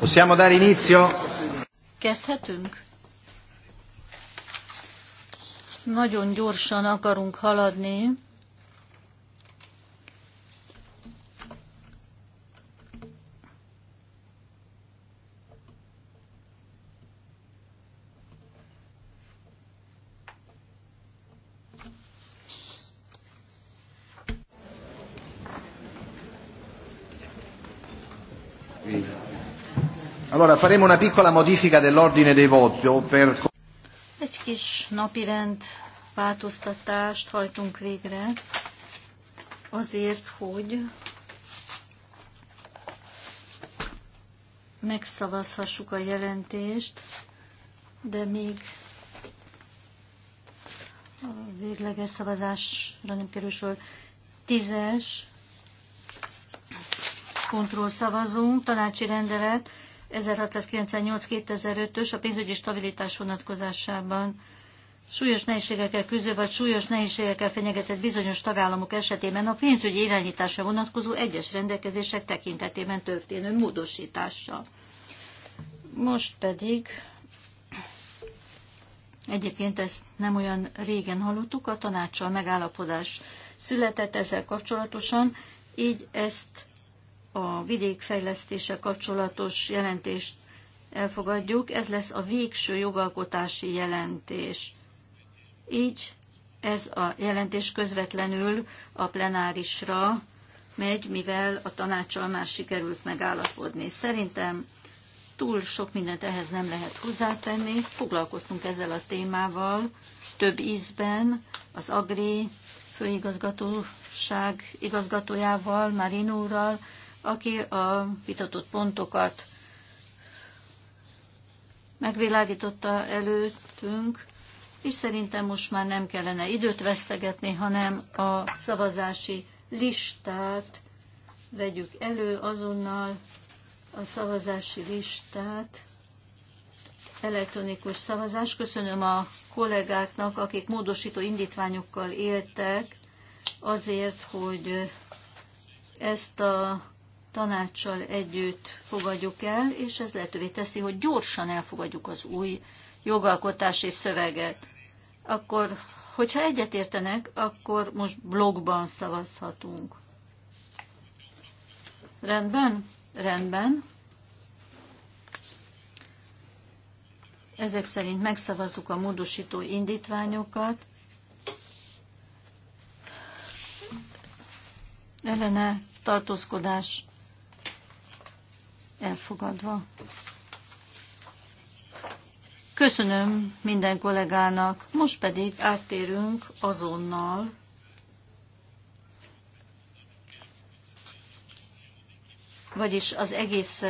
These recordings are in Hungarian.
Possiamo dare inizio? Kezdhetünk? Nagyon gyorsan akarunk haladni. Allora faremo una piccola modifica dell'ordine dei voti per... Egy kis napirend változtatást hajtunk végre azért, hogy megszavazhassuk a jelentést, de még a végleges szavazásra nem kerül sor. Tízes kontrollszavazunk, tanácsi rendelet 1698-2005-ös a pénzügyi stabilitás vonatkozásában súlyos nehézségekkel küzdő vagy súlyos nehézségekkel fenyegetett bizonyos tagállamok esetében a pénzügyi irányításra vonatkozó egyes rendelkezések tekintetében történő módosítása. Most pedig Egyébként ezt nem olyan régen hallottuk, a tanácsal megállapodás született ezzel kapcsolatosan, így ezt a vidékfejlesztése kapcsolatos jelentést elfogadjuk. Ez lesz a végső jogalkotási jelentés. Így ez a jelentés közvetlenül a plenárisra megy, mivel a tanácsal már sikerült megállapodni. Szerintem túl sok mindent ehhez nem lehet hozzátenni. Foglalkoztunk ezzel a témával több ízben, az Agri főigazgatóság igazgatójával, Marinóral, aki a vitatott pontokat megvilágította előttünk, és szerintem most már nem kellene időt vesztegetni, hanem a szavazási listát vegyük elő azonnal, a szavazási listát, elektronikus szavazás. Köszönöm a kollégáknak, akik módosító indítványokkal éltek azért, hogy ezt a tanácssal együtt fogadjuk el, és ez lehetővé teszi, hogy gyorsan elfogadjuk az új jogalkotási szöveget. Akkor, hogyha egyetértenek, akkor most blogban szavazhatunk. Rendben? Rendben. Ezek szerint megszavazzuk a módosító indítványokat. Elene tartózkodás elfogadva. Köszönöm minden kollégának. Most pedig áttérünk azonnal vagyis az egész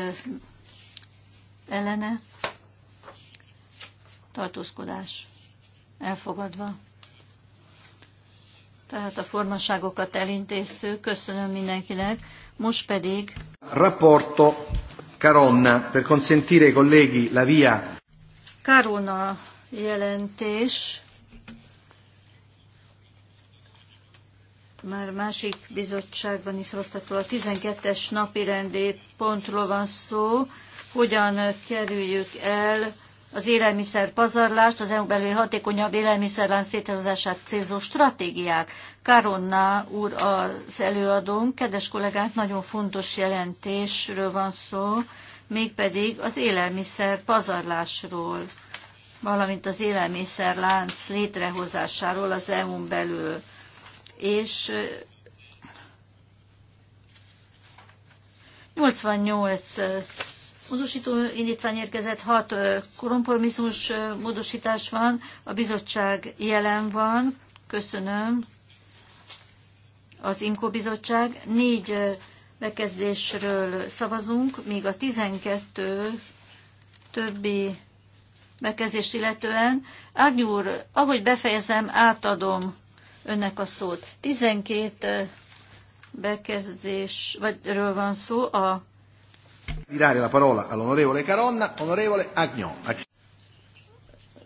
ellene tartózkodás elfogadva. Tehát a formaságokat elintéztük, köszönöm mindenkinek. Most pedig... Rapporto Caronna per consentire ai colleghi la via. Caronna jelentés. Már másik bizottságban is rosszatul a 12-es napi rendi pontról van szó, hogyan kerüljük el az élelmiszer pazarlást, az EU belül hatékonyabb élelmiszerlánc szétrehozását célzó stratégiák. Karonna úr az előadónk, kedves kollégák, nagyon fontos jelentésről van szó, mégpedig az élelmiszer pazarlásról, valamint az élelmiszerlánc létrehozásáról az EU-n belül. És 88 módosító indítvány érkezett, hat kompromisszus módosítás van, a bizottság jelen van, köszönöm, az IMKO bizottság. Négy bekezdésről szavazunk, míg a 12 többi bekezdést illetően. Ágnyú úr, ahogy befejezem, átadom önnek a szót. 12 bekezdésről van szó, a Dare la parola all'onorevole Caronna, onorevole Agnon.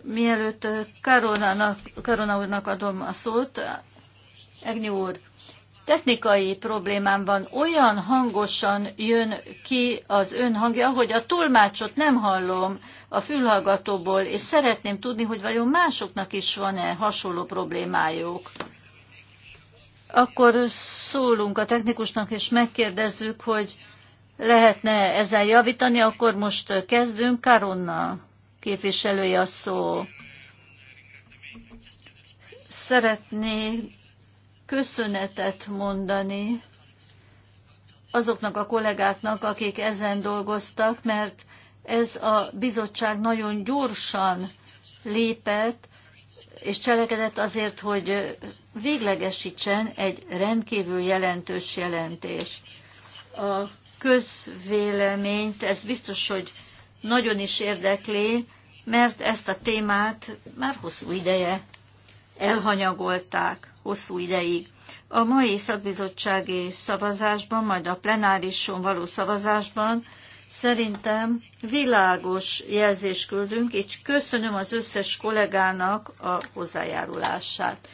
Mielőtt eh, Karona úrnak adom a szót, Egni úr, technikai problémám van. Olyan hangosan jön ki az ön hangja, hogy a tolmácsot nem hallom a fülhallgatóból, és szeretném tudni, hogy vajon másoknak is van-e hasonló problémájuk. Akkor szólunk a technikusnak, és megkérdezzük, hogy lehetne ezzel javítani, akkor most kezdünk. Karonna képviselője a szó. Szeretnék köszönetet mondani azoknak a kollégáknak, akik ezen dolgoztak, mert ez a bizottság nagyon gyorsan lépett, és cselekedett azért, hogy véglegesítsen egy rendkívül jelentős jelentést. A közvéleményt ez biztos, hogy nagyon is érdekli, mert ezt a témát már hosszú ideje elhanyagolták, hosszú ideig. A mai szakbizottsági szavazásban, majd a plenárison való szavazásban szerintem világos jelzést küldünk, így köszönöm az összes kollégának a hozzájárulását.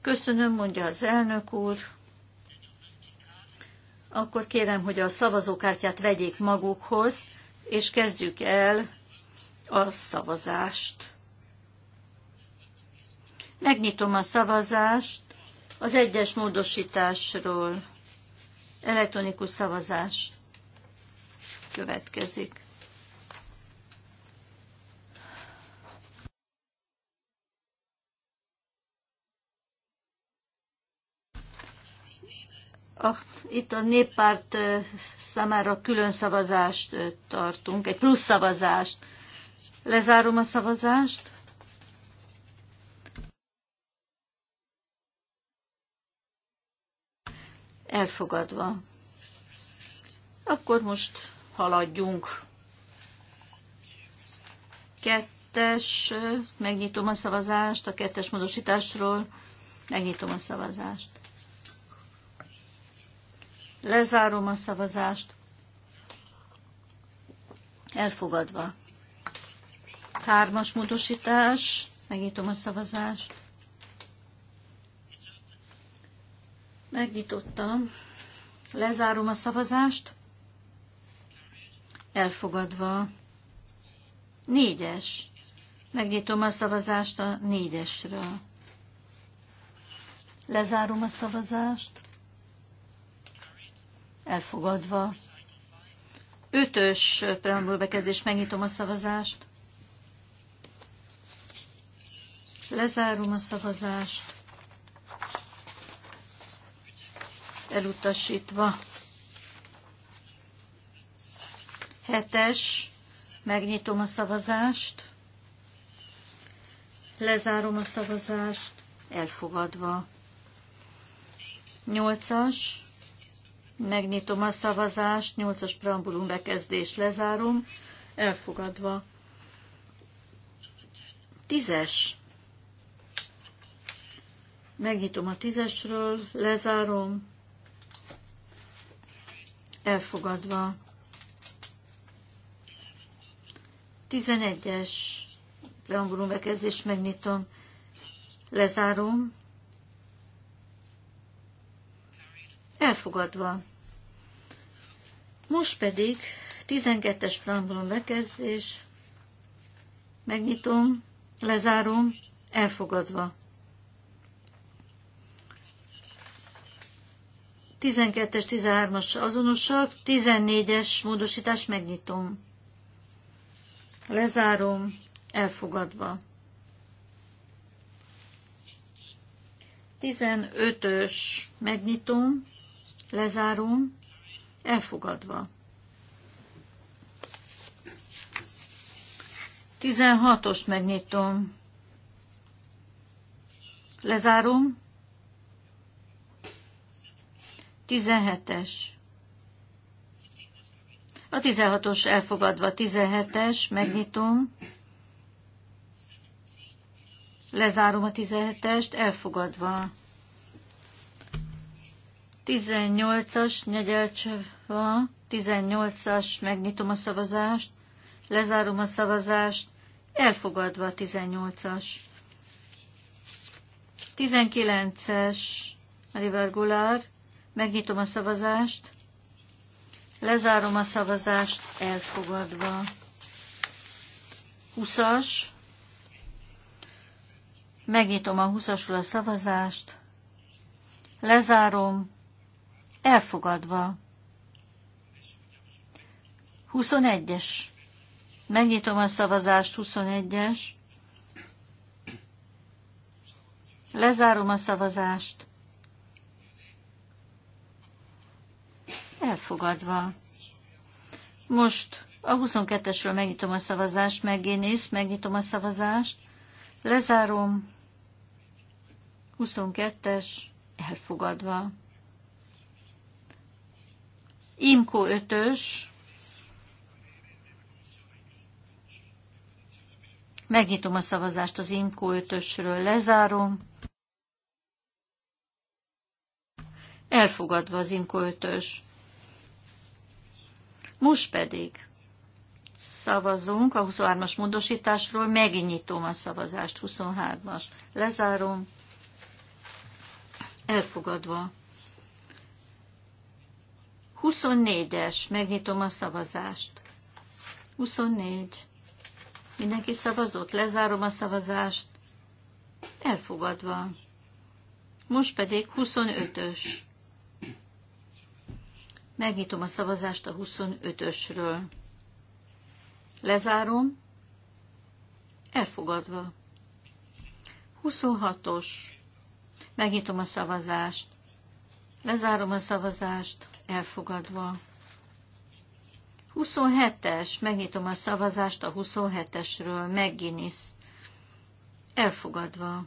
Köszönöm, mondja az elnök úr akkor kérem, hogy a szavazókártyát vegyék magukhoz, és kezdjük el a szavazást. Megnyitom a szavazást az egyes módosításról. Elektronikus szavazás következik. a, itt a néppárt számára külön szavazást tartunk, egy plusz szavazást. Lezárom a szavazást. Elfogadva. Akkor most haladjunk. Kettes, megnyitom a szavazást a kettes módosításról. Megnyitom a szavazást. Lezárom a szavazást. Elfogadva. Hármas módosítás. Megnyitom a szavazást. Megnyitottam. Lezárom a szavazást. Elfogadva. Négyes. Megnyitom a szavazást a négyesről. Lezárom a szavazást elfogadva. Ötös preambul bekezdés, megnyitom a szavazást. Lezárom a szavazást. Elutasítva. Hetes, megnyitom a szavazást. Lezárom a szavazást. Elfogadva. Nyolcas, Megnyitom a szavazást, 8-as preambulum bekezdés lezárom, elfogadva. 10-es. Megnyitom a 10-esről, lezárom, elfogadva. 11-es preambulum bekezdés, megnyitom, lezárom, elfogadva. Most pedig 12-es preambulum bekezdés, megnyitom, lezárom, elfogadva. 12-es, 13-as azonosak, 14-es módosítás megnyitom. Lezárom, elfogadva. 15-ös megnyitom, lezárom, elfogadva. 16-ost megnyitom. Lezárom. 17-es. A 16-os elfogadva, 17-es, megnyitom. Lezárom a 17-est, elfogadva. 18-as, negyelcsöv a 18-as, megnyitom a szavazást, lezárom a szavazást, elfogadva a 18-as. 19-es, River Gulár, megnyitom a szavazást, lezárom a szavazást, elfogadva. 20-as, megnyitom a 20-asról a szavazást, lezárom, elfogadva. 21-es. Megnyitom a szavazást, 21-es. Lezárom a szavazást. Elfogadva. Most a 22-esről megnyitom a szavazást, megénész, megnyitom a szavazást. Lezárom. 22-es, elfogadva. Imko 5-ös, Megnyitom a szavazást az IMCO 5-ösről, lezárom. Elfogadva az IMCO 5-ös. Most pedig szavazunk a 23-as módosításról, megnyitom a szavazást, 23-as. Lezárom. Elfogadva. 24-es, megnyitom a szavazást. 24. Mindenki szavazott? Lezárom a szavazást. Elfogadva. Most pedig 25-ös. Megnyitom a szavazást a 25-ösről. Lezárom. Elfogadva. 26-os. Megnyitom a szavazást. Lezárom a szavazást. Elfogadva. 27-es, megnyitom a szavazást a 27-esről, McGuinness. Elfogadva.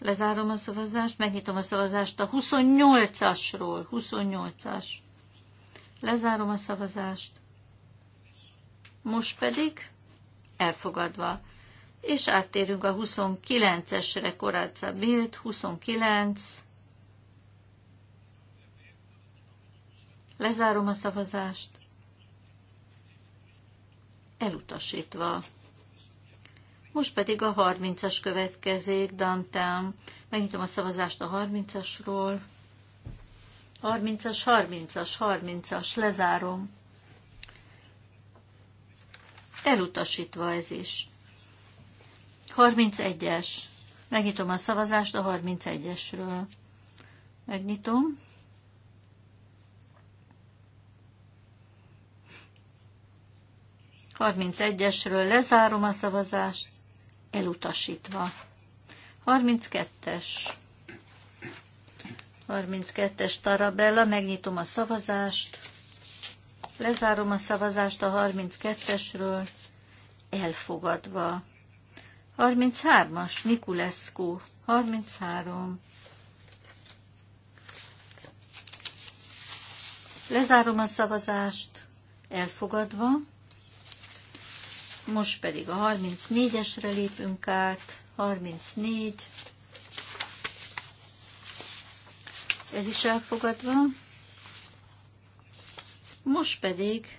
Lezárom a szavazást, megnyitom a szavazást a 28-asról, 28-as. Lezárom a szavazást. Most pedig elfogadva. És áttérünk a 29-esre, Koráca Bild, 29, Lezárom a szavazást. Elutasítva. Most pedig a 30-as következik, Dantem. Megnyitom a szavazást a 30-asról. 30-as, 30-as, 30-as, lezárom. Elutasítva ez is. 31-es. Megnyitom a szavazást a 31-esről. Megnyitom. 31-esről lezárom a szavazást, elutasítva. 32-es. 32-es Tarabella, megnyitom a szavazást, lezárom a szavazást a 32-esről, elfogadva. 33-as Nikulescu, 33. Lezárom a szavazást, elfogadva. Most pedig a 34-esre lépünk át. 34. Ez is elfogadva. Most pedig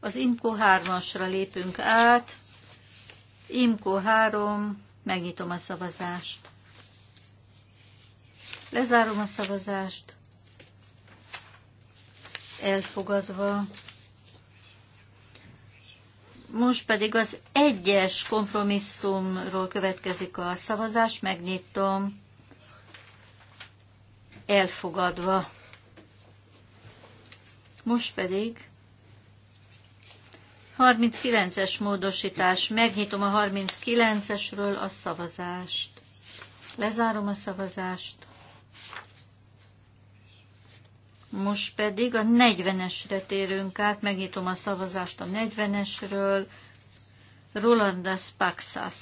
az IMCO 3-asra lépünk át. IMCO 3, megnyitom a szavazást. Lezárom a szavazást. Elfogadva. Most pedig az egyes kompromisszumról következik a szavazás, megnyitom, elfogadva. Most pedig 39-es módosítás. Megnyitom a 39-esről a szavazást. Lezárom a szavazást. Most pedig a 40-esre térünk át, megnyitom a szavazást a 40-esről. Rolandas Paxas.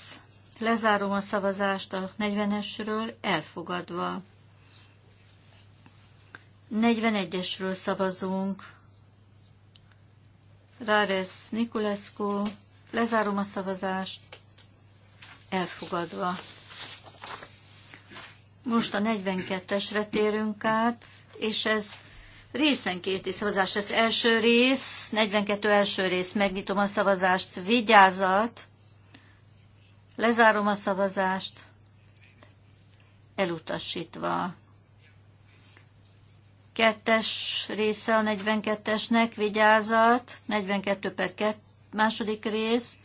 Lezárom a szavazást a 40-esről, elfogadva. 41-esről szavazunk. Rares Nikulescu. Lezárom a szavazást, elfogadva. Most a 42-esre térünk át, és ez részenkénti szavazás lesz. Első rész, 42 első rész, megnyitom a szavazást, vigyázat, lezárom a szavazást, elutasítva. Kettes része a 42-esnek, vigyázat, 42 per 2, második rész,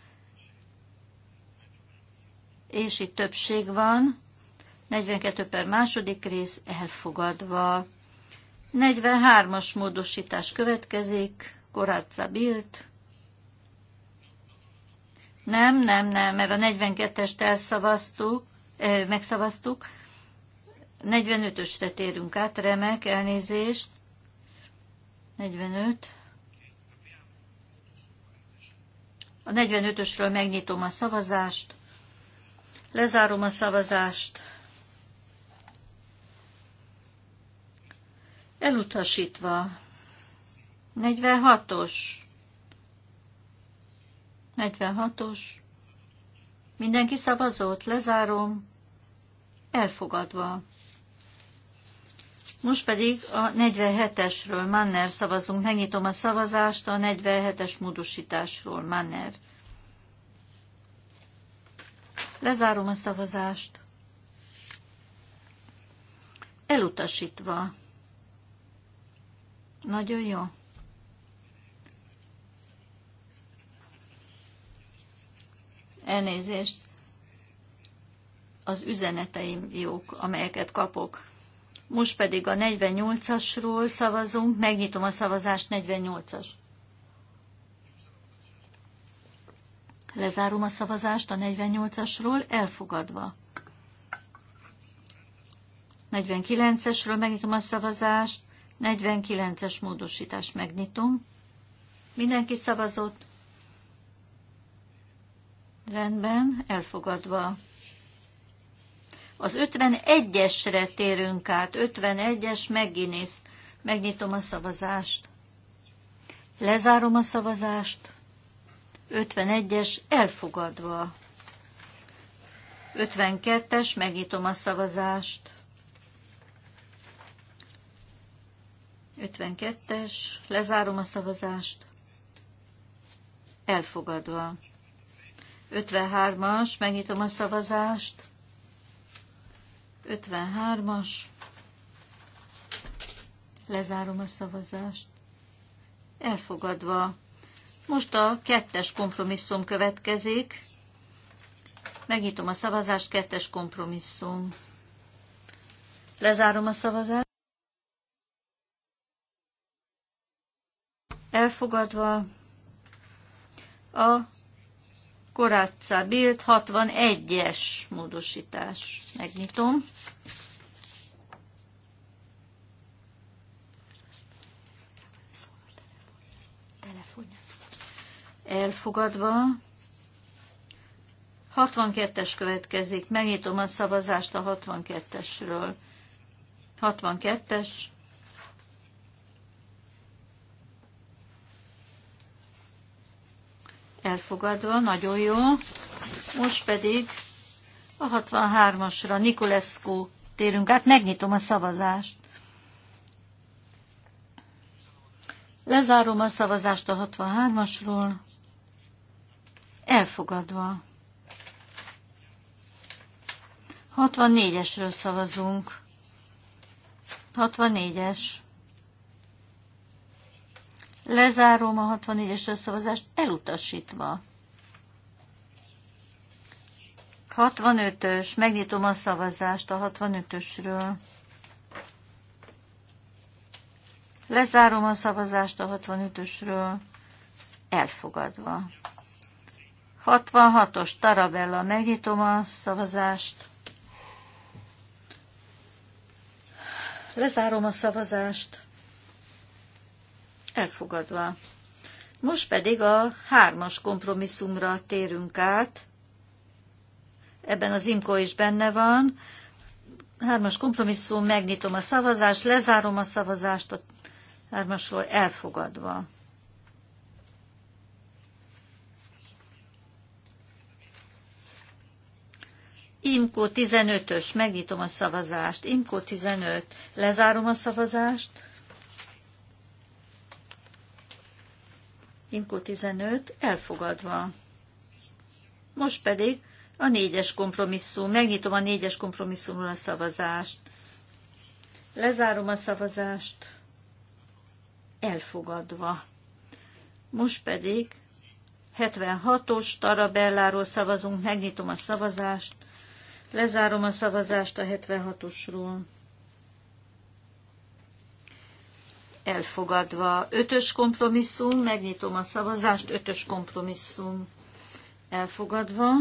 és itt többség van, 42 per második rész elfogadva. 43-as módosítás következik, Koráca Bilt. Nem, nem, nem, mert a 42-est elszavaztuk, eh, megszavaztuk. 45-ösre térünk át, remek, elnézést. 45. A 45-ösről megnyitom a szavazást. Lezárom a szavazást. Elutasítva. 46-os. 46-os. Mindenki szavazott, lezárom. Elfogadva. Most pedig a 47-esről, Manner szavazunk. Megnyitom a szavazást a 47-es módosításról, Manner. Lezárom a szavazást. Elutasítva. Nagyon jó. Elnézést. Az üzeneteim jók, amelyeket kapok. Most pedig a 48-asról szavazunk. Megnyitom a szavazást 48-as. Lezárom a szavazást a 48-asról, elfogadva. 49-esről megnyitom a szavazást, 49-es módosítás megnyitom. Mindenki szavazott. Rendben, elfogadva. Az 51-esre térünk át. 51-es megginész. Megnyitom a szavazást. Lezárom a szavazást. 51-es elfogadva. 52-es, megnyitom a szavazást. 52-es, lezárom a szavazást. Elfogadva. 53-as, megnyitom a szavazást. 53-as. Lezárom a szavazást. Elfogadva. Most a kettes kompromisszum következik. Megnyitom a szavazást, kettes kompromisszum. Lezárom a szavazást. elfogadva a Korácsa Bild 61-es módosítás. Megnyitom. Elfogadva. 62-es következik. Megnyitom a szavazást a 62-esről. 62-es. elfogadva, nagyon jó. Most pedig a 63-asra Nikolescu térünk át, megnyitom a szavazást. Lezárom a szavazást a 63-asról, elfogadva. 64-esről szavazunk. 64-es. Lezárom a 64 es szavazást, elutasítva. 65-ös, megnyitom a szavazást a 65-ösről. Lezárom a szavazást a 65-ösről, elfogadva. 66-os Tarabella, megnyitom a szavazást. Lezárom a szavazást. Elfogadva. Most pedig a hármas kompromisszumra térünk át. Ebben az imko is benne van. Hármas kompromisszum, megnyitom a szavazást, lezárom a szavazást a hármasról elfogadva. Imko 15-ös, megnyitom a szavazást. Imko 15, lezárom a szavazást. Inkó 15 elfogadva. Most pedig a négyes kompromisszum. Megnyitom a négyes kompromisszumról a szavazást. Lezárom a szavazást. Elfogadva. Most pedig 76-os Tarabelláról szavazunk. Megnyitom a szavazást. Lezárom a szavazást a 76-osról. elfogadva. Ötös kompromisszum, megnyitom a szavazást, ötös kompromisszum elfogadva.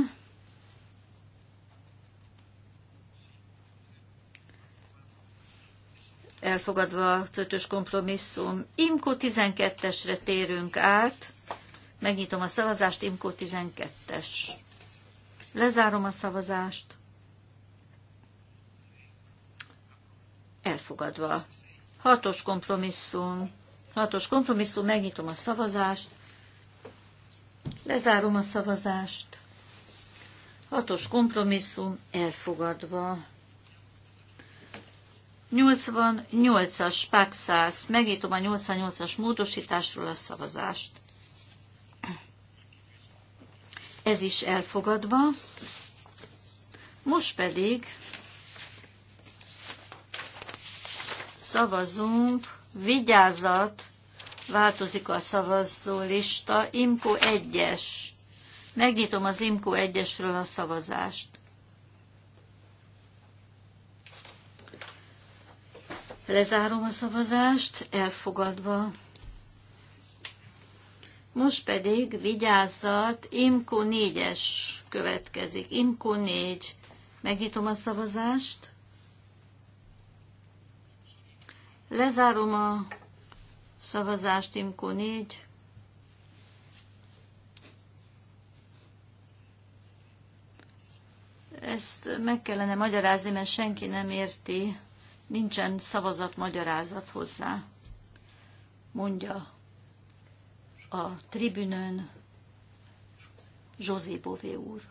Elfogadva az ötös kompromisszum. Imko 12-esre térünk át. Megnyitom a szavazást, Imko 12-es. Lezárom a szavazást. Elfogadva. Hatos kompromisszum. Hatos kompromisszum, megnyitom a szavazást. Lezárom a szavazást. Hatos kompromisszum elfogadva. 88-as Paxász. Megnyitom a 88-as módosításról a szavazást. Ez is elfogadva. Most pedig szavazunk, vigyázat, változik a szavazó lista, IMKO 1-es. Megnyitom az IMKO 1-esről a szavazást. Lezárom a szavazást, elfogadva. Most pedig vigyázzat, Imko 4-es következik. Imko 4. Megnyitom a szavazást. Lezárom a szavazást, Imko 4. Ezt meg kellene magyarázni, mert senki nem érti, nincsen szavazat magyarázat hozzá, mondja a tribünön Zsózé Bové úr.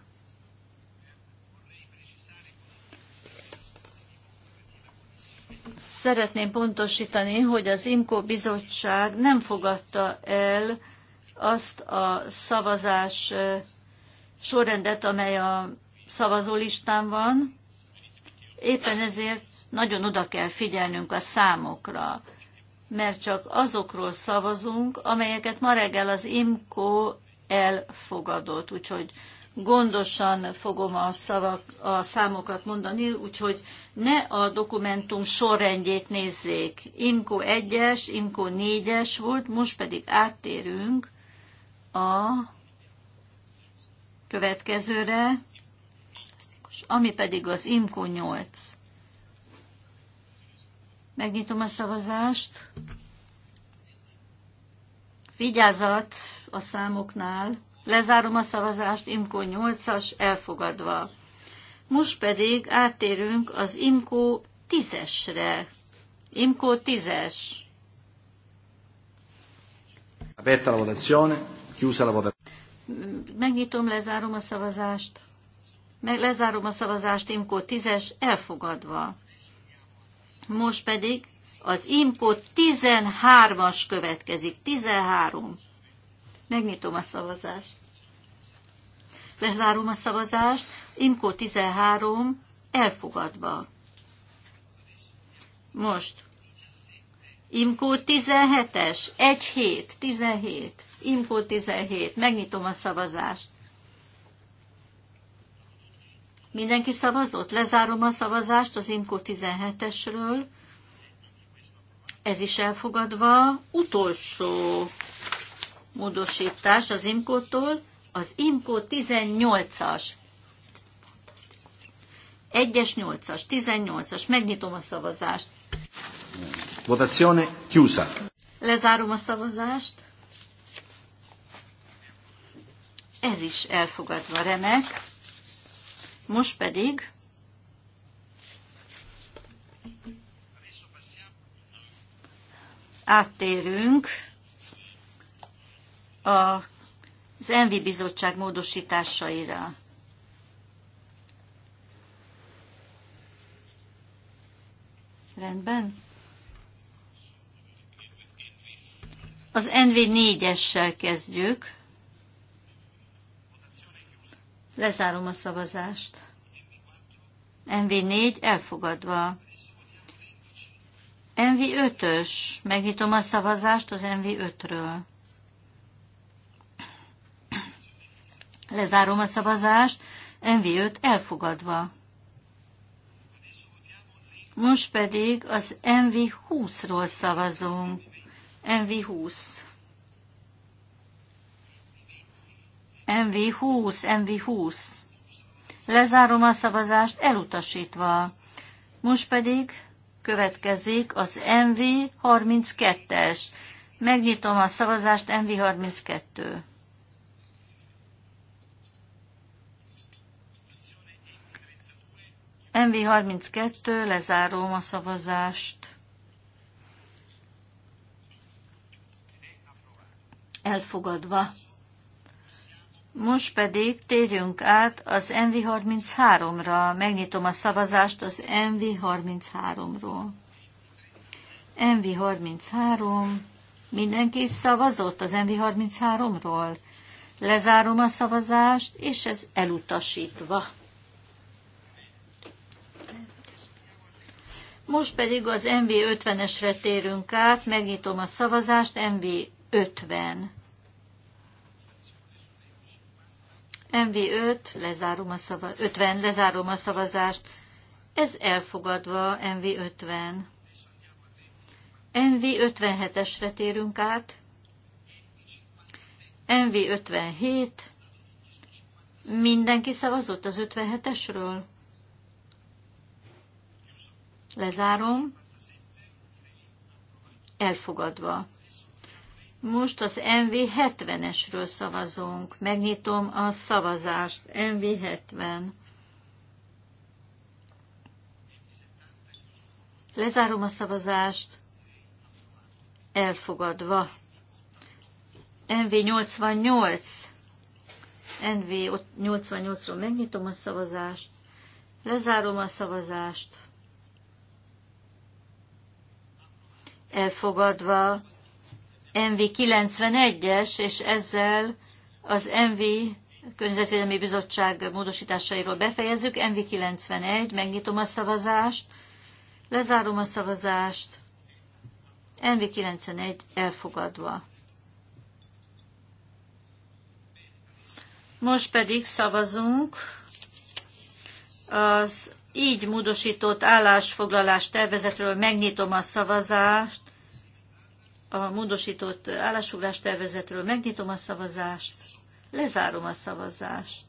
szeretném pontosítani, hogy az IMCO bizottság nem fogadta el azt a szavazás sorrendet, amely a szavazólistán van. Éppen ezért nagyon oda kell figyelnünk a számokra, mert csak azokról szavazunk, amelyeket ma reggel az IMCO elfogadott. Úgyhogy Gondosan fogom a, szavak, a számokat mondani, úgyhogy ne a dokumentum sorrendjét nézzék. Imko 1-es, Imko 4-es volt, most pedig áttérünk a következőre, ami pedig az Imko 8. Megnyitom a szavazást. Vigyázat a számoknál. Lezárom a szavazást, Imkó 8-as elfogadva. Most pedig áttérünk az Imkó 10-esre. Imkó 10-es. Aperta la votazione, chiusa la votazione. Megnyitom, lezárom a szavazást. Meg lezárom a szavazást, Imkó 10-es elfogadva. Most pedig az Imkó 13-as következik. 13. Megnyitom a szavazást. Lezárom a szavazást. Imkó 13 elfogadva. Most. Imkó 17-es, 1 hét, 17, Imkó 17, megnyitom a szavazást. Mindenki szavazott? Lezárom a szavazást az Imkó 17-esről. Ez is elfogadva. Utolsó módosítás az Imkótól. Az Imco 18-as. 1-es 8-as, 18-as. Megnyitom a szavazást. Votazione chiusa. Lezárom a szavazást. Ez is elfogadva remek. Most pedig áttérünk a az Envi Bizottság módosításaira. Rendben. Az NV4-essel kezdjük. Lezárom a szavazást. NV4 elfogadva. NV5-ös. Megnyitom a szavazást az NV5-ről. Lezárom a szavazást. MV5 elfogadva. Most pedig az MV20-ról szavazunk. MV20. MV20, MV20. Lezárom a szavazást elutasítva. Most pedig következik az MV32-es. Megnyitom a szavazást MV32. MV32, lezárom a szavazást. Elfogadva. Most pedig térjünk át az MV33-ra. Megnyitom a szavazást az MV33-ról. MV33. Mindenki szavazott az MV33-ról. Lezárom a szavazást, és ez elutasítva. Most pedig az MV50-esre térünk át, megnyitom a szavazást, MV50. MV5, lezárom a szava, 50, lezárom a szavazást. Ez elfogadva MV50. MV57-esre térünk át. MV57. Mindenki szavazott az 57-esről? Lezárom. Elfogadva. Most az MV70-esről szavazunk. Megnyitom a szavazást. MV70. Lezárom a szavazást. Elfogadva. NV88. NV88-ról megnyitom a szavazást. Lezárom a szavazást. elfogadva, MV 91-es, és ezzel az MV Környezetvédelmi Bizottság módosításairól befejezzük. MV 91, megnyitom a szavazást, lezárom a szavazást, MV 91 elfogadva. Most pedig szavazunk az így módosított állásfoglalás tervezetről megnyitom a szavazást. A módosított állásfoglalás tervezetről megnyitom a szavazást. Lezárom a szavazást.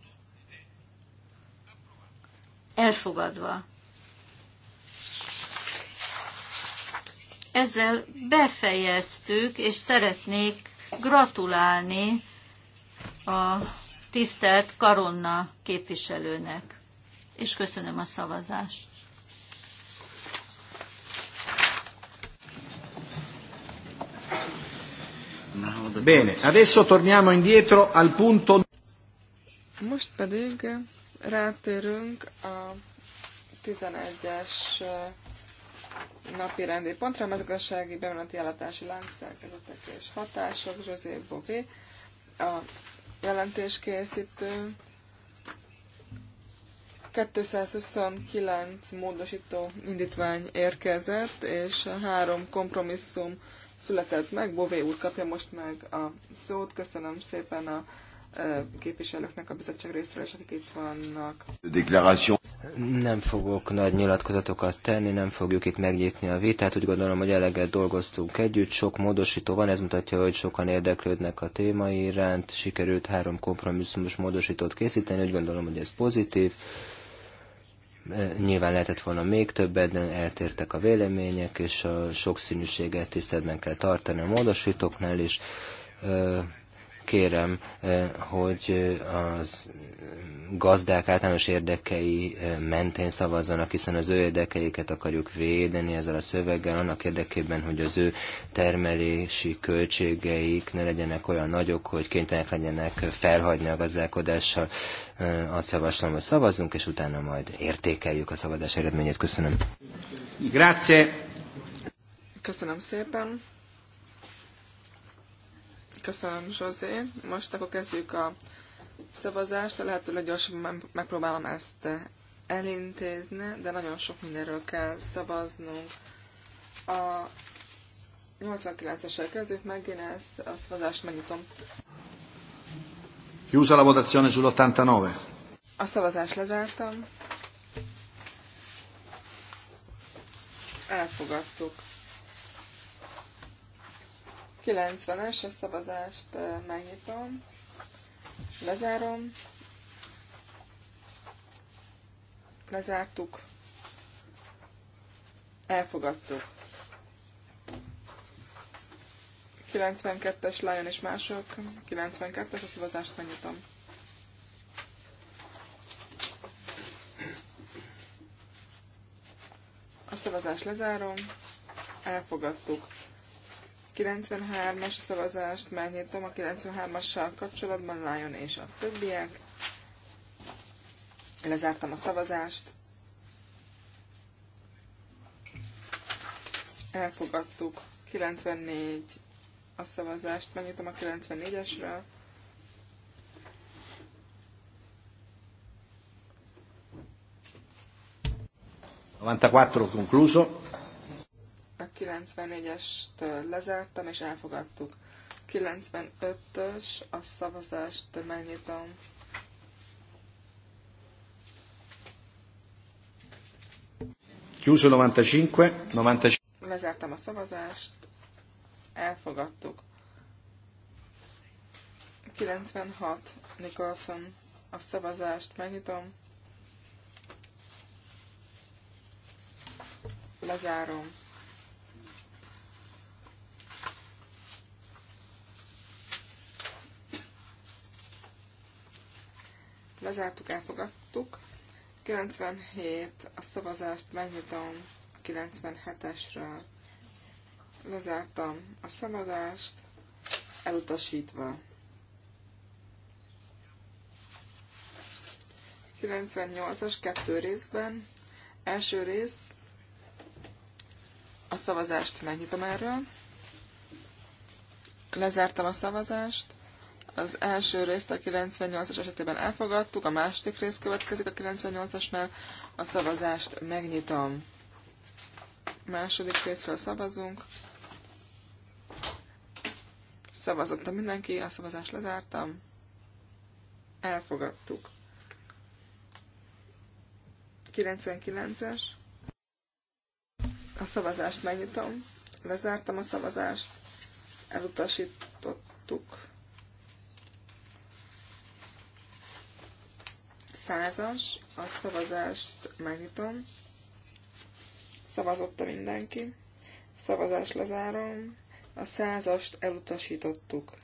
Elfogadva. Ezzel befejeztük, és szeretnék gratulálni a tisztelt Karonna képviselőnek és köszönöm a szavazást. Bene, adesso torniamo indietro al punto... Most pedig rátérünk a 11-es eh, napi rendi pontra, a mezőgazdasági bemeneti állatási láncszerkezetek és hatások, José Bové, a jelentéskészítő, 229 módosító indítvány érkezett, és három kompromisszum született meg. Bové úr kapja most meg a szót. Köszönöm szépen a képviselőknek a bizottság részéről, és akik itt vannak. Nem fogok nagy nyilatkozatokat tenni, nem fogjuk itt megnyitni a vitát. Úgy gondolom, hogy eleget dolgoztunk együtt, sok módosító van, ez mutatja, hogy sokan érdeklődnek a témai iránt. Sikerült három kompromisszumos módosítót készíteni, úgy gondolom, hogy ez pozitív. E, nyilván lehetett volna még többet, de eltértek a vélemények, és a sokszínűséget tiszteletben kell tartani a módosítóknál is. E, kérem, e, hogy az gazdák általános érdekei eh, mentén szavazzanak, hiszen az ő érdekeiket akarjuk védeni ezzel a szöveggel, annak érdekében, hogy az ő termelési költségeik ne legyenek olyan nagyok, hogy kénytelenek legyenek felhagyni a gazdálkodással. Eh, azt javaslom, hogy szavazzunk, és utána majd értékeljük a szavazás eredményét. Köszönöm. Grazie. Köszönöm szépen. Köszönöm, José. Most akkor kezdjük a szavazást, a lehetőleg gyorsan megpróbálom ezt eh, elintézni, de nagyon sok mindenről kell szavaznunk. A 89 esre kezdjük meg, én ezt a szavazást megnyitom. Chiusa la votazione sull'89. A szavazást lezártam. Elfogadtuk. 90-es a szavazást eh, megnyitom. Lezárom. Lezártuk. Elfogadtuk. 92-es Lion és mások. 92-es, a szavazást megnyitom. A szavazást lezárom. Elfogadtuk. 93-as szavazást megnyitom a 93-assal kapcsolatban, Lion és a többiek. Lezártam a szavazást. Elfogadtuk. 94 a szavazást. Megnyitom a 94-esről. concluso a 94-est lezártam és elfogadtuk. 95-ös, a szavazást megnyitom. Chiuso 95, 95. Lezártam a szavazást, elfogadtuk. 96, Nicholson, a szavazást megnyitom. Lezárom. lezártuk, elfogadtuk. 97, a szavazást megnyitom 97-esről. Lezártam a szavazást, elutasítva. 98-as kettő részben. Első rész, a szavazást megnyitom erről. Lezártam a szavazást. Az első részt a 98-as esetében elfogadtuk, a második rész következik a 98-asnál. A szavazást megnyitom. A második részről szavazunk. szavazottam mindenki, a szavazást lezártam. Elfogadtuk. 99-es. A szavazást megnyitom. Lezártam a szavazást. Elutasítottuk. százas, a szavazást megnyitom. Szavazotta mindenki. Szavazást lezárom. A százast elutasítottuk.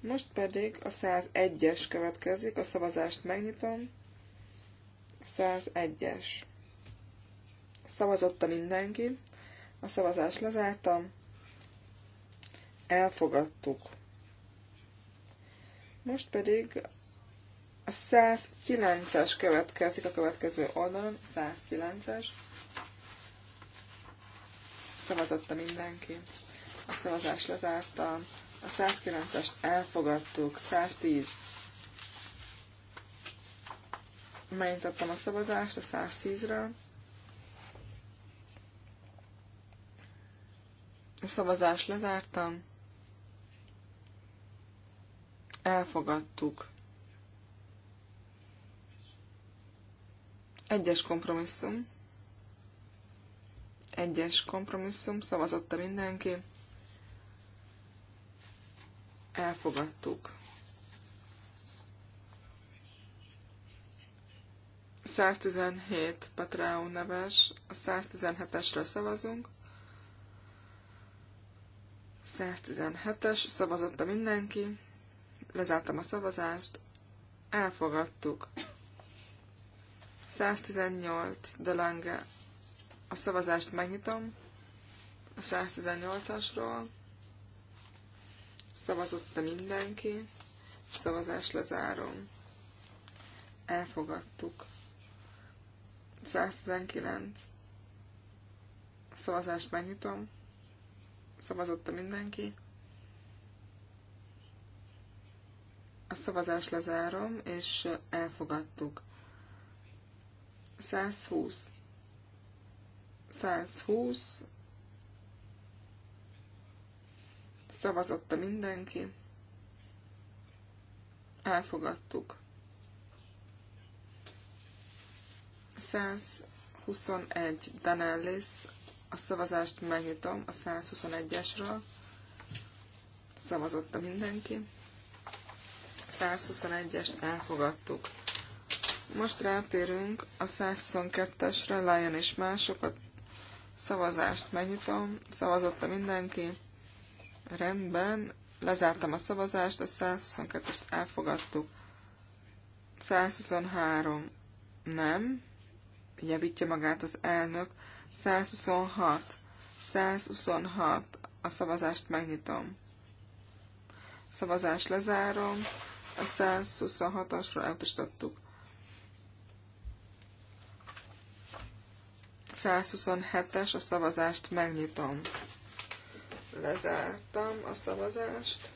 Most pedig a 101-es következik, a szavazást megnyitom. 101-es. Szavazotta mindenki. A szavazást lezártam. Elfogadtuk. Most pedig a 109-es következik a következő oldalon, 109-es. Szavazotta mindenki. A szavazás lezárta. A 109-est elfogadtuk, 110. Megnyitottam a szavazást a 110-ről. A szavazást lezártam. Elfogadtuk. Egyes kompromisszum. Egyes kompromisszum, szavazotta mindenki. Elfogadtuk. 117 Patreon neves, a 117 esre szavazunk. 117-es, szavazotta mindenki, lezártam a szavazást, elfogadtuk. 118 Delange. A szavazást megnyitom. A 118-asról. Szavazott-e mindenki? Szavazást lezárom. Elfogadtuk. 119. A szavazást megnyitom. Szavazott-e mindenki? A szavazást lezárom, és elfogadtuk. 120. 120. Szavazotta mindenki. Elfogadtuk. 121 Danellis. A szavazást megnyitom a 121-esről. Szavazotta mindenki. 121-est elfogadtuk. Most rátérünk a 122-esre, Lion és másokat. Szavazást megnyitom, szavazotta mindenki. Rendben, lezártam a szavazást, a 122-est elfogadtuk. 123 nem, javítja magát az elnök. 126, 126, a szavazást megnyitom. Szavazást lezárom, a 126-asra elutasítottuk. 127-es, a szavazást megnyitom. Lezártam a szavazást.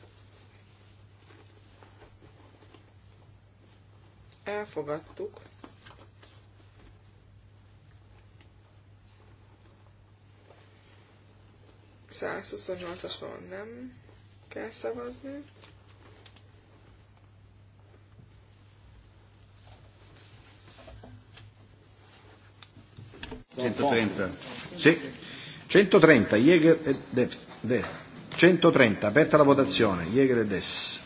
Elfogadtuk. as van nem kell szavazni. 130. Sì. 130, Jäger e De, De. 130, aperta la votazione, Jäger e Dess.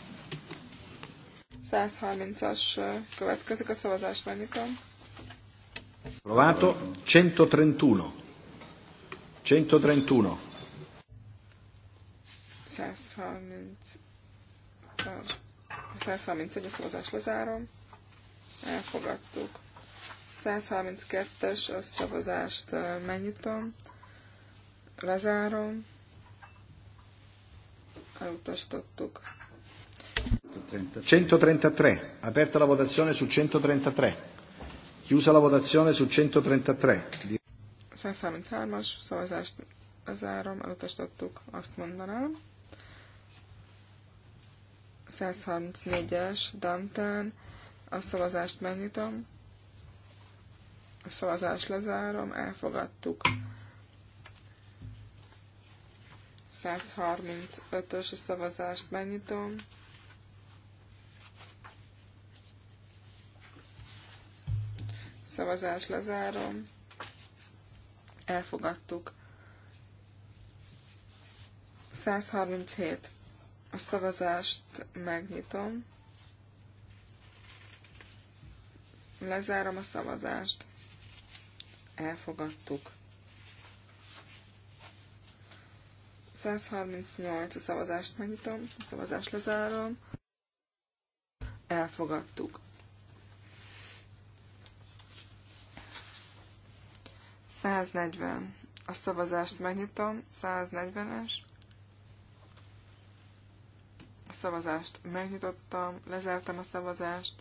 130-as következik, a szavazást megnyitom. Provato 131. 131. 130. 131 a szavazást lezárom. Elfogadtuk. 132-es, a szavazást megnyitom, lezárom, elutasítottuk. 133. Aperta la votazione su 133. Chiusa la votazione su 133. 133-as szavazást lezárom, elutasítottuk, azt mondanám. 134-es Dantán, a szavazást megnyitom. A szavazás lezárom, elfogadtuk. 135-ös a szavazást megnyitom. Szavazás lezárom. Elfogadtuk. 137. A szavazást megnyitom. Lezárom a szavazást elfogadtuk. 138 a szavazást megnyitom, a szavazást lezárom. Elfogadtuk. 140. A szavazást megnyitom, 140-es. A szavazást megnyitottam, lezártam a szavazást,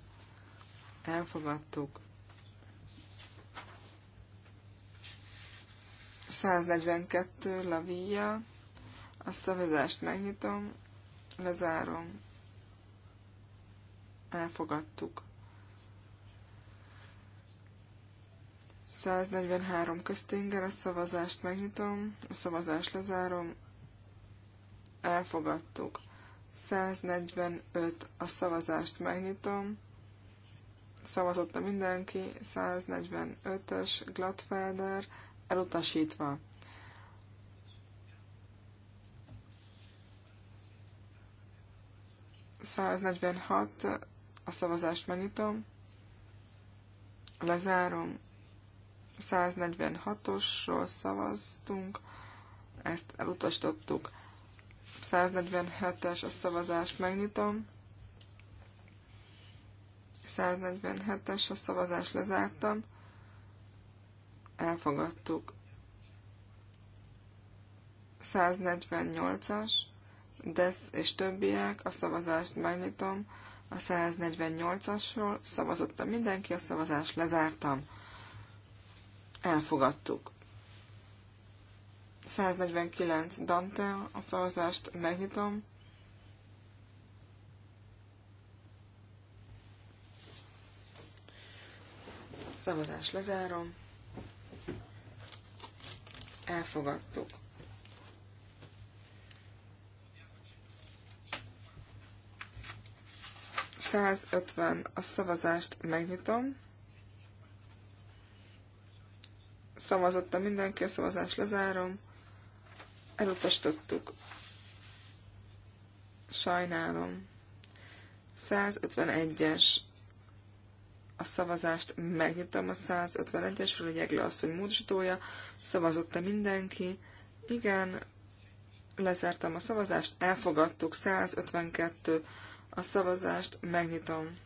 elfogadtuk. 142 lavia. A szavazást megnyitom, lezárom. Elfogadtuk. 143 köztinger, a szavazást megnyitom, a szavazást lezárom. Elfogadtuk. 145 a szavazást megnyitom. Szavazotta mindenki, 145-ös Gladfelder, elutasítva. hat a szavazást megnyitom, lezárom, 146-osról szavaztunk, ezt elutasítottuk. 147-es a szavazást megnyitom. 147-es a szavazást lezártam elfogadtuk. 148-as, DESZ és többiek, a szavazást megnyitom. A 148-asról szavazott mindenki, a szavazást lezártam. Elfogadtuk. 149 Dante, a szavazást megnyitom. Szavazást lezárom elfogadtuk. Százötven a szavazást megnyitom. Szavazottam mindenki, a szavazást lezárom. Elutasítottuk. Sajnálom. 151-es a szavazást megnyitom a 151 es egy Jegle asszony módosítója, szavazott-e mindenki? Igen, lezártam a szavazást, elfogadtuk 152 a szavazást, megnyitom.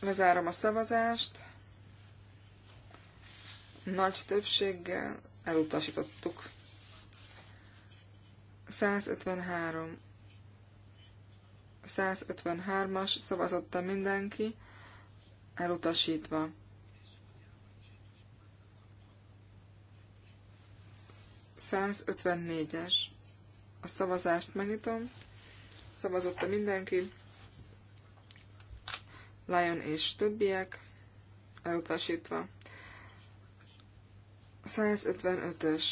Lezárom a szavazást, nagy többséggel elutasítottuk. 153. 153-as szavazotta mindenki elutasítva. es A szavazást megnyitom. Szavazotta mindenki. Lion és többiek. Elutasítva. 155-ös.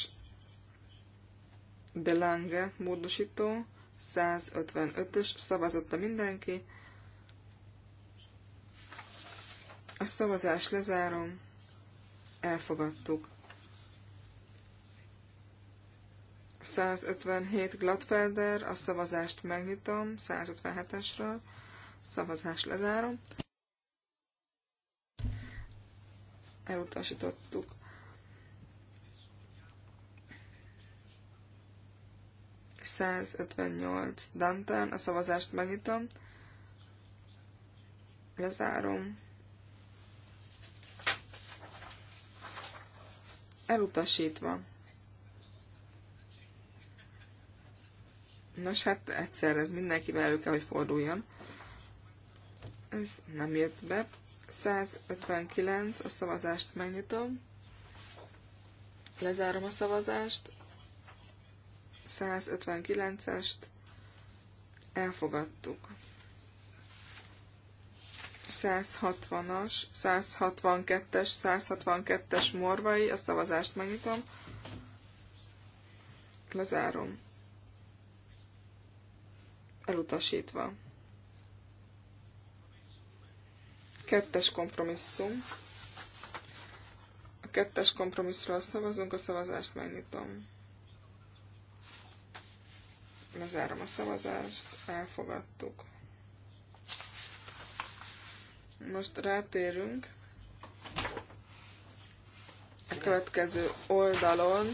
De Lange módosító. 155-ös. Szavazotta mindenki A szavazás lezárom. Elfogadtuk. 157 Gladfelder, a szavazást megnyitom, 157-esről, Szavazás lezárom. Elutasítottuk. ...158 Dantán, a szavazást megnyitom, lezárom, elutasítva. Nos, hát egyszer ez mindenkivel elő kell, hogy forduljon. Ez nem jött be. 159, a szavazást megnyitom. Lezárom a szavazást. 159-est elfogadtuk. 160-as, 162-es, 162-es morvai, a szavazást megnyitom, lezárom. Elutasítva. Kettes kompromisszum. A kettes kompromisszról szavazunk, a szavazást megnyitom. Lezárom a szavazást, elfogadtuk. Most rátérünk a következő oldalon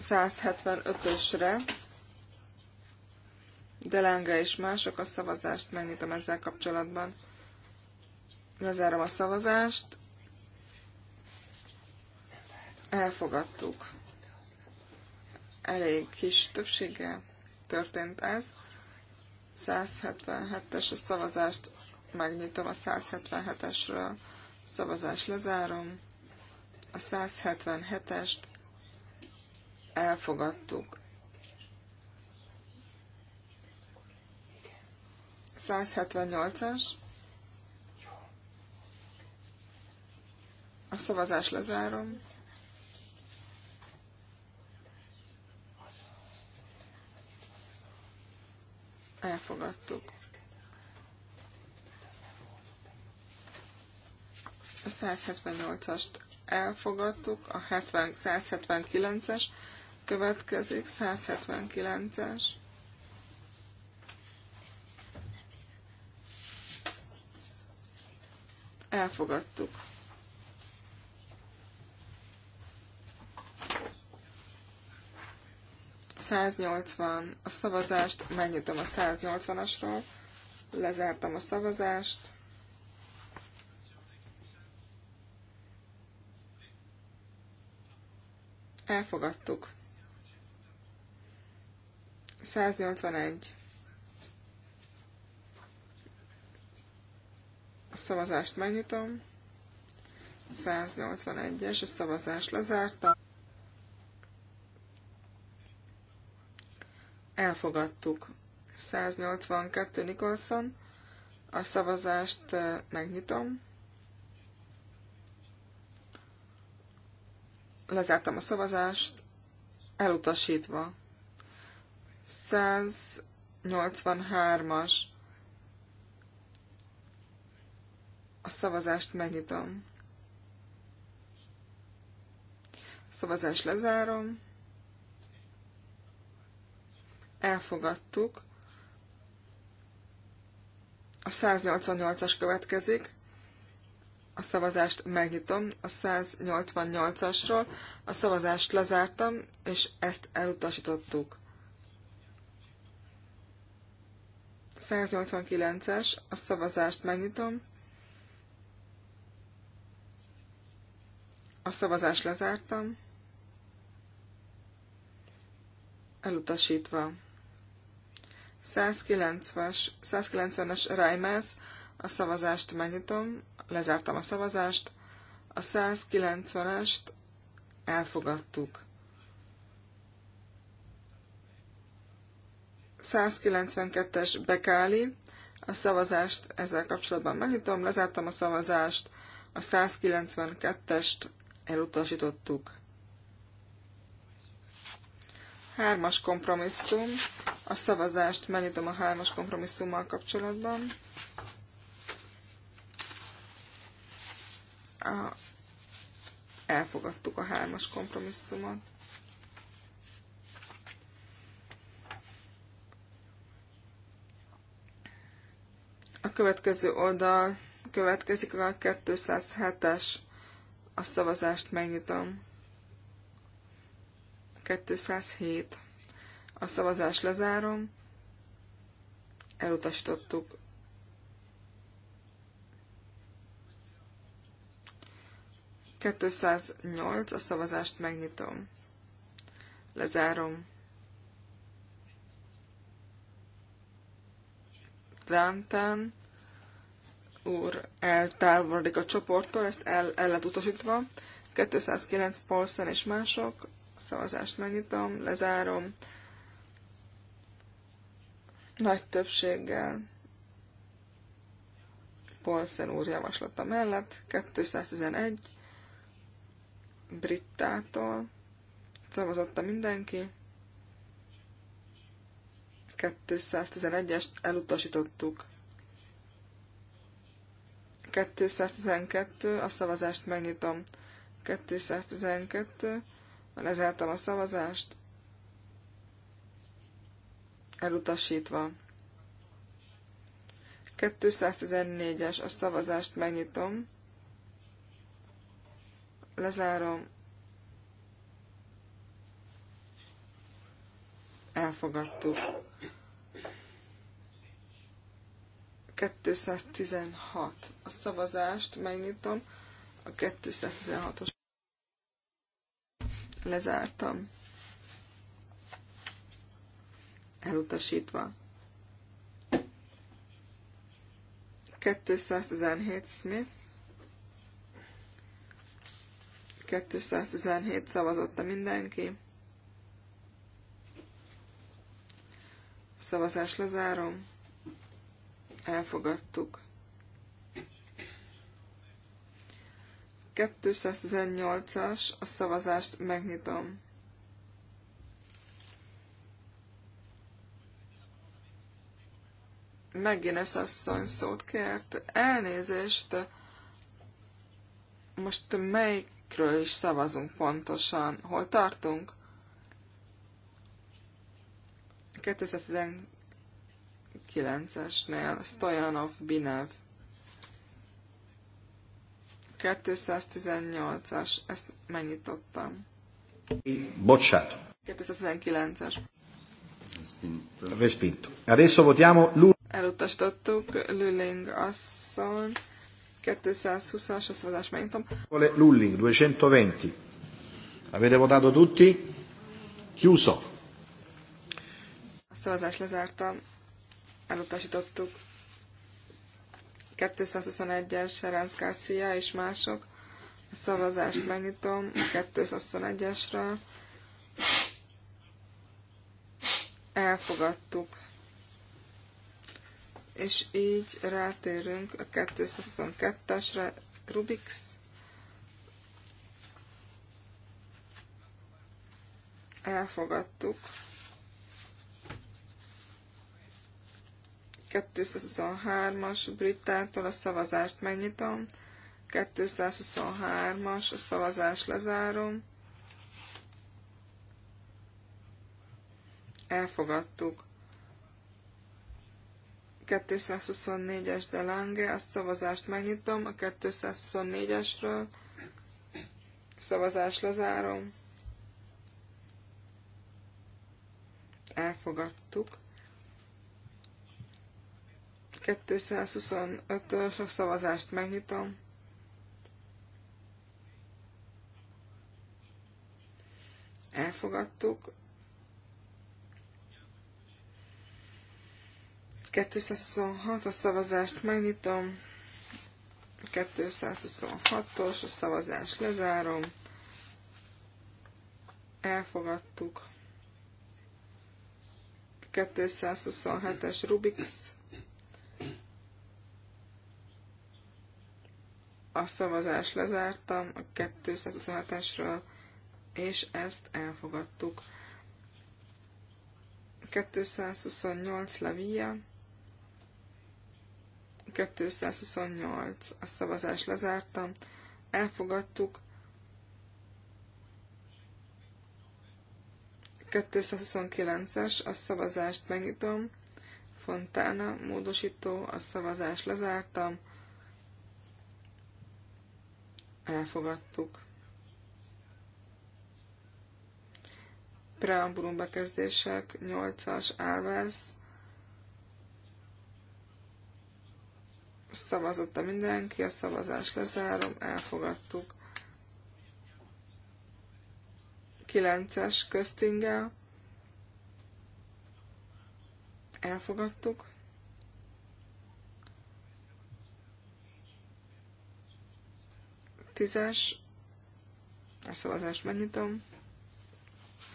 175-ösre. Delenge és mások a szavazást megnyitom ezzel kapcsolatban. Lezárom a szavazást. Elfogadtuk. Elég kis többséggel történt ez. 177-es a szavazást, megnyitom a 177-esről, szavazás lezárom, a 177-est elfogadtuk. 178-as, a szavazás lezárom, elfogadtuk. A 178-ast elfogadtuk, a 70, 179-es következik, 179-es. Elfogadtuk. 180. A szavazást megnyitom a 180-asról. Lezártam a szavazást. Elfogadtuk. 181. A szavazást megnyitom. 181-es, a szavazást lezártam. elfogadtuk. 182 Nicholson, a szavazást megnyitom. Lezártam a szavazást, elutasítva. 183-as. A szavazást megnyitom. A szavazást lezárom elfogadtuk. A 188-as következik. A szavazást megnyitom a 188-asról. A szavazást lezártam, és ezt elutasítottuk. 189-es, a szavazást megnyitom. A szavazást lezártam. Elutasítva. 190-es Reimers, a szavazást megnyitom, lezártam a szavazást, a 190-est elfogadtuk. 192-es Bekáli, a szavazást ezzel kapcsolatban megnyitom, lezártam a szavazást, a 192-est elutasítottuk. Hármas kompromisszum, a szavazást megnyitom a hármas kompromisszummal kapcsolatban. A, elfogadtuk a hármas kompromisszumot. A következő oldal következik a 207-es. A szavazást megnyitom. 207. A szavazást lezárom. Elutasítottuk. Kettőszáznyolc. A szavazást megnyitom. Lezárom. Dántán úr eltávolodik a csoporttól, ezt el, el lett utasítva. 209 Paulsen és mások, szavazást megnyitom, lezárom, nagy többséggel Polszen úr javaslata mellett, 211 Brittától szavazotta mindenki, 211-est elutasítottuk. 212, a szavazást megnyitom. 212, lezártam a szavazást elutasítva. 214-es, a szavazást megnyitom, lezárom, elfogadtuk. 216. A szavazást megnyitom, a 216-os lezártam elutasítva. 217 Smith 217 szavazott a mindenki. Szavazás lezárom. Elfogadtuk. 218-as, a szavazást megnyitom. Megines asszony szót kért. Elnézést, most melyikről is szavazunk pontosan? Hol tartunk? 219-esnél Stojanov Binev. 218-as, ezt megnyitottam. Bocsát. 219-es. Respinto. Adesso votiamo l'ultimo. Elutasítottuk Lulling asszony. 220-as, a szavazás megnyitom. Lulling, 220. Avete votato tutti? Chiuso. A szavazást lezárta. Elutasítottuk. 221-es Serenc Garcia és mások. A szavazást megnyitom 221 esre Elfogadtuk és így rátérünk a 222-esre, Rubik's. Elfogadtuk. 223-as Britától a szavazást megnyitom. 223-as a szavazást lezárom. Elfogadtuk. 224-es de Lange, a szavazást megnyitom, a 224-esről szavazást lezárom. Elfogadtuk. 225-ös a szavazást megnyitom. Elfogadtuk. 226 a szavazást megnyitom, 226-os a szavazást lezárom, elfogadtuk. 227-es Rubix, a szavazást lezártam a 227-esről, és ezt elfogadtuk. 228 Levia, 228. A szavazás lezártam. Elfogadtuk. 229-es. A szavazást megnyitom. Fontána módosító. A szavazást lezártam. Elfogadtuk. Preambulum bekezdések 8-as Álvesz Szavazott a mindenki, a szavazást lezárom, elfogadtuk. 9-es köztingel. Elfogadtuk. Tízes. A szavazást megnyitom.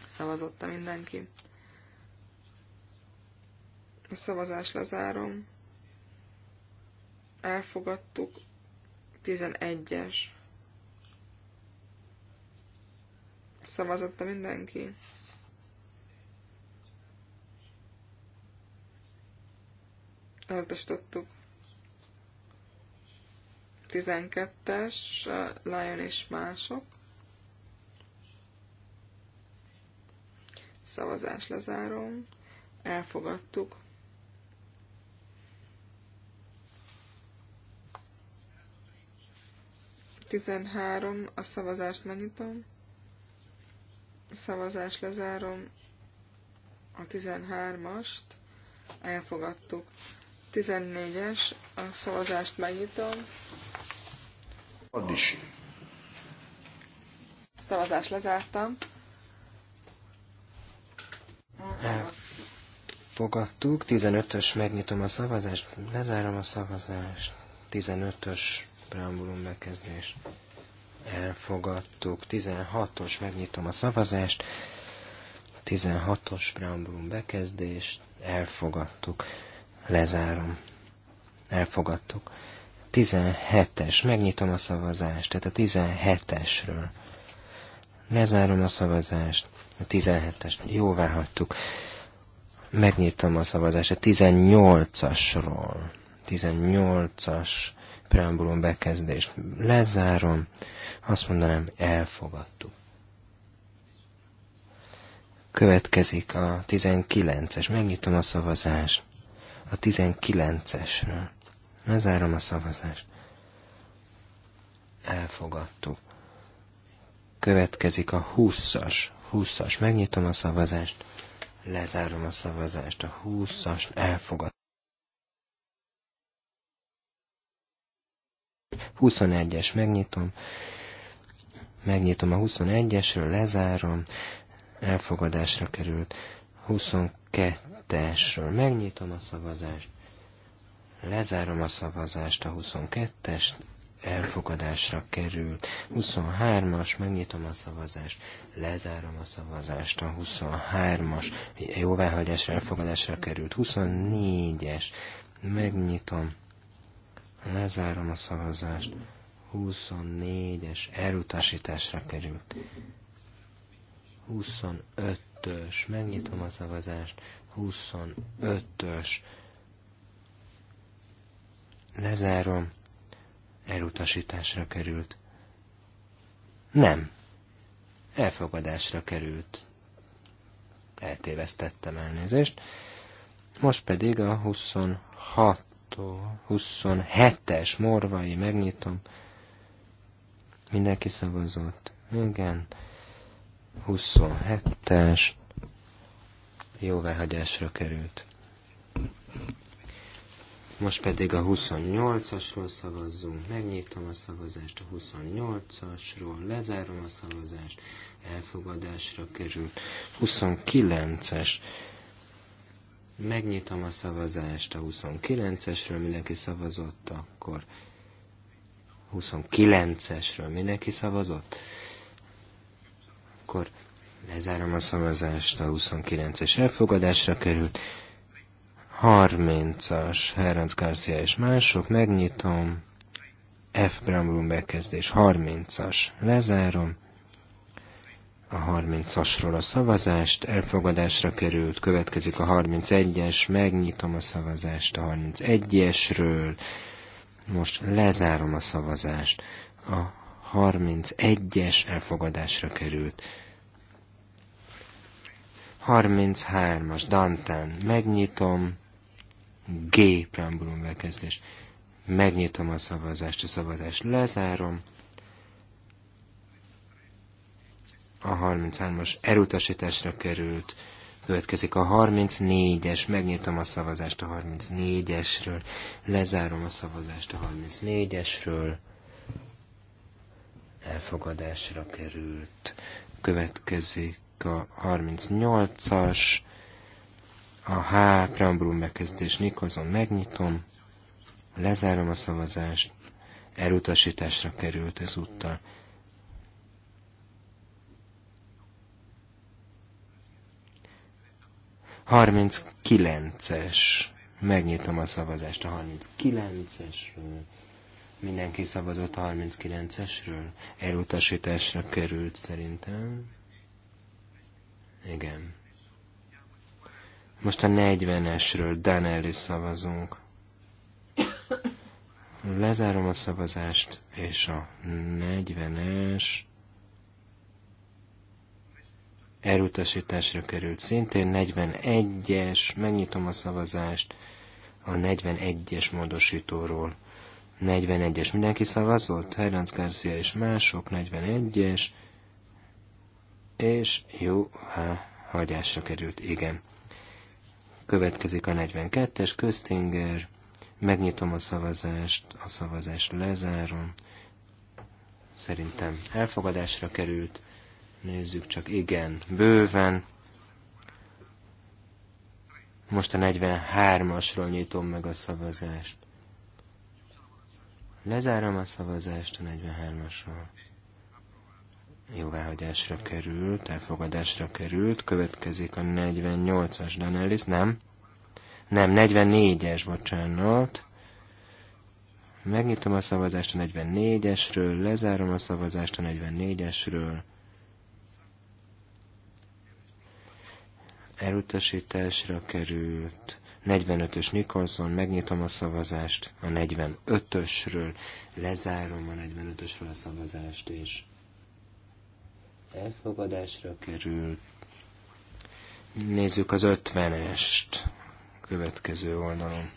Szavazotta mindenki. A szavazást lezárom elfogadtuk, 11-es. Szavazatta mindenki? Elutasítottuk. 12-es, Lion és mások. Szavazás lezárom. Elfogadtuk. 13, a szavazást megnyitom, a szavazást lezárom, a 13-ast elfogadtuk. 14-es, a szavazást megnyitom. Addis. Szavazást lezártam. Elfogadtuk. 15-ös, megnyitom a szavazást, lezárom a szavazást. 15-ös preambulum bekezdés. Elfogadtuk. 16-os, megnyitom a szavazást. 16-os preambulum bekezdés. Elfogadtuk. Lezárom. Elfogadtuk. 17-es, megnyitom a szavazást, tehát a 17-esről. Lezárom a szavazást, a 17-es, jóvá hagytuk. Megnyitom a szavazást a 18-asról. 18-as preambulum bekezdést lezárom, azt mondanám, elfogadtuk. Következik a 19-es, megnyitom a szavazást. A 19-esről. Lezárom a szavazást. Elfogadtuk. Következik a 20-as. 20-as. Megnyitom a szavazást. Lezárom a szavazást. A 20-as. Elfogadtuk. 21-es megnyitom, megnyitom a 21-esről, lezárom, elfogadásra került, 22-esről megnyitom a szavazást, lezárom a szavazást a 22 es elfogadásra került. 23-as, megnyitom a szavazást, lezárom a szavazást, a 23-as, jóváhagyásra, elfogadásra került. 24-es, megnyitom, Lezárom a szavazást. 24-es elutasításra került. 25-ös, megnyitom a szavazást. 25-ös. Lezárom. Elutasításra került. Nem. Elfogadásra került. Eltévesztettem elnézést. Most pedig a 26 Tó, 27-es morvai, megnyitom. Mindenki szavazott. Igen. 27-es. Jóváhagyásra került. Most pedig a 28-asról szavazzunk. Megnyitom a szavazást a 28-asról, lezárom a szavazást, elfogadásra kerül. 29-es Megnyitom a szavazást a 29-esről, mindenki szavazott, akkor 29-esről mindenki szavazott, akkor lezárom a szavazást, a 29-es elfogadásra került, 30-as Herenc Garcia és mások, megnyitom, F. Bramblum bekezdés, 30-as, lezárom, a 30-asról a szavazást, elfogadásra került, következik a 31-es, megnyitom a szavazást a 31-esről, most lezárom a szavazást, a 31-es elfogadásra került. 33-as Dantán megnyitom, G preambulum bekezdés. Megnyitom a szavazást, a szavazást lezárom, a 33-as elutasításra került. Következik a 34-es, megnyitom a szavazást a 34-esről, lezárom a szavazást a 34-esről, elfogadásra került. Következik a 38-as, a H preambulum bekezdés Nikozon megnyitom, lezárom a szavazást, elutasításra került ezúttal. 39-es. Megnyitom a szavazást a 39-esről. Mindenki szavazott a 39-esről. Elutasításra került szerintem. Igen. Most a 40-esről Danelli szavazunk. Lezárom a szavazást, és a 40-es elutasításra került. Szintén 41-es, megnyitom a szavazást a 41-es módosítóról. 41-es, mindenki szavazott? Herranc Garcia és mások, 41-es, és jó, ha hagyásra került, igen. Következik a 42-es, Köztinger, megnyitom a szavazást, a szavazást lezárom. Szerintem elfogadásra került. Nézzük csak, igen, bőven. Most a 43-asról nyitom meg a szavazást. Lezárom a szavazást a 43-asról. Jóváhagyásra került, elfogadásra került, következik a 48-as Danelis, nem? Nem, 44-es, bocsánat. Megnyitom a szavazást a 44-esről, lezárom a szavazást a 44-esről. elutasításra került. 45-ös Nicholson, megnyitom a szavazást, a 45-ösről lezárom a 45-ösről a szavazást, és elfogadásra került. Nézzük az 50-est következő oldalon.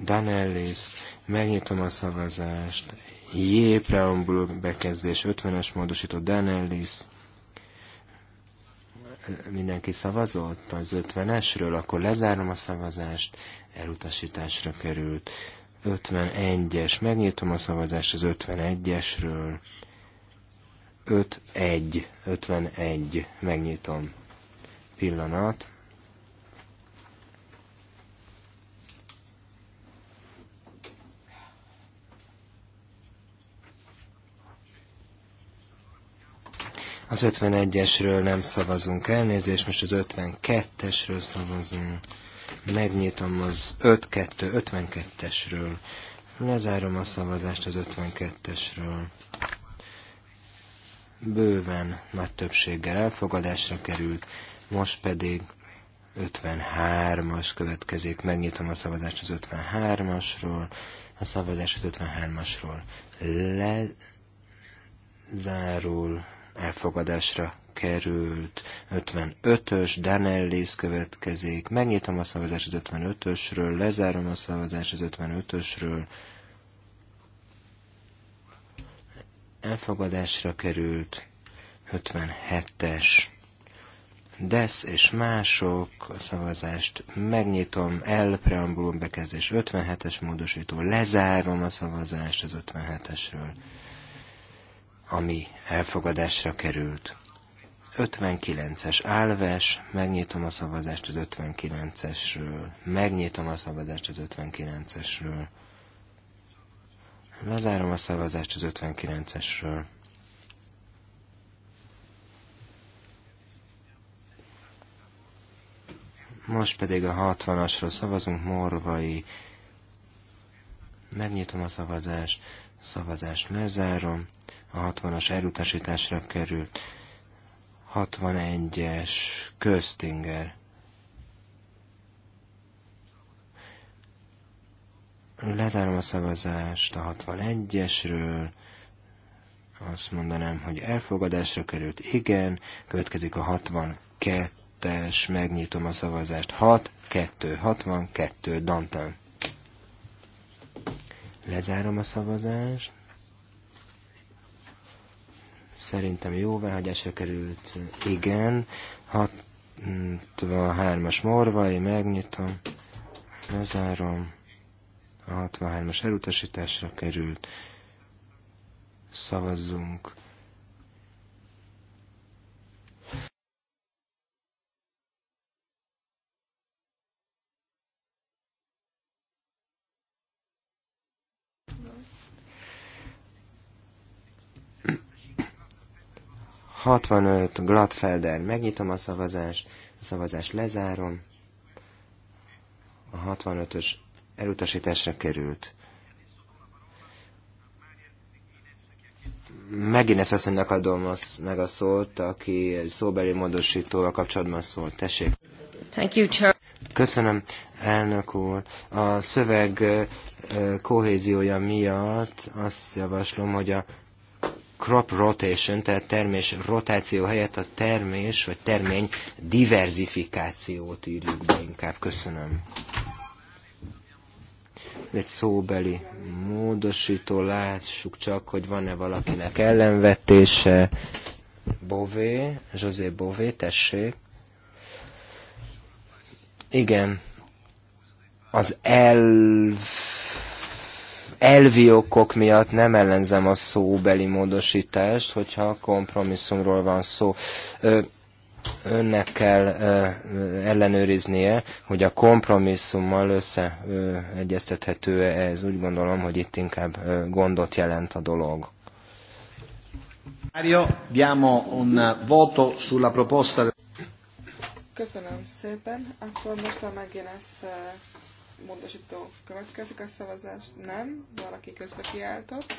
Dan Ellis, megnyitom a szavazást, J. Preambul bekezdés, 50-es módosított Dan Ellis, Mindenki szavazott az 50-esről, akkor lezárom a szavazást, elutasításra került. 51-es, megnyitom a szavazást az 51-esről. 5-1, 51, megnyitom. Pillanat, Az 51-esről nem szavazunk elnézést, most az 52-esről szavazunk. Megnyitom az 5-2, 52-esről. Lezárom a szavazást az 52-esről. Bőven nagy többséggel elfogadásra került, most pedig 53-as következik. Megnyitom a szavazást az 53-asról. A szavazás az 53-asról lezárul elfogadásra került. 55-ös Danellis következik. Megnyitom a szavazást az 55-ösről, lezárom a szavazást az 55-ösről. Elfogadásra került 57-es. Desz és mások a szavazást megnyitom, elpreambulum preambulum bekezdés 57-es módosító, lezárom a szavazást az 57-esről. Mm ami elfogadásra került. 59-es álves, megnyitom a szavazást az 59-esről, megnyitom a szavazást az 59-esről, lezárom a szavazást az 59-esről. Most pedig a 60-asról szavazunk, morvai. Megnyitom a szavazást, szavazást lezárom, a 60-as elutasításra került. 61-es Köztinger. Lezárom a szavazást a 61-esről. Azt mondanám, hogy elfogadásra került. Igen. Következik a 62-es. Megnyitom a szavazást. 6, 2, 62, Dantan. Lezárom a szavazást. Szerintem jó jóváhagyásra került. Igen. 63-as morva, én megnyitom. Lezárom. A 63-as elutasításra került. Szavazzunk 65 Gladfelder. Megnyitom a szavazást, a szavazást lezárom. A 65-ös elutasításra került. Megint ezt asszonynak adom az, meg a szót, aki szóbeli módosítóval kapcsolatban szólt. Tessék. Thank you, Köszönöm, elnök úr. A szöveg kohéziója miatt azt javaslom, hogy a crop rotation, tehát termés rotáció helyett a termés vagy termény diverzifikációt írjuk be inkább. Köszönöm. Egy szóbeli módosító, lássuk csak, hogy van-e valakinek ellenvetése. Bové, José Bové, tessék. Igen, az elv elvi okok miatt nem ellenzem a szóbeli módosítást, hogyha kompromisszumról van szó. Önnek kell ellenőriznie, hogy a kompromisszummal összeegyeztethető-e ez. Úgy gondolom, hogy itt inkább gondot jelent a dolog. Köszönöm szépen. Akkor most a megjelensz módosító következik a szavazás. Nem, valaki közbe kiáltott.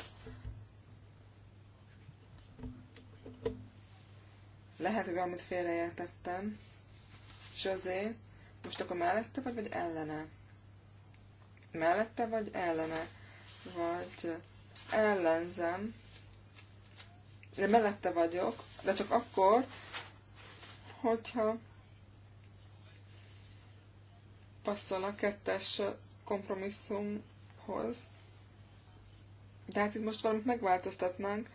Lehet, hogy valamit félreértettem. José, most akkor mellette vagy, vagy ellene? Mellette vagy ellene? Vagy ellenzem? De mellette vagyok, de csak akkor, hogyha passzol a kettes kompromisszumhoz. De hát itt most valamit megváltoztatnánk.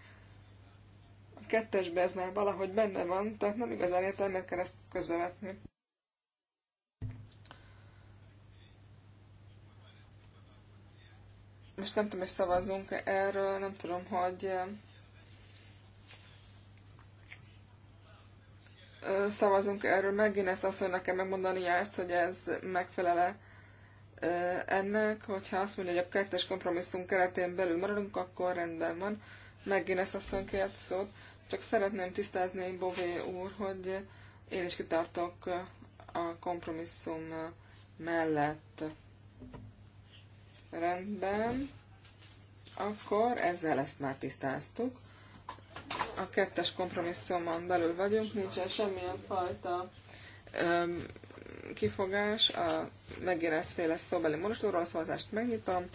A kettesbe ez már valahogy benne van, tehát nem igazán értem, mert kell ezt közbevetni. Most nem tudom, hogy szavazunk -e erről, nem tudom, hogy szavazunk erről, megint ezt azt, hogy nekem megmondania ezt, hogy ez megfelele ennek, hogyha azt mondja, hogy a kettes kompromisszum keretén belül maradunk, akkor rendben van. Megint ezt asszony kért szót. Csak szeretném tisztázni, Bové úr, hogy én is kitartok a kompromisszum mellett. Rendben. Akkor ezzel ezt már tisztáztuk a kettes kompromisszumon belül vagyunk, nincsen semmilyen fajta öm, kifogás, a megjelezféle szóbeli módosítóról a szavazást megnyitom,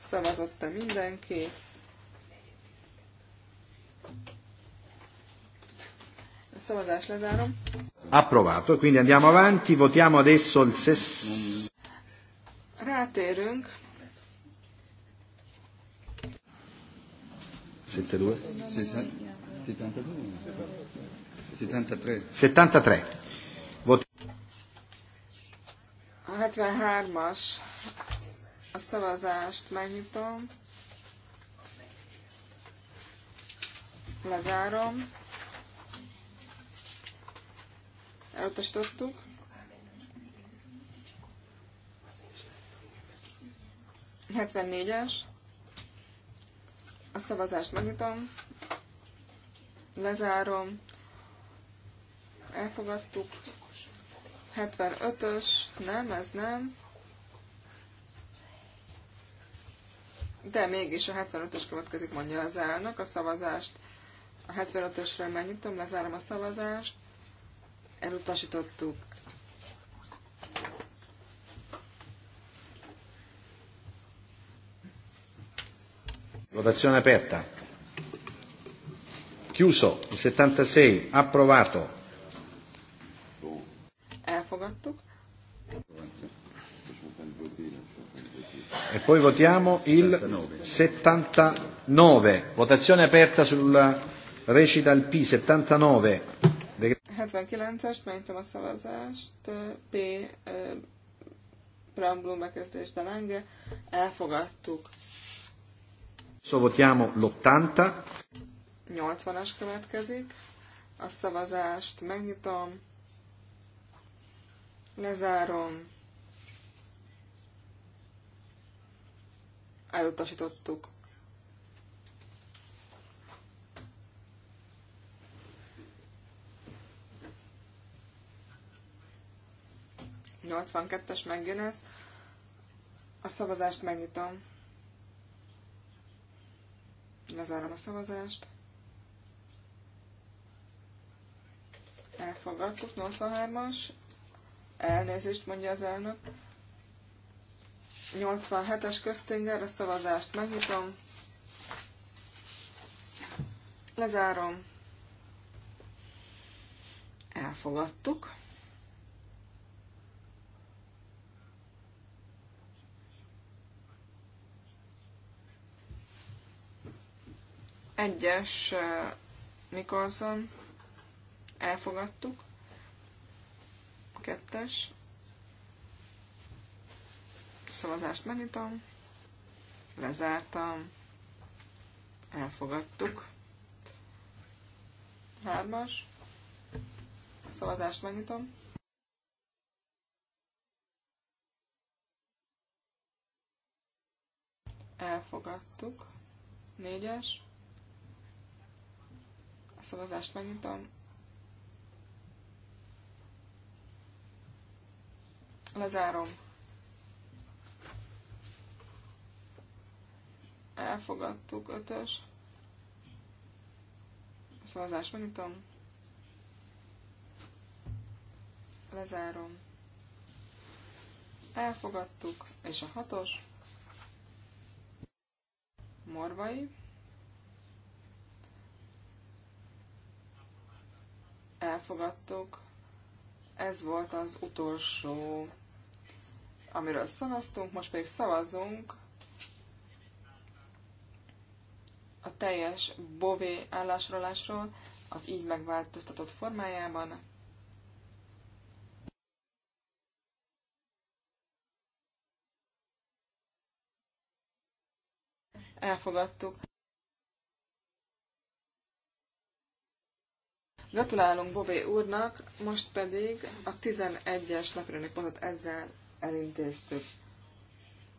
szavazott-e mindenki? A szavazást lezárom. Approvato, quindi andiamo avanti, votiamo adesso il ses... Rátérünk 72? 73. 73. Volt. A 73-as. A szavazást megnyitom. Lezárom. Elutasítottuk. Hetvennégyes. A szavazást megnyitom lezárom, elfogadtuk, 75-ös, nem, ez nem, de mégis a 75-ös következik, mondja az elnök, a szavazást a 75-ösről megnyitom, lezárom a szavazást, elutasítottuk, Votazione aperta. Chiuso. Il 76. Approvato. Elfogadtuk. E poi votiamo il 79. Votazione aperta sulla recita il P. 79. 79-est, megnyitom a szavazást. P. Preambulum bekezdés Delange. Elfogadtuk. So votiamo l'80. 80-as következik. A szavazást megnyitom, lezárom, elutasítottuk. Nyolcvankettes megjön ez. A szavazást megnyitom. Lezárom a szavazást. elfogadtuk, 83-as, elnézést mondja az elnök. 87-es köztinger, a szavazást megnyitom. Lezárom. Elfogadtuk. Egyes eh, Nikolson elfogadtuk. Kettes. Szavazást megnyitom. Lezártam. Elfogadtuk. Hármas. Szavazást megnyitom. Elfogadtuk. Négyes. A szavazást megnyitom. Lezárom. Elfogadtuk ötös. Szavazás megnyitom. Lezárom. Elfogadtuk. És a hatos. Morvai. Elfogadtuk. Ez volt az utolsó amiről szavaztunk, most pedig szavazunk a teljes bové állásrólásról az így megváltoztatott formájában. Elfogadtuk. Gratulálunk Bobé úrnak, most pedig a 11-es napirendi pontot ezzel elintéztük.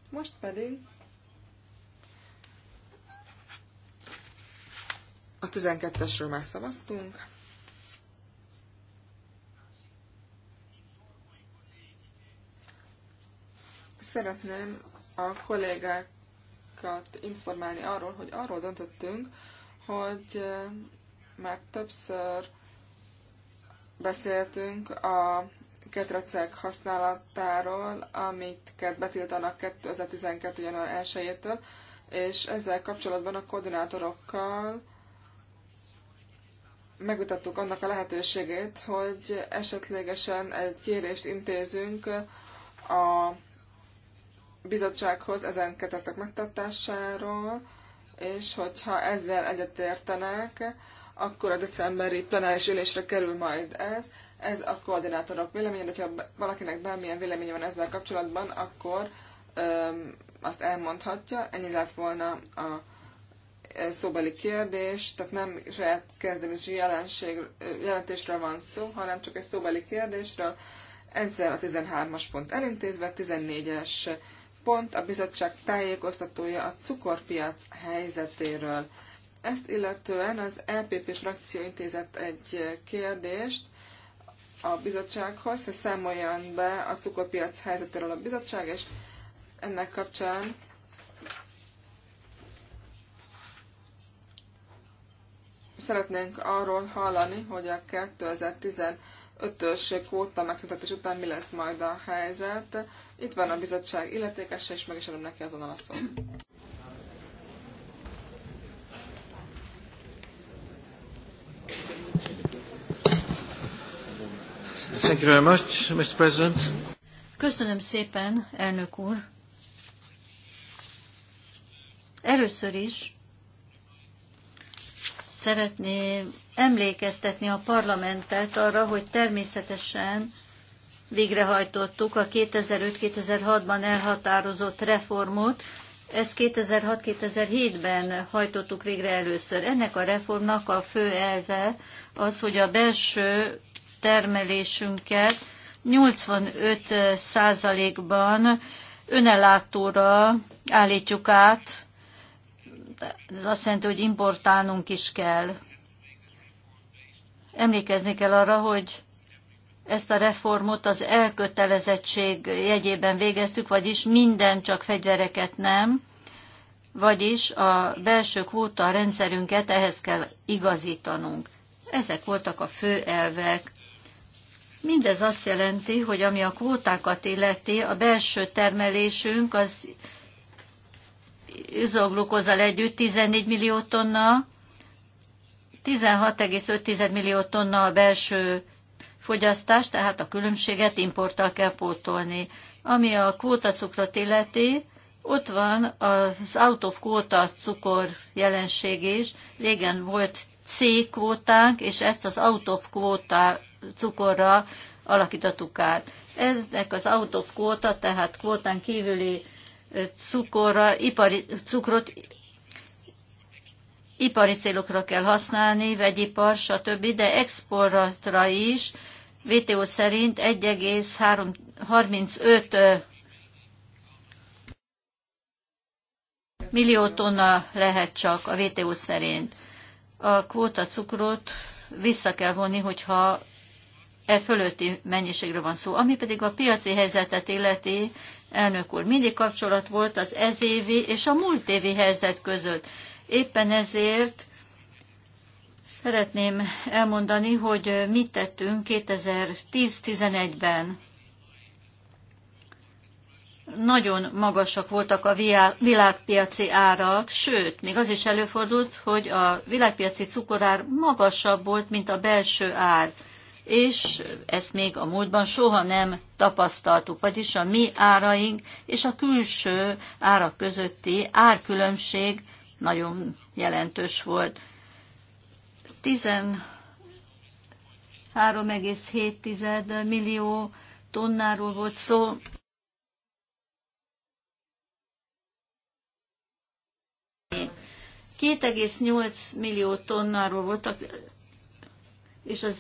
Most pedig a 12-esről már szavaztunk. Szeretném a kollégákat informálni arról, hogy arról döntöttünk, hogy eh, már többször beszéltünk a ketrecek használatáról, amiket betiltanak 2012. január 1-től, és ezzel kapcsolatban a koordinátorokkal megmutattuk annak a lehetőségét, hogy esetlegesen egy kérést intézünk a bizottsághoz ezen ketrecek megtartásáról, és hogyha ezzel egyetértenek, akkor a decemberi plenáris ülésre kerül majd ez, ez a koordinátorok véleménye, hogyha valakinek bármilyen véleménye van ezzel kapcsolatban, akkor öm, azt elmondhatja. Ennyi lett volna a e, szóbeli kérdés, tehát nem saját kezdeményezési jelenség, jelentésről van szó, hanem csak egy szóbeli kérdésről. Ezzel a 13-as pont elintézve, 14-es pont a bizottság tájékoztatója a cukorpiac helyzetéről. Ezt illetően az LPP e frakció intézett egy kérdést a bizottsághoz, hogy számoljon be a cukorpiac helyzetéről a bizottság, és ennek kapcsán szeretnénk arról hallani, hogy a 2015-ös kvóta megszüntetés után mi lesz majd a helyzet. Itt van a bizottság illetékes, és meg is adom neki azonnal a szót. Thank you very much, Mr. President. Köszönöm szépen, elnök úr. Először is szeretném emlékeztetni a parlamentet arra, hogy természetesen végrehajtottuk a 2005-2006-ban elhatározott reformot. Ezt 2006-2007-ben hajtottuk végre először. Ennek a reformnak a fő elve az, hogy a belső termelésünket 85%-ban önellátóra állítjuk át, ez azt jelenti, hogy importálnunk is kell. Emlékezni kell arra, hogy ezt a reformot az elkötelezettség jegyében végeztük, vagyis minden csak fegyvereket nem, vagyis a belső kvóta rendszerünket ehhez kell igazítanunk. Ezek voltak a fő elvek. Mindez azt jelenti, hogy ami a kvótákat illeti, a belső termelésünk az izoglukozal együtt 14 millió tonna, 16,5 millió tonna a belső fogyasztás, tehát a különbséget importtal kell pótolni. Ami a kvótacukrot illeti, ott van az out of quota cukor jelenség is. Régen volt C kvótánk, és ezt az out of quota cukorra alakítottuk át. Ezek az out of quota, tehát kvótán kívüli cukorra, ipari cukrot ipari célokra kell használni, vegyipar, stb., de exportra is VTO szerint 1,35 millió tonna lehet csak a VTO szerint. A kvóta cukrot vissza kell vonni, hogyha e fölötti mennyiségről van szó. Ami pedig a piaci helyzetet illeti, elnök úr, mindig kapcsolat volt az ez évi és a múlt évi helyzet között. Éppen ezért szeretném elmondani, hogy mit tettünk 2010-11-ben. Nagyon magasak voltak a világpiaci árak, sőt, még az is előfordult, hogy a világpiaci cukorár magasabb volt, mint a belső ár és ezt még a múltban soha nem tapasztaltuk, vagyis a mi áraink és a külső árak közötti árkülönbség nagyon jelentős volt. 13,7 millió tonnáról volt szó. Két egész nyolc millió tonnáról voltak, és az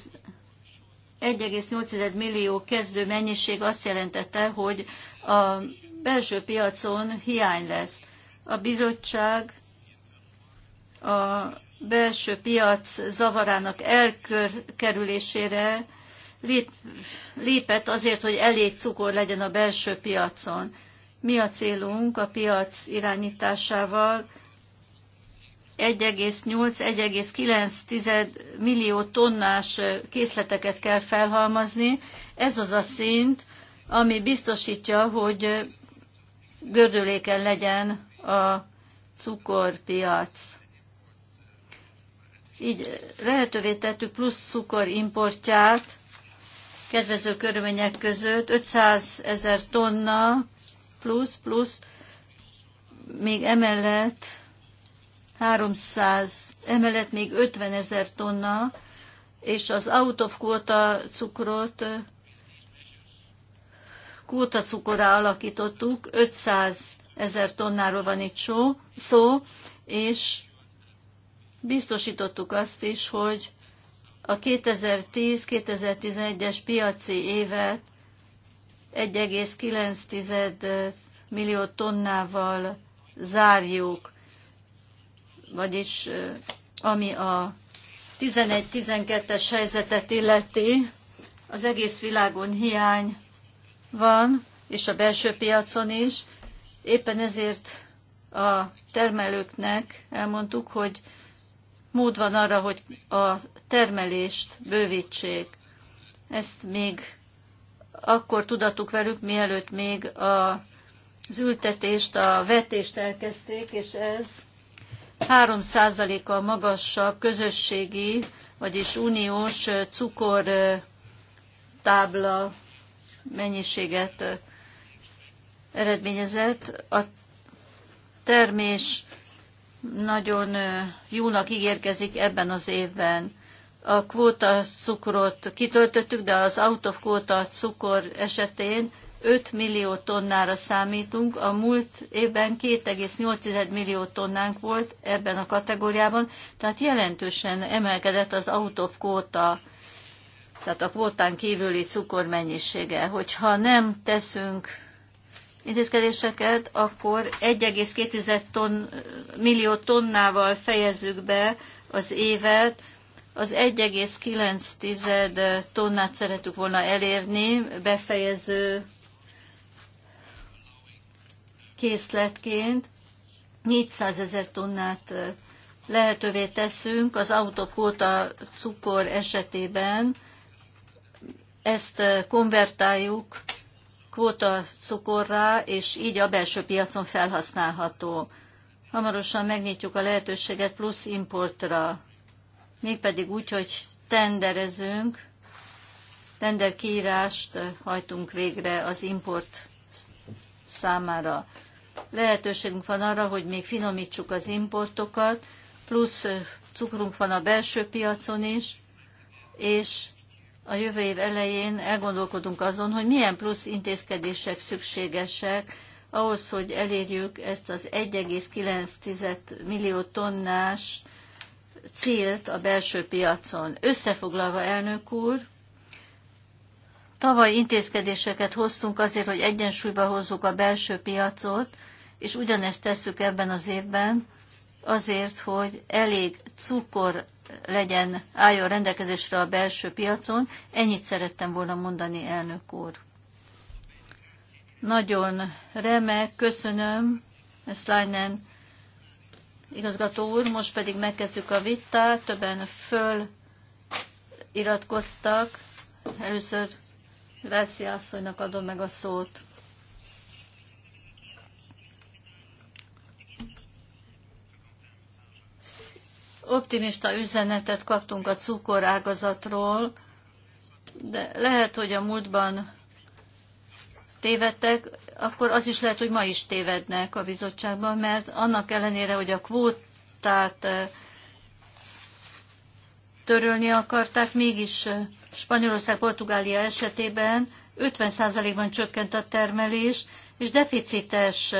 1,8 millió kezdő mennyiség azt jelentette, hogy a belső piacon hiány lesz. A bizottság a belső piac zavarának elkerülésére lépett azért, hogy elég cukor legyen a belső piacon. Mi a célunk a piac irányításával? 1,8-1,9 millió tonnás készleteket kell felhalmazni. Ez az a szint, ami biztosítja, hogy gördüléken legyen a cukorpiac. Így lehetővé tettük plusz cukorimportját kedvező körülmények között, 500 ezer tonna plusz, plusz még emellett 300, emellett még 50 ezer tonna, és az out of quota cukrot kóta cukorra alakítottuk, 500 ezer tonnáról van itt szó, szó, és biztosítottuk azt is, hogy a 2010-2011-es piaci évet 1,9 millió tonnával zárjuk vagyis ami a 11-12-es helyzetet illeti, az egész világon hiány van, és a belső piacon is. Éppen ezért a termelőknek elmondtuk, hogy mód van arra, hogy a termelést bővítsék. Ezt még akkor tudatuk velük, mielőtt még a, az ültetést, a vetést elkezdték, és ez 3%-kal magasabb közösségi, vagyis uniós cukor tábla mennyiséget eredményezett. A termés nagyon jónak ígérkezik ebben az évben. A kvóta cukrot kitöltöttük, de az out of quota cukor esetén 5 millió tonnára számítunk, a múlt évben 2,8 millió tonnánk volt ebben a kategóriában, tehát jelentősen emelkedett az out of quota, tehát a kvótán kívüli cukor mennyisége. Hogyha nem teszünk intézkedéseket, akkor 1,2 ton, millió tonnával fejezzük be az évet, az 1,9 tonnát szeretük volna elérni befejező készletként 400 ezer tonnát lehetővé teszünk az autokóta cukor esetében, ezt konvertáljuk kvóta cukorra és így a belső piacon felhasználható. Hamarosan megnyitjuk a lehetőséget plusz importra, mégpedig úgy, hogy tenderezünk, tenderkiírást hajtunk végre az import számára lehetőségünk van arra, hogy még finomítsuk az importokat, plusz cukrunk van a belső piacon is, és a jövő év elején elgondolkodunk azon, hogy milyen plusz intézkedések szükségesek ahhoz, hogy elérjük ezt az 1,9 millió tonnás célt a belső piacon. Összefoglalva, elnök úr, Tavaly intézkedéseket hoztunk azért, hogy egyensúlyba hozzuk a belső piacot, és ugyanezt tesszük ebben az évben, azért, hogy elég cukor legyen, álljon rendelkezésre a belső piacon. Ennyit szerettem volna mondani, elnök úr. Nagyon remek, köszönöm, Szlájnen igazgató úr. Most pedig megkezdjük a vitát, többen föl iratkoztak. Először Grácia asszonynak adom meg a szót. Optimista üzenetet kaptunk a cukorágazatról, de lehet, hogy a múltban tévedtek, akkor az is lehet, hogy ma is tévednek a bizottságban, mert annak ellenére, hogy a kvótát eh, törölni akarták, mégis Spanyolország, Portugália esetében 50%-ban csökkent a termelés, és deficites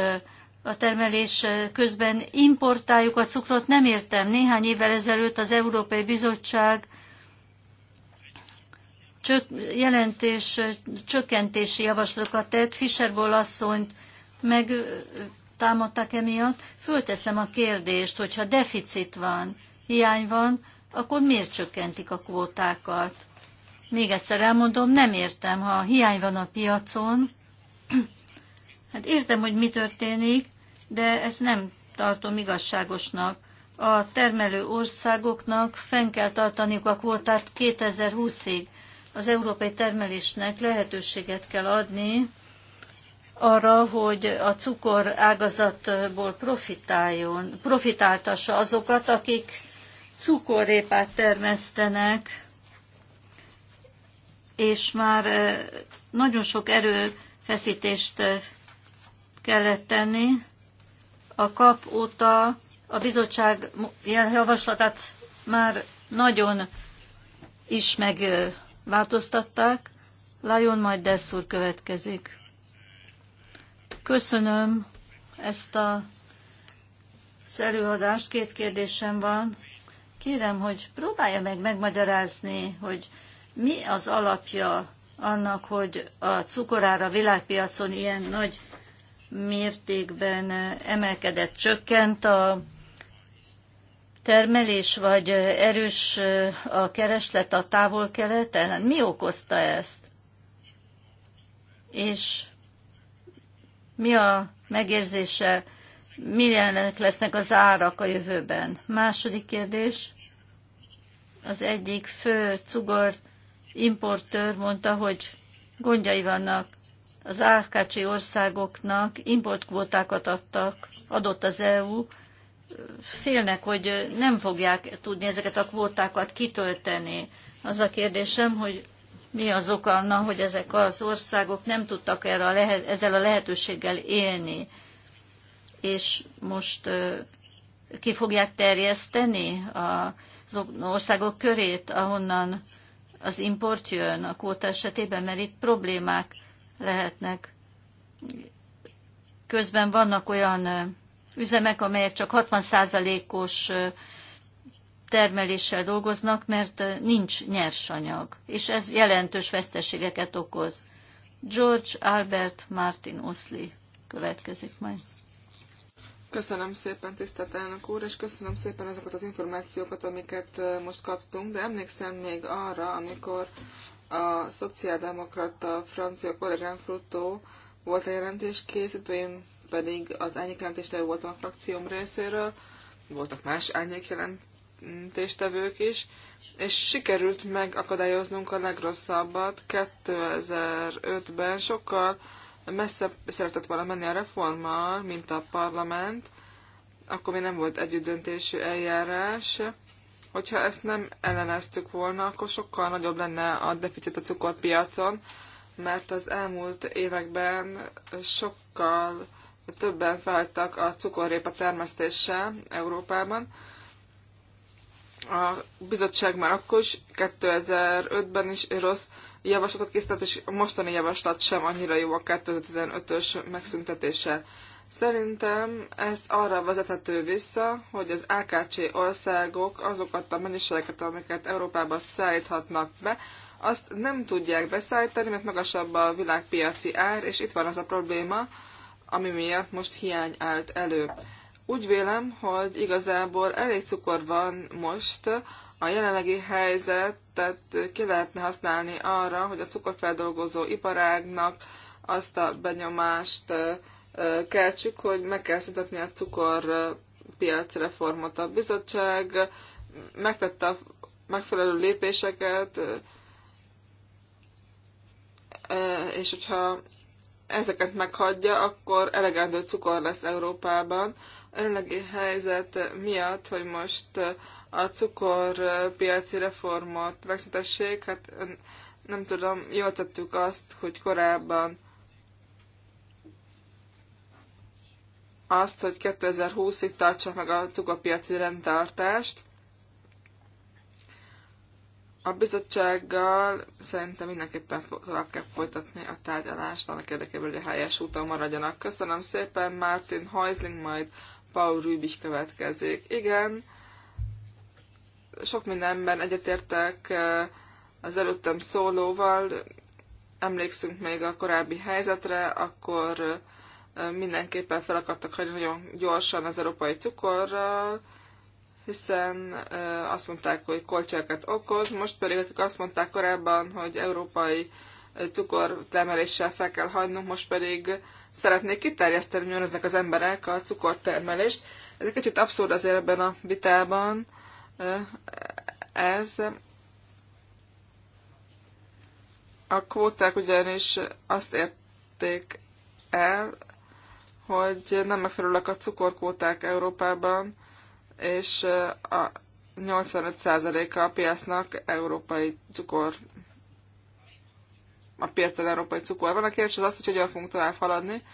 a termelés közben importáljuk a cukrot. Nem értem, néhány évvel ezelőtt az Európai Bizottság csök, jelentés csökkentési javaslatokat tett, Fischerból asszonyt meg támadták emiatt. Fölteszem a kérdést, hogyha deficit van, hiány van, akkor miért csökkentik a kvótákat? Még egyszer elmondom, nem értem, ha hiány van a piacon, hát értem, hogy mi történik, de ezt nem tartom igazságosnak. A termelő országoknak fenn kell tartaniuk a kvótát 2020-ig. Az európai termelésnek lehetőséget kell adni arra, hogy a cukor ágazatból profitáljon, profitáltassa azokat, akik cukorrépát termesztenek, és már nagyon sok erőfeszítést kellett tenni. A kap óta a bizottság javaslatát már nagyon is megváltoztatták. Lajon majd Dessur következik. Köszönöm ezt a előadást. Két kérdésem van. Kérem, hogy próbálja meg megmagyarázni, hogy mi az alapja annak, hogy a cukorára világpiacon ilyen nagy mértékben emelkedett, csökkent a termelés, vagy erős a kereslet a távol-keleten? Mi okozta ezt? És mi a megérzése, milyenek lesznek az árak a jövőben? Második kérdés az egyik fő cugor importőr mondta, hogy gondjai vannak az árkácsi országoknak, importkvótákat adtak, adott az EU, félnek, hogy nem fogják tudni ezeket a kvótákat kitölteni. Az a kérdésem, hogy mi az oka annak, hogy ezek az országok nem tudtak erre a lehet, ezzel a lehetőséggel élni, és most ki fogják terjeszteni a az országok körét, ahonnan az import jön a kóta esetében, mert itt problémák lehetnek. Közben vannak olyan üzemek, amelyek csak 60%-os termeléssel dolgoznak, mert nincs nyersanyag, és ez jelentős veszteségeket okoz. George Albert Martin Oszli következik majd. Köszönöm szépen, tisztelt elnök úr, és köszönöm szépen azokat az információkat, amiket most kaptunk, de emlékszem még arra, amikor a szociáldemokrata francia kollégám Frutó volt a jelentés készítőim, pedig az jelentéstevő voltam a frakcióm részéről, voltak más jelentéstevők is, és sikerült megakadályoznunk a legrosszabbat 2005-ben sokkal messzebb szeretett volna menni a reformmal, mint a parlament, akkor még nem volt együttdöntésű eljárás. Hogyha ezt nem elleneztük volna, akkor sokkal nagyobb lenne a deficit a cukorpiacon, mert az elmúlt években sokkal többen feltak a cukorrépa termesztéssel Európában. A bizottság már akkor is 2005-ben is rossz javaslatot készített, és a mostani javaslat sem annyira jó a 2015-ös megszüntetése. Szerintem ez arra vezethető vissza, hogy az AKC országok azokat a mennyiségeket, amiket Európába szállíthatnak be, azt nem tudják beszállítani, mert magasabb a világpiaci ár, és itt van az a probléma, ami miatt most hiány állt elő. Úgy vélem, hogy igazából elég cukor van most a jelenlegi helyzetet ki lehetne használni arra, hogy a cukorfeldolgozó iparágnak azt a benyomást keltsük, hogy meg kell szüntetni a cukorpiacreformot. A bizottság megtette a megfelelő lépéseket, és hogyha ezeket meghagyja, akkor elegendő cukor lesz Európában. A jelenlegi helyzet miatt, hogy most a cukorpiaci reformot megszüntessék, hát nem tudom, jól tettük azt, hogy korábban azt, hogy 2020-ig tartsák meg a cukorpiaci rendtartást. A bizottsággal szerintem mindenképpen tovább kell folytatni a tárgyalást, annak érdekében, hogy a helyes úton maradjanak. Köszönöm szépen, Martin Heusling, majd Paul Rübis következik. Igen, sok mindenben egyetértek az előttem szólóval, emlékszünk még a korábbi helyzetre, akkor mindenképpen fel akartak hagyni nagyon gyorsan az európai cukorral, hiszen azt mondták, hogy kolcsákat okoz, most pedig akik azt mondták korábban, hogy európai cukortermeléssel fel kell hagynunk, most pedig szeretnék kiterjeszteni, hogy az emberek a cukortermelést. Ez egy kicsit abszurd azért ebben a vitában, ez. A kvóták ugyanis azt érték el, hogy nem megfelelőek a cukorkvóták Európában, és a 85%-a a piacnak európai cukor, a piacon európai cukor van. A kérdés az az, hogy hogyan fogunk tovább haladni.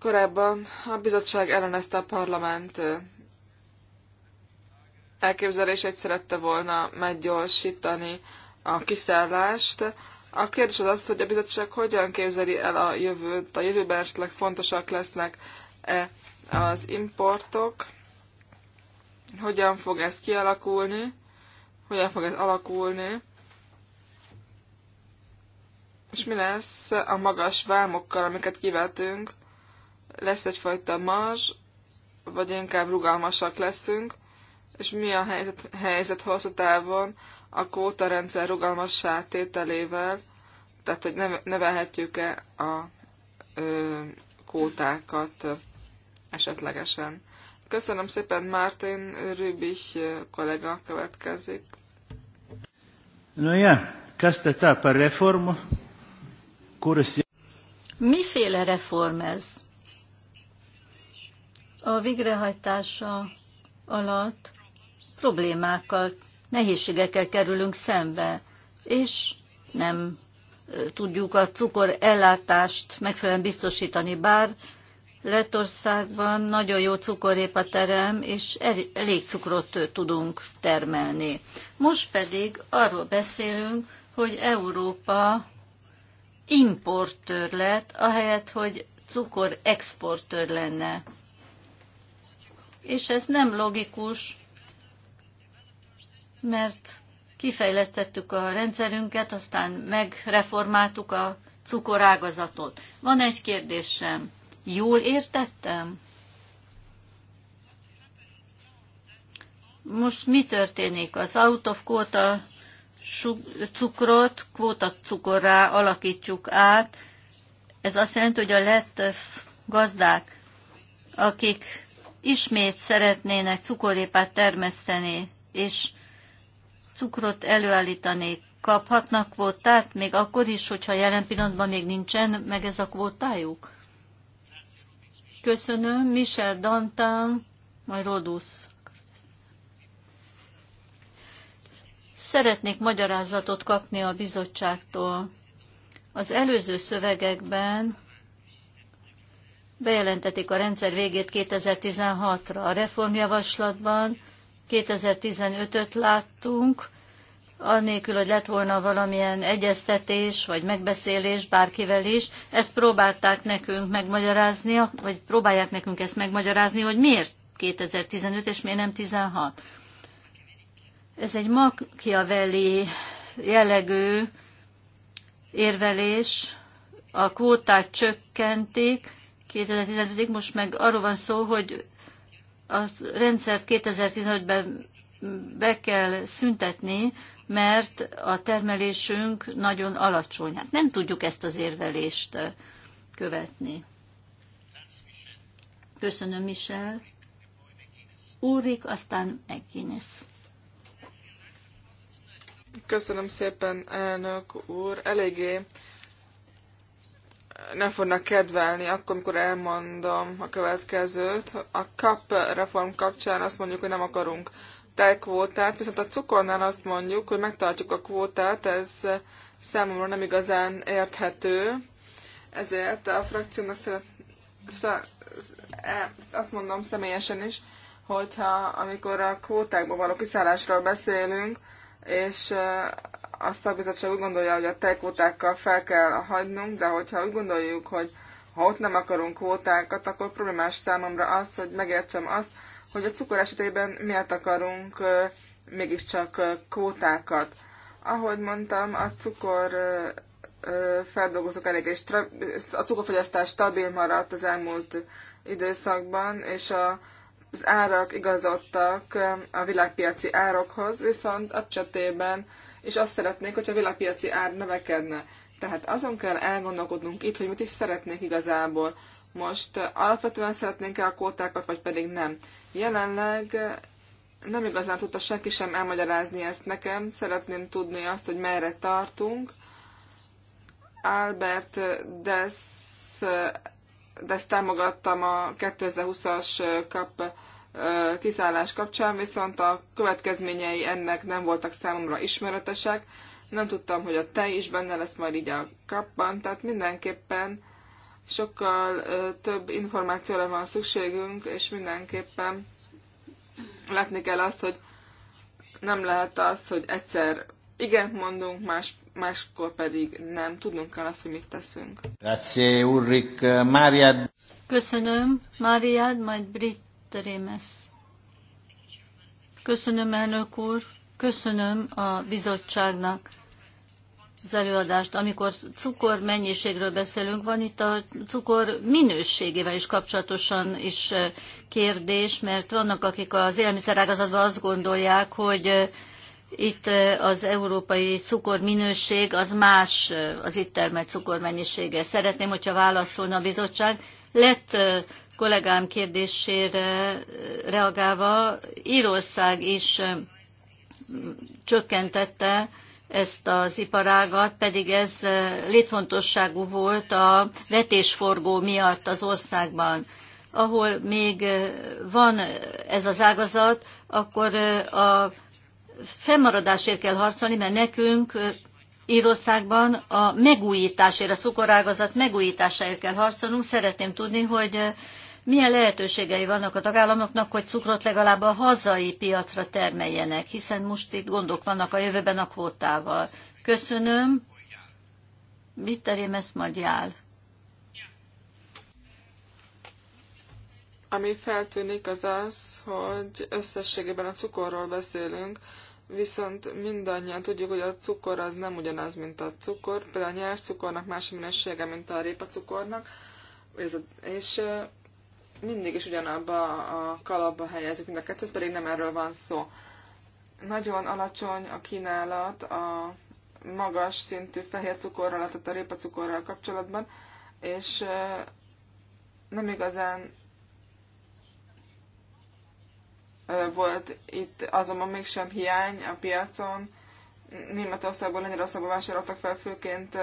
Korábban a bizottság ellenezte a parlament elképzelését szerette volna meggyorsítani a kiszállást. A kérdés az az, hogy a bizottság hogyan képzeli el a jövőt, a jövőben esetleg fontosak lesznek -e az importok, hogyan fog ez kialakulni, hogyan fog ez alakulni, és mi lesz a magas vámokkal, amiket kivetünk, lesz egyfajta marzs, vagy inkább rugalmasak leszünk, és mi a helyzet, helyzet hosszú távon a rendszer rugalmassá tételével, tehát hogy nevelhetjük e a ö, kótákat esetlegesen. Köszönöm szépen, Martin Rübich kollega következik. No ja, questa a reform, Miféle reform ez? A végrehajtása alatt problémákkal, nehézségekkel kerülünk szembe, és nem tudjuk a cukor ellátást megfelelően biztosítani, bár Lettországban nagyon jó cukorépa terem, és elég cukrot tudunk termelni. Most pedig arról beszélünk, hogy Európa importőr lett, ahelyett, hogy cukor exportőr lenne. És ez nem logikus, mert kifejlesztettük a rendszerünket, aztán megreformáltuk a cukorágazatot. Van egy kérdésem. Jól értettem? Most mi történik? Az out of quota cukrot kvóta cukorrá alakítjuk át. Ez azt jelenti, hogy a lett gazdák, akik ismét szeretnének cukorépát termeszteni, és cukrot előállítani. Kaphatnak kvótát még akkor is, hogyha jelen pillanatban még nincsen meg ez a kvótájuk? Köszönöm. Michel Dantam, majd Rodusz. Szeretnék magyarázatot kapni a bizottságtól. Az előző szövegekben bejelentetik a rendszer végét 2016-ra. A reformjavaslatban 2015-öt láttunk, anélkül, hogy lett volna valamilyen egyeztetés vagy megbeszélés bárkivel is, ezt próbálták nekünk megmagyarázni, vagy próbálják nekünk ezt megmagyarázni, hogy miért 2015 és miért nem 16. Ez egy Machiavelli jellegű érvelés, a kvótát csökkentik 2015-ig, most meg arról van szó, hogy a rendszert 2015-ben be kell szüntetni, mert a termelésünk nagyon alacsony. Hát nem tudjuk ezt az érvelést követni. Köszönöm, Michel. Úrik, aztán McGuinness. Köszönöm szépen, elnök úr. Eléggé nem fognak kedvelni akkor, amikor elmondom a következőt. A kap reform kapcsán azt mondjuk, hogy nem akarunk tejkvótát, viszont a cukornál azt mondjuk, hogy megtartjuk a kvótát, ez számomra nem igazán érthető. Ezért a frakciónak szeret, e- azt mondom személyesen is, hogyha amikor a kvótákban való kiszállásról beszélünk, és a szakbizottság úgy gondolja, hogy a tejkvótákkal fel kell hagynunk, de hogyha úgy gondoljuk, hogy ha ott nem akarunk kvótákat, akkor problémás számomra az, hogy megértsem azt, hogy a cukor esetében miért akarunk mégiscsak kvótákat. Ahogy mondtam, a cukor feldolgozók elég, és a cukorfogyasztás stabil maradt az elmúlt időszakban, és a, az árak igazodtak a világpiaci árokhoz, viszont a csatében és azt szeretnék, hogyha a világpiaci ár növekedne. Tehát azon kell elgondolkodnunk itt, hogy mit is szeretnék igazából. Most eh, alapvetően szeretnénk-e a kótákat, vagy pedig nem. Jelenleg eh, nem igazán tudta senki sem elmagyarázni ezt nekem. Szeretném tudni azt, hogy merre tartunk. Albert Dess, eh, Dess támogattam a 2020-as kap kiszállás kapcsán, viszont a következményei ennek nem voltak számomra ismeretesek, nem tudtam, hogy a tej is benne lesz majd így a kapban, tehát mindenképpen sokkal több információra van szükségünk, és mindenképpen látni kell azt, hogy nem lehet az, hogy egyszer igent mondunk, más, máskor pedig nem. Tudnunk kell azt, hogy mit teszünk. Grazie, Ulrik. Köszönöm, Máriad, majd Brit Teremes. Köszönöm, elnök úr, köszönöm a bizottságnak az előadást. Amikor cukor mennyiségről beszélünk, van itt a cukor minőségével is kapcsolatosan is eh, kérdés, mert vannak, akik az élelmiszerágazatban azt gondolják, hogy eh, itt eh, az európai cukor minőség az más az itt termelt mennyisége. Szeretném, hogyha válaszolna a bizottság, lett kollégám kérdésére reagálva, Írország is csökkentette ezt az iparágat, pedig ez létfontosságú volt a vetésforgó miatt az országban. Ahol még van ez az ágazat, akkor a fennmaradásért kell harcolni, mert nekünk Írországban a megújításért, a cukorágazat megújításáért kell harcolnunk. Szeretném tudni, hogy milyen lehetőségei vannak a tagállamoknak, hogy cukrot legalább a hazai piacra termeljenek, hiszen most itt gondok vannak a jövőben a kvótával. Köszönöm. Mit terém ezt magyál? Ami feltűnik az az, hogy összességében a cukorról beszélünk, viszont mindannyian tudjuk, hogy a cukor az nem ugyanaz, mint a cukor. Például a nyers cukornak más minősége, mint a cukornak, és mindig is ugyanabba a kalapba helyezünk mind a kettőt, pedig nem erről van szó. Nagyon alacsony a kínálat a magas szintű fehér cukorral, tehát a cukorral kapcsolatban, és nem igazán volt itt azonban mégsem hiány a piacon. Németországból, Lengyelországból vásároltak fel főként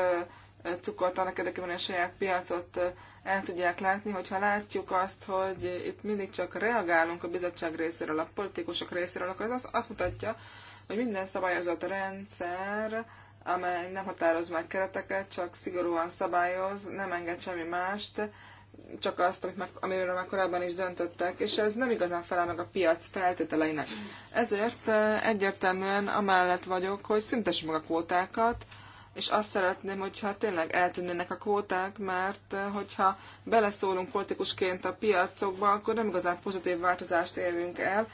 cukort, annak érdekében, a saját piacot el tudják látni, hogyha látjuk azt, hogy itt mindig csak reagálunk a bizottság részéről, a politikusok részéről, akkor az azt mutatja, hogy minden szabályozott rendszer, amely nem határoz meg kereteket, csak szigorúan szabályoz, nem enged semmi mást, csak azt, amit meg, amiről már korábban is döntöttek, és ez nem igazán felel meg a piac feltételeinek. Ezért eh, egyértelműen amellett vagyok, hogy szüntessük meg a kvótákat, és azt szeretném, hogyha tényleg eltűnnének a kvóták, mert eh, hogyha beleszólunk politikusként a piacokba, akkor nem igazán pozitív változást érünk el.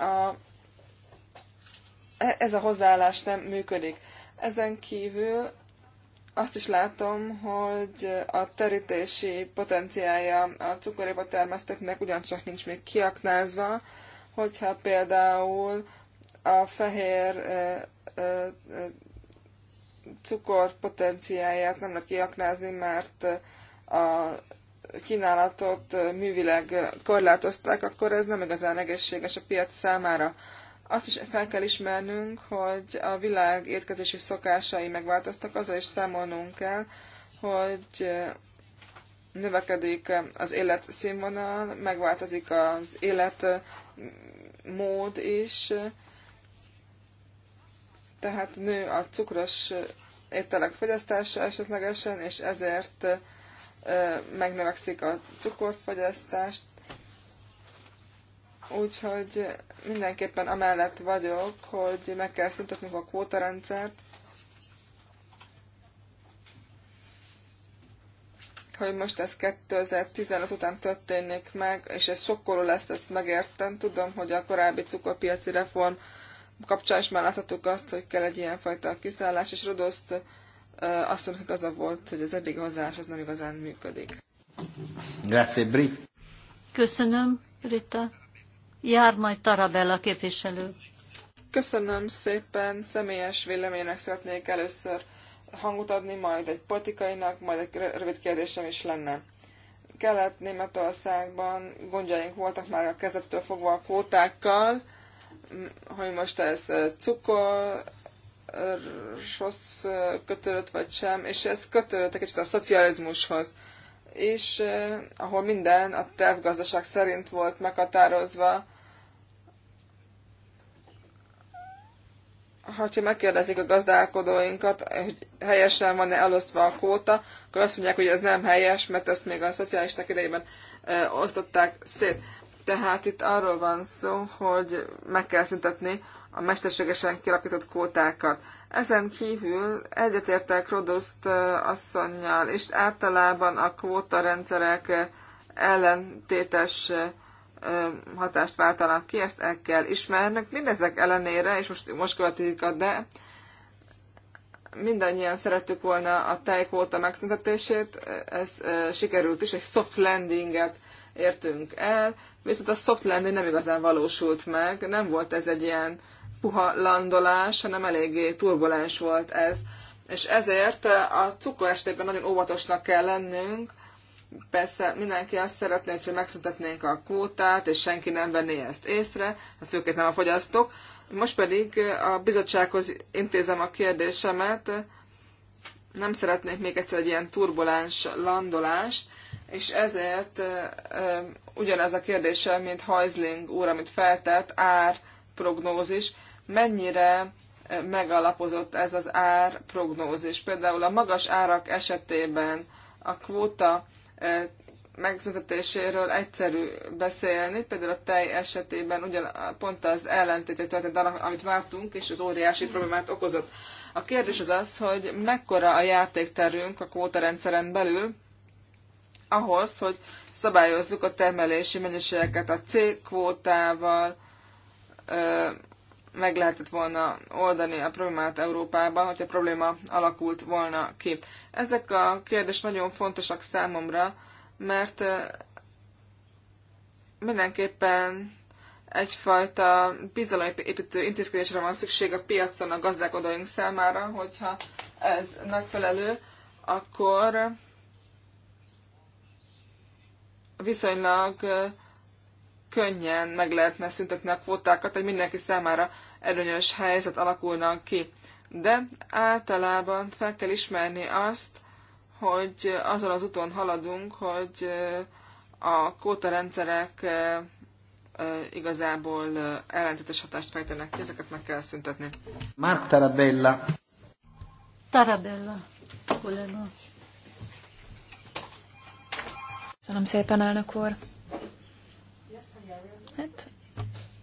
A, e, ez a hozzáállás nem működik. Ezen kívül azt is látom, hogy a terítési potenciája a cukoréba termesztőknek ugyancsak nincs még kiaknázva, hogyha például a fehér ö, ö, cukor potenciáját nem lehet kiaknázni, mert a kínálatot művileg korlátozták, akkor ez nem igazán egészséges a piac számára. Azt is fel kell ismernünk, hogy a világ étkezési szokásai megváltoztak, azzal is számolnunk kell, hogy növekedik az életszínvonal, megváltozik az életmód is, tehát nő a cukros ételek fogyasztása esetlegesen, és ezért megnövekszik a cukorfogyasztást, Úgyhogy mindenképpen amellett vagyok, hogy meg kell szüntetnünk a kvótarendszert, hogy most ez 2015 után történik meg, és ez sokkoló lesz, ezt megértem. Tudom, hogy a korábbi cukorpiaci reform kapcsán is már láthatjuk azt, hogy kell egy ilyenfajta kiszállás, és Rodoszt azt mondjuk az a volt, hogy az eddig hozzáállás az nem igazán működik. Grazie, Brit. Köszönöm, Rita jár majd Tarabella képviselő. Köszönöm szépen, személyes véleménynek szeretnék először hangot adni, majd egy politikainak, majd egy rövid kérdésem is lenne. Kelet-Németországban gondjaink voltak már a kezdettől fogva a kvótákkal, hogy most ez cukor, rossz kötődött vagy sem, és ez kötődött egy kicsit a szocializmushoz. És ahol minden a tervgazdaság szerint volt meghatározva, ha megkérdezik a gazdálkodóinkat, hogy helyesen van-e elosztva a kóta, akkor azt mondják, hogy ez nem helyes, mert ezt még a szocialisták idejében e, osztották szét. Tehát itt arról van szó, hogy meg kell szüntetni a mesterségesen kialakított kótákat. Ezen kívül egyetértek Rodoszt e, asszonynal, és általában a rendszerek ellentétes rendszerek hatást váltanak ki, ezt el kell ismernünk. Mindezek ellenére, és most, most követik a de, mindannyian szerettük volna a tejkvóta megszüntetését, ez sikerült is, egy soft landinget értünk el, viszont a soft landing nem igazán valósult meg, nem volt ez egy ilyen puha landolás, hanem eléggé turbulens volt ez. És ezért a cukor esetében nagyon óvatosnak kell lennünk, Persze mindenki azt szeretné, hogyha megszüntetnénk a kvótát, és senki nem venné ezt észre, hát főként nem a fogyasztók. Most pedig a bizottsághoz intézem a kérdésemet, nem szeretnék még egyszer egy ilyen turbulens landolást, és ezért ugyanez a kérdése, mint Heisling úr, amit feltett, ár prognózis, mennyire megalapozott ez az ár prognózis. Például a magas árak esetében a kvóta megszüntetéséről egyszerű beszélni, például a tej esetében ugyan pont az ellentétét történt annak, amit vártunk, és az óriási problémát okozott. A kérdés az az, hogy mekkora a játékterünk a kvótarendszeren belül ahhoz, hogy szabályozzuk a termelési mennyiségeket a C kvótával, meg lehetett volna oldani a problémát Európában, hogyha probléma alakult volna ki. Ezek a kérdés nagyon fontosak számomra, mert mindenképpen egyfajta bizalomépítő intézkedésre van szükség a piacon a gazdálkodóink számára, hogyha ez megfelelő, akkor viszonylag könnyen meg lehetne szüntetni a kvótákat, egy mindenki számára előnyös helyzet alakulnak ki de általában fel kell ismerni azt, hogy azon az úton haladunk, hogy eh, a kótarendszerek eh, eh, igazából ellentétes hatást fejtenek ki, ezeket meg kell szüntetni. Mark Tarabella. Tarabella. Ulanov. Köszönöm szépen, elnök úr. Hát,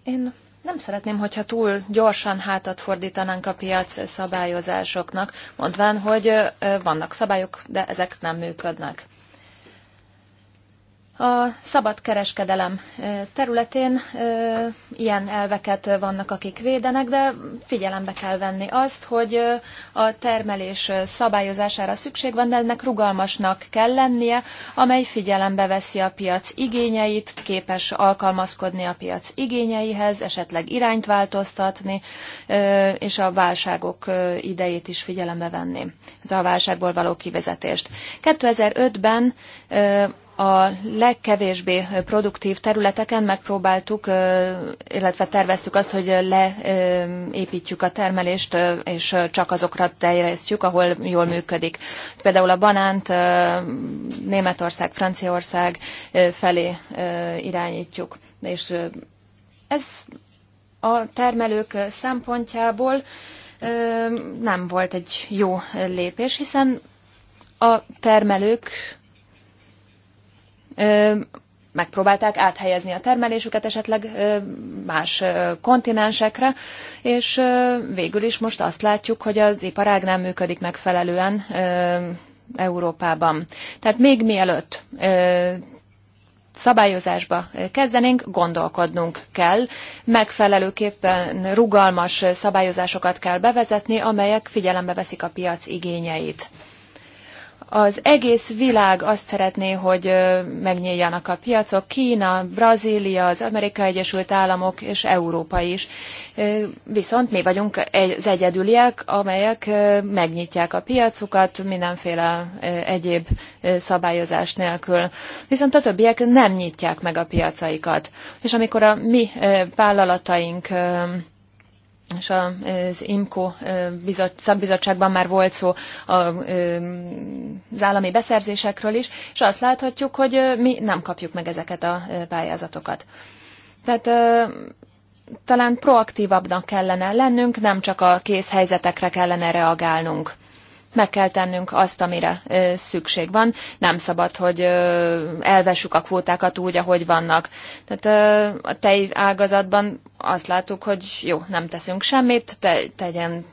én nem szeretném, hogyha túl gyorsan hátat fordítanánk a piac szabályozásoknak, mondván, hogy vannak szabályok, de ezek nem működnek. A szabad kereskedelem területén ilyen elveket vannak, akik védenek, de figyelembe kell venni azt, hogy a termelés szabályozására szükség van, de ennek rugalmasnak kell lennie, amely figyelembe veszi a piac igényeit, képes alkalmazkodni a piac igényeihez, esetleg irányt változtatni, és a válságok idejét is figyelembe venni. Ez a válságból való kivezetést. 2005-ben a legkevésbé produktív területeken megpróbáltuk, illetve terveztük azt, hogy leépítjük a termelést, és csak azokra terjesztjük, ahol jól működik. Például a banánt Németország, Franciaország felé irányítjuk. És ez a termelők szempontjából nem volt egy jó lépés, hiszen a termelők megpróbálták áthelyezni a termelésüket esetleg más kontinensekre, és végül is most azt látjuk, hogy az iparág nem működik megfelelően Európában. Tehát még mielőtt szabályozásba kezdenénk, gondolkodnunk kell. Megfelelőképpen rugalmas szabályozásokat kell bevezetni, amelyek figyelembe veszik a piac igényeit. Az egész világ azt szeretné, hogy megnyíljanak a piacok. Kína, Brazília, az Amerikai Egyesült Államok és Európa is. Viszont mi vagyunk az egyedüliek, amelyek megnyitják a piacukat mindenféle egyéb szabályozás nélkül. Viszont a többiek nem nyitják meg a piacaikat. És amikor a mi vállalataink és az IMCO szakbizottságban már volt szó az állami beszerzésekről is, és azt láthatjuk, hogy mi nem kapjuk meg ezeket a pályázatokat. Tehát talán proaktívabbnak kellene lennünk, nem csak a kész helyzetekre kellene reagálnunk. Meg kell tennünk azt, amire szükség van. Nem szabad, hogy elvessük a kvótákat úgy, ahogy vannak. Tehát a tej ágazatban azt láttuk, hogy jó, nem teszünk semmit, te, tegyen,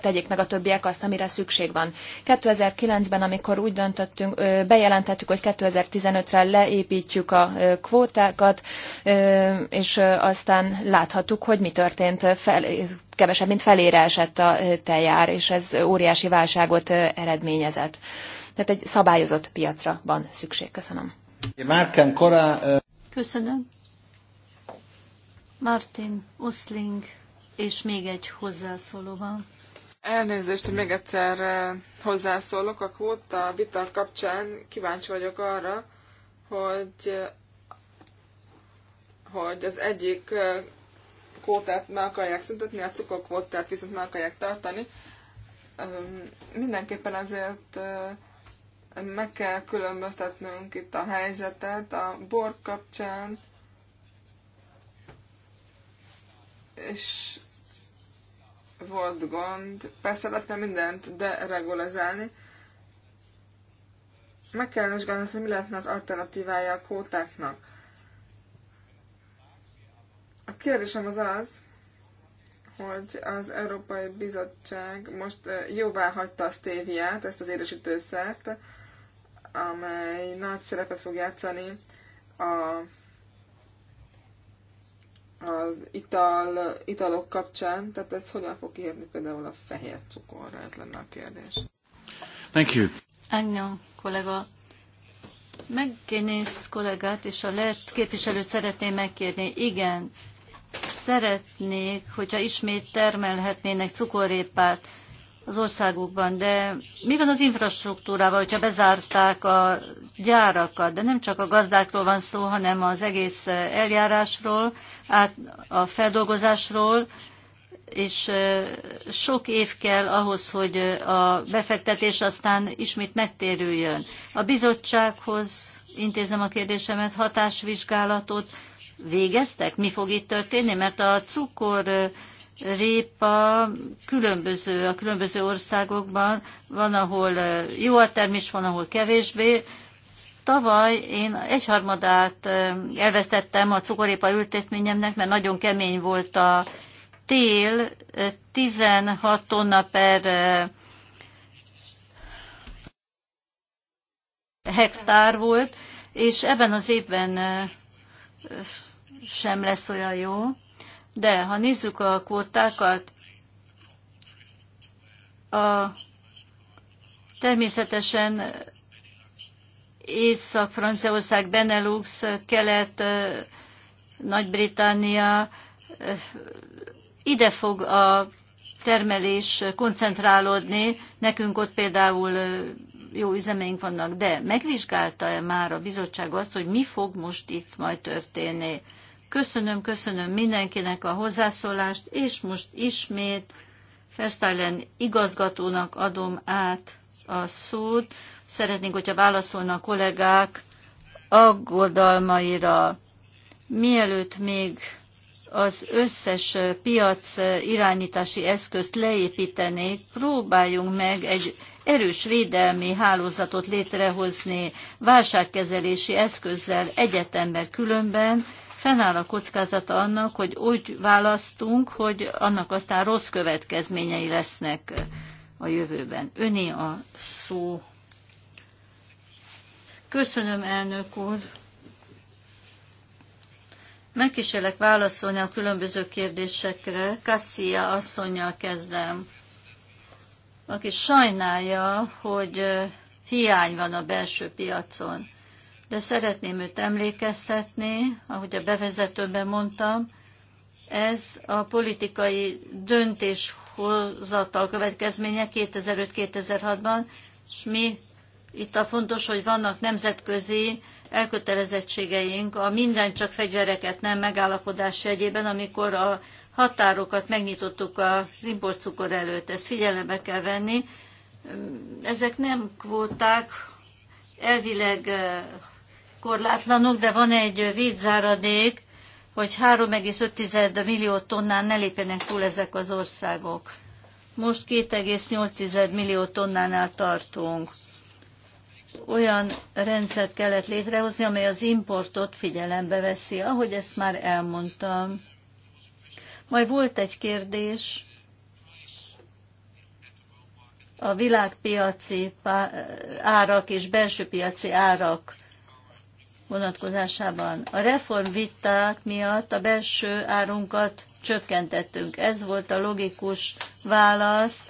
tegyék meg a többiek azt, amire szükség van. 2009-ben, amikor úgy döntöttünk, bejelentettük, hogy 2015-re leépítjük a kvótákat, és aztán láthattuk, hogy mi történt, fel, kevesebb, mint felére esett a tejár, és ez óriási válságot eredményezett. Tehát egy szabályozott piacra van szükség. Köszönöm. Köszönöm. Martin Usling és még egy hozzászóló van. Elnézést, hogy még egyszer eh, hozzászólok a kvóta vita kapcsán. Kíváncsi vagyok arra, hogy, eh, hogy az egyik eh, kvótát meg akarják szüntetni, a cukorkvótát viszont meg akarják tartani. Mindenképpen azért meg kell különböztetnünk itt a helyzetet. A bor kapcsán és volt gond. Persze lettem mindent deregulizálni. Meg kell vizsgálni, hogy mi lehetne az alternatívája a kótáknak. A kérdésem az az, hogy az Európai Bizottság most jóvá hagyta a stéviát, ezt az édesítőszert, amely nagy szerepet fog játszani a az ital, italok kapcsán, tehát ez hogyan fog kihetni például a fehér cukorra, ez lenne a kérdés. Thank you. Anya, kollega. Megkénész kollégát és a lett képviselőt szeretném megkérni. Igen, szeretnék, hogyha ismét termelhetnének cukorrépát az országukban, de mi van az infrastruktúrával, hogyha bezárták a gyárakat, de nem csak a gazdákról van szó, hanem az egész eljárásról, át a feldolgozásról, és sok év kell ahhoz, hogy a befektetés aztán ismét megtérüljön. A bizottsághoz intézem a kérdésemet, hatásvizsgálatot végeztek? Mi fog itt történni? Mert a cukor répa különböző a különböző országokban, van, ahol jó a termés, van, ahol kevésbé. Tavaly én egyharmadát elvesztettem a cukorépa ültetményemnek, mert nagyon kemény volt a tél, 16 tonna per hektár volt, és ebben az évben sem lesz olyan jó. De ha nézzük a kvótákat, a természetesen Észak-Franciaország, Benelux, Kelet, Nagy-Britannia, ide fog a termelés koncentrálódni. Nekünk ott például jó üzemeink vannak, de megvizsgálta-e már a bizottság azt, hogy mi fog most itt majd történni? Köszönöm, köszönöm mindenkinek a hozzászólást, és most ismét Fersztálen igazgatónak adom át a szót. Szeretnénk, hogyha válaszolna a kollégák aggodalmaira. Mielőtt még az összes piac irányítási eszközt leépítenék, próbáljunk meg egy erős védelmi hálózatot létrehozni válságkezelési eszközzel egyetemben különben, fennáll a kockázata annak, hogy úgy választunk, hogy annak aztán rossz következményei lesznek a jövőben. Öné a szó. Köszönöm, elnök úr. Megkísérlek válaszolni a különböző kérdésekre. Cassia asszonynal kezdem, aki sajnálja, hogy hiány van a belső piacon de szeretném őt emlékeztetni, ahogy a bevezetőben mondtam, ez a politikai döntéshozatal következménye 2005-2006-ban, és mi itt a fontos, hogy vannak nemzetközi elkötelezettségeink a minden csak fegyvereket nem megállapodás jegyében, amikor a határokat megnyitottuk az importcukor előtt. Ezt figyelembe kell venni. Ezek nem kvóták, elvileg korlátlanok, de van egy vízzáradék, hogy 3,5 millió tonnán ne lépjenek túl ezek az országok. Most 2,8 millió tonnánál tartunk. Olyan rendszert kellett létrehozni, amely az importot figyelembe veszi, ahogy ezt már elmondtam. Majd volt egy kérdés a világpiaci árak és belső piaci árak vonatkozásában. A reformviták miatt a belső árunkat csökkentettünk. Ez volt a logikus válasz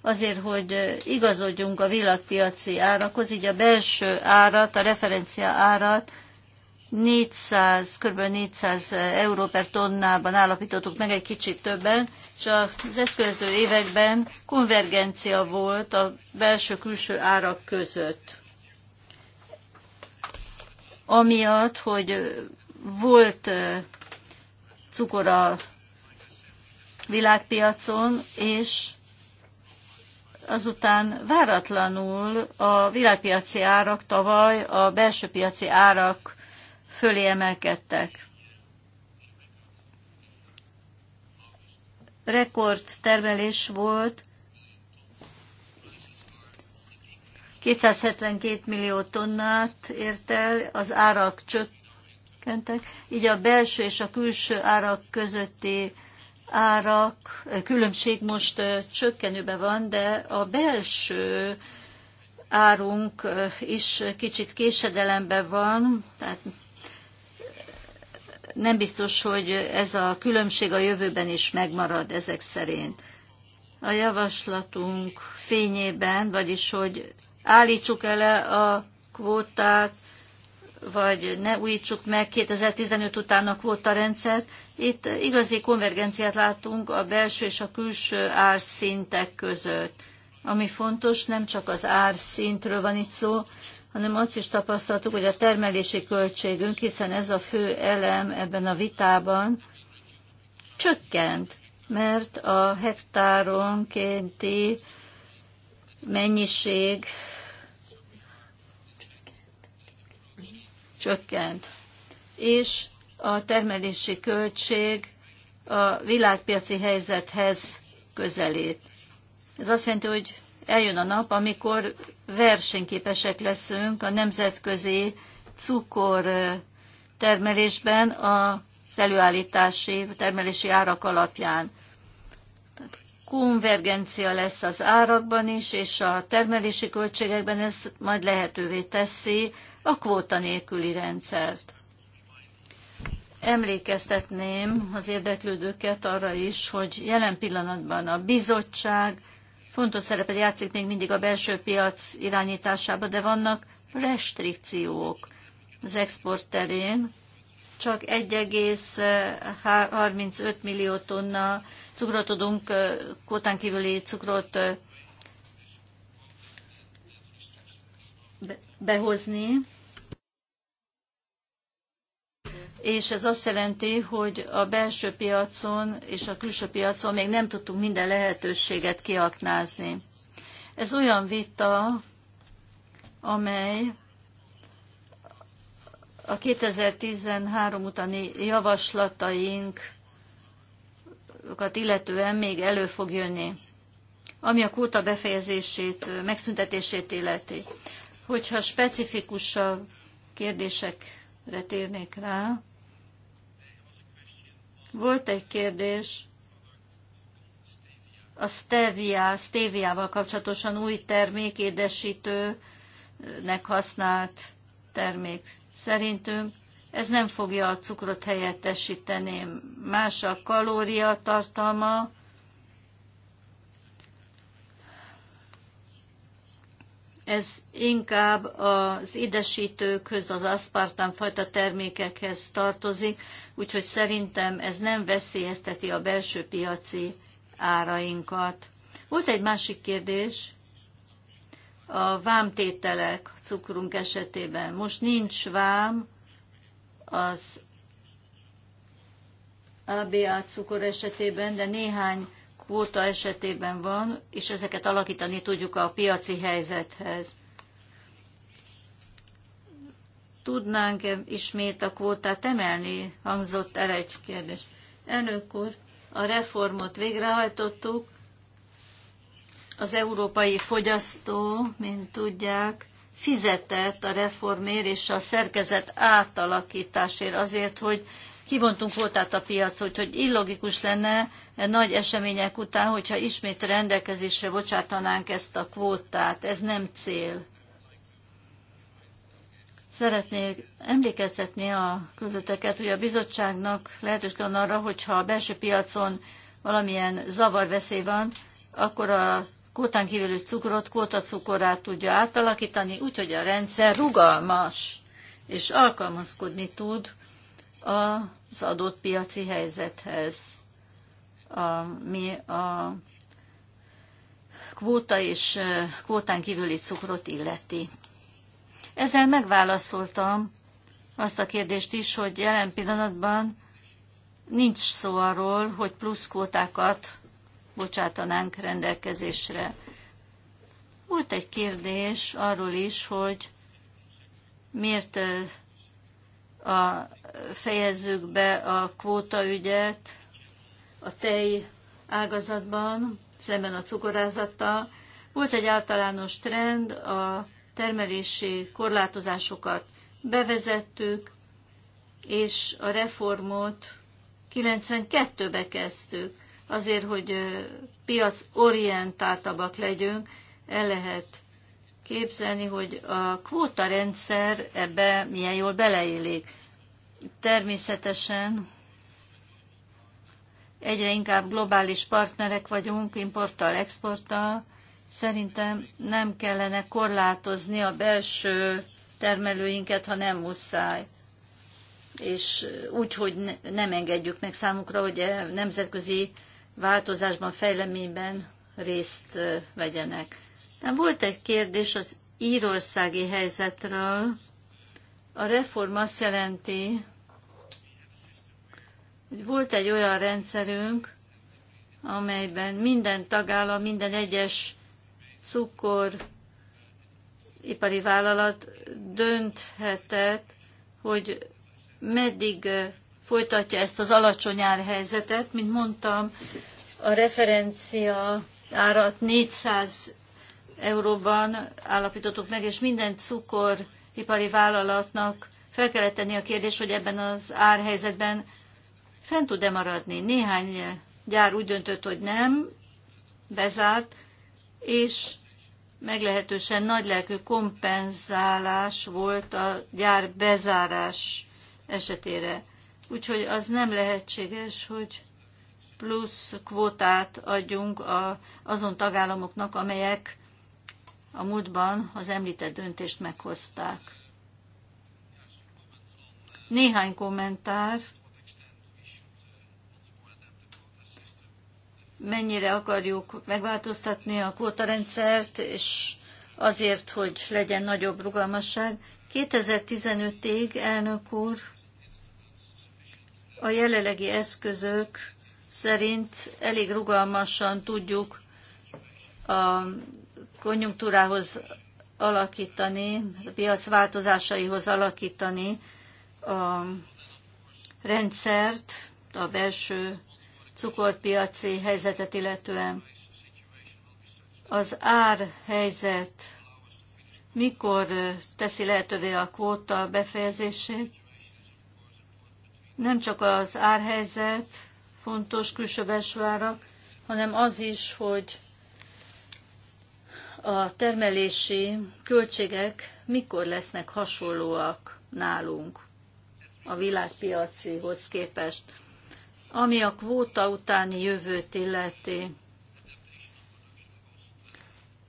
azért, hogy igazodjunk a világpiaci árakhoz, így a belső árat, a referencia árat 400, kb. 400 euró per tonnában állapítottuk meg egy kicsit többen, és az ezt követő években konvergencia volt a belső-külső árak között amiatt, hogy volt cukor a világpiacon, és azután váratlanul a világpiaci árak tavaly a belső piaci árak fölé emelkedtek. Rekord termelés volt 272 millió tonnát ért el, az árak csökkentek, így a belső és a külső árak közötti árak eh, különbség most eh, csökkenőben van, de a belső árunk eh, is kicsit késedelemben van, tehát nem biztos, hogy ez a különbség a jövőben is megmarad ezek szerint. A javaslatunk fényében, vagyis hogy állítsuk el a kvótát, vagy ne újítsuk meg 2015 után a kvótarendszert. Itt igazi konvergenciát látunk a belső és a külső árszintek között. Ami fontos, nem csak az árszintről van itt szó, hanem azt is tapasztaltuk, hogy a termelési költségünk, hiszen ez a fő elem ebben a vitában, csökkent, mert a hektáronkénti mennyiség csökkent, és a termelési költség a világpiaci helyzethez közelít. Ez azt jelenti, hogy eljön a nap, amikor versenyképesek leszünk a nemzetközi cukor termelésben az előállítási, termelési árak alapján. Tehát konvergencia lesz az árakban is, és a termelési költségekben ez majd lehetővé teszi a kvóta nélküli rendszert. Emlékeztetném az érdeklődőket arra is, hogy jelen pillanatban a bizottság fontos szerepet játszik még mindig a belső piac irányításába, de vannak restrikciók az export terén, csak 1,35 millió tonna cukrot tudunk, kvótán kívüli cukrot behozni, és ez azt jelenti, hogy a belső piacon és a külső piacon még nem tudtunk minden lehetőséget kiaknázni. Ez olyan vita, amely a 2013 utáni javaslatainkat illetően még elő fog jönni, ami a kóta befejezését, megszüntetését illeti. Hogyha specifikusabb kérdésekre térnék rá, volt egy kérdés a stevia, steviával kapcsolatosan új termék, édesítőnek használt termék. Szerintünk ez nem fogja a cukrot helyettesíteni. Más a kalória tartalma, Ez inkább az édesítőkhöz, az aszpartán fajta termékekhez tartozik, úgyhogy szerintem ez nem veszélyezteti a belső piaci árainkat. Volt egy másik kérdés, a vámtételek cukrunk esetében. Most nincs vám az ABA cukor esetében, de néhány kvóta esetében van, és ezeket alakítani tudjuk a piaci helyzethez. Tudnánk -e ismét a kvótát emelni? Hangzott el egy kérdés. Elnök úr, a reformot végrehajtottuk. Az európai fogyasztó, mint tudják, fizetett a reformért és a szerkezet átalakításért azért, hogy kivontunk voltát a piacot, hogy illogikus lenne e nagy események után, hogyha ismét rendelkezésre bocsátanánk ezt a kvótát. Ez nem cél. Szeretnék emlékeztetni a közöteket, hogy a bizottságnak lehetőség van arra, hogyha a belső piacon valamilyen zavarveszély van, akkor a kótán kívüli cukrot kótacukorát tudja átalakítani, úgyhogy a rendszer rugalmas és alkalmazkodni tud az adott piaci helyzethez, mi a kvóta és kvótán kívüli cukrot illeti. Ezzel megválaszoltam azt a kérdést is, hogy jelen pillanatban nincs szó arról, hogy plusz kvótákat bocsátanánk rendelkezésre. Volt egy kérdés arról is, hogy miért a, fejezzük be a kvótaügyet a tej ágazatban, szemben a cukorázzattal. Volt egy általános trend, a termelési korlátozásokat bevezettük, és a reformot 92-be kezdtük, azért, hogy piacorientáltabbak legyünk, el lehet képzelni, hogy a kvóta rendszer ebbe milyen jól beleélik. Természetesen egyre inkább globális partnerek vagyunk, importtal, exporttal. Szerintem nem kellene korlátozni a belső termelőinket, ha nem muszáj. És úgy, hogy nem engedjük meg számukra, hogy e nemzetközi változásban, fejleményben részt vegyenek. Nem volt egy kérdés az írországi helyzetről. A reform azt jelenti, hogy volt egy olyan rendszerünk, amelyben minden tagállam, minden egyes cukor ipari vállalat dönthetett, hogy meddig folytatja ezt az alacsony árhelyzetet. Mint mondtam, a referencia árat 400 euróban állapítottuk meg, és minden cukoripari vállalatnak fel kellett tenni a kérdés, hogy ebben az árhelyzetben fent tud-e maradni. Néhány gyár úgy döntött, hogy nem, bezárt, és meglehetősen nagylelkű kompenzálás volt a gyár bezárás esetére. Úgyhogy az nem lehetséges, hogy plusz kvótát adjunk a, azon tagállamoknak, amelyek a múltban az említett döntést meghozták. Néhány kommentár. Mennyire akarjuk megváltoztatni a kvótarendszert, és azért, hogy legyen nagyobb rugalmasság. 2015-ig, elnök úr, a jelenlegi eszközök szerint elég rugalmasan tudjuk a konjunktúrához alakítani, a piac változásaihoz alakítani a rendszert, a belső cukorpiaci helyzetet illetően. Az árhelyzet mikor teszi lehetővé a kvóta befejezését? Nem csak az árhelyzet fontos külső árak, hanem az is, hogy a termelési költségek mikor lesznek hasonlóak nálunk a világpiacihoz képest. Ami a kvóta utáni jövőt illeti,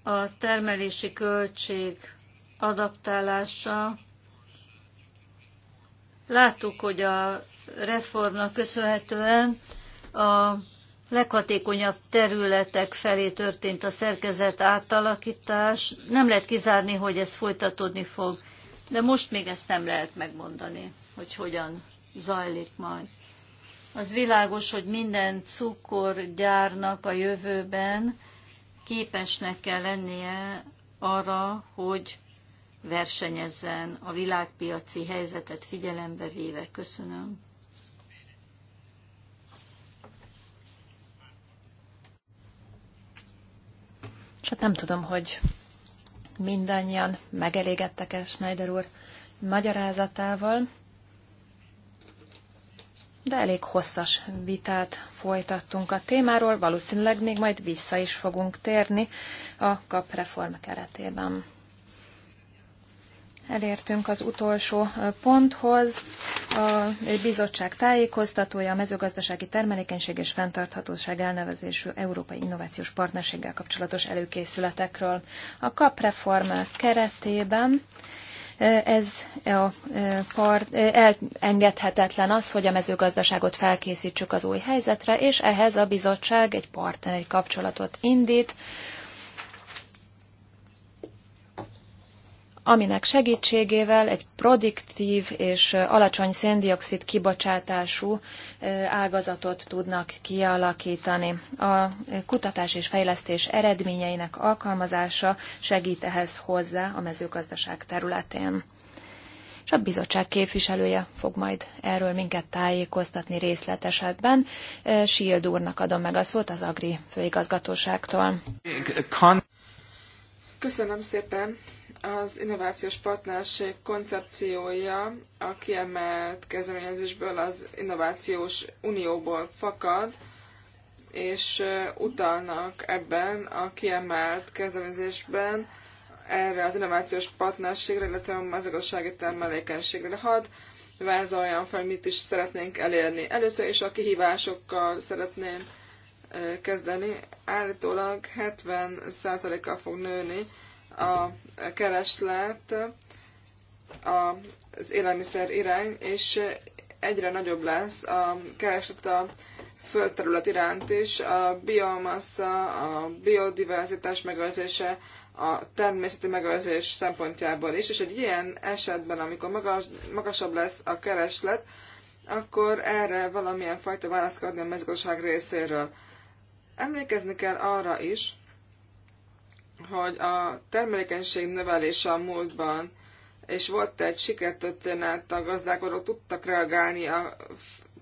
a termelési költség adaptálása. Láttuk, hogy a reformnak köszönhetően a leghatékonyabb területek felé történt a szerkezet átalakítás. Nem lehet kizárni, hogy ez folytatódni fog, de most még ezt nem lehet megmondani, hogy hogyan zajlik majd. Az világos, hogy minden cukorgyárnak a jövőben képesnek kell lennie arra, hogy versenyezzen a világpiaci helyzetet figyelembe véve. Köszönöm. És hát nem tudom, hogy mindannyian megelégedtek-e Schneider úr magyarázatával, de elég hosszas vitát folytattunk a témáról, valószínűleg még majd vissza is fogunk térni a kapreform keretében. Elértünk az utolsó ponthoz. A bizottság tájékoztatója a mezőgazdasági termelékenység és fenntarthatóság elnevezésű Európai Innovációs Partnerséggel kapcsolatos előkészületekről. A reform keretében ez a part, elengedhetetlen az, hogy a mezőgazdaságot felkészítsük az új helyzetre, és ehhez a bizottság egy partneri kapcsolatot indít, aminek segítségével egy produktív és alacsony széndiokszid kibocsátású ágazatot tudnak kialakítani. A kutatás és fejlesztés eredményeinek alkalmazása segít ehhez hozzá a mezőgazdaság területén. És a bizottság képviselője fog majd erről minket tájékoztatni részletesebben. Sild úrnak adom meg a szót az Agri főigazgatóságtól. Köszönöm szépen az innovációs partnerség koncepciója a kiemelt kezdeményezésből az innovációs unióból fakad, és utalnak ebben a kiemelt kezdeményezésben erre az innovációs partnerségre, illetve a mezőgazdasági termelékenységre. Hadd vázoljam fel, mit is szeretnénk elérni. Először is a kihívásokkal szeretném kezdeni. Állítólag 70%-kal fog nőni a kereslet az élelmiszer irány, és egyre nagyobb lesz a kereslet a földterület iránt is, a biomassa, a biodiverzitás megőrzése, a természeti megőrzés szempontjából is, és egy ilyen esetben, amikor magas, magasabb lesz a kereslet, akkor erre valamilyen fajta választ kell adni a mezőgazdaság részéről. Emlékezni kell arra is, hogy a termelékenység növelése a múltban, és volt egy sikertörténet, a gazdálkodók tudtak reagálni a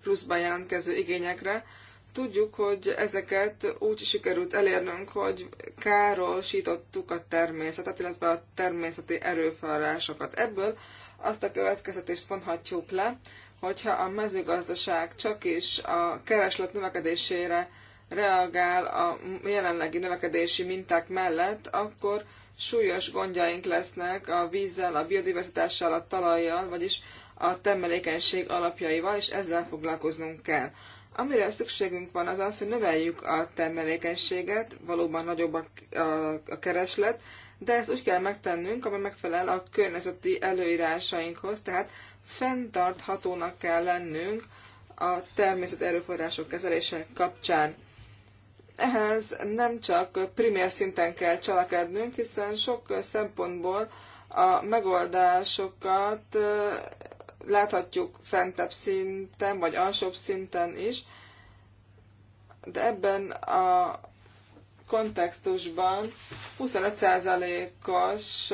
pluszban jelentkező igényekre, tudjuk, hogy ezeket úgy sikerült elérnünk, hogy károsítottuk a természetet, illetve a természeti erőforrásokat. Ebből azt a következtetést vonhatjuk le, hogyha a mezőgazdaság csak is a kereslet növekedésére reagál a jelenlegi növekedési minták mellett, akkor súlyos gondjaink lesznek a vízzel, a biodiverzitással, a talajjal, vagyis a termelékenység alapjaival, és ezzel foglalkoznunk kell. Amire szükségünk van az az, hogy növeljük a termelékenységet, valóban nagyobb a, a, a kereslet, de ezt úgy kell megtennünk, ami megfelel a környezeti előírásainkhoz, tehát fenntarthatónak kell lennünk a természet erőforrások kezelése kapcsán ehhez nem csak primér szinten kell cselekednünk, hiszen sok szempontból a megoldásokat láthatjuk fentebb szinten, vagy alsóbb szinten is, de ebben a kontextusban 25%-os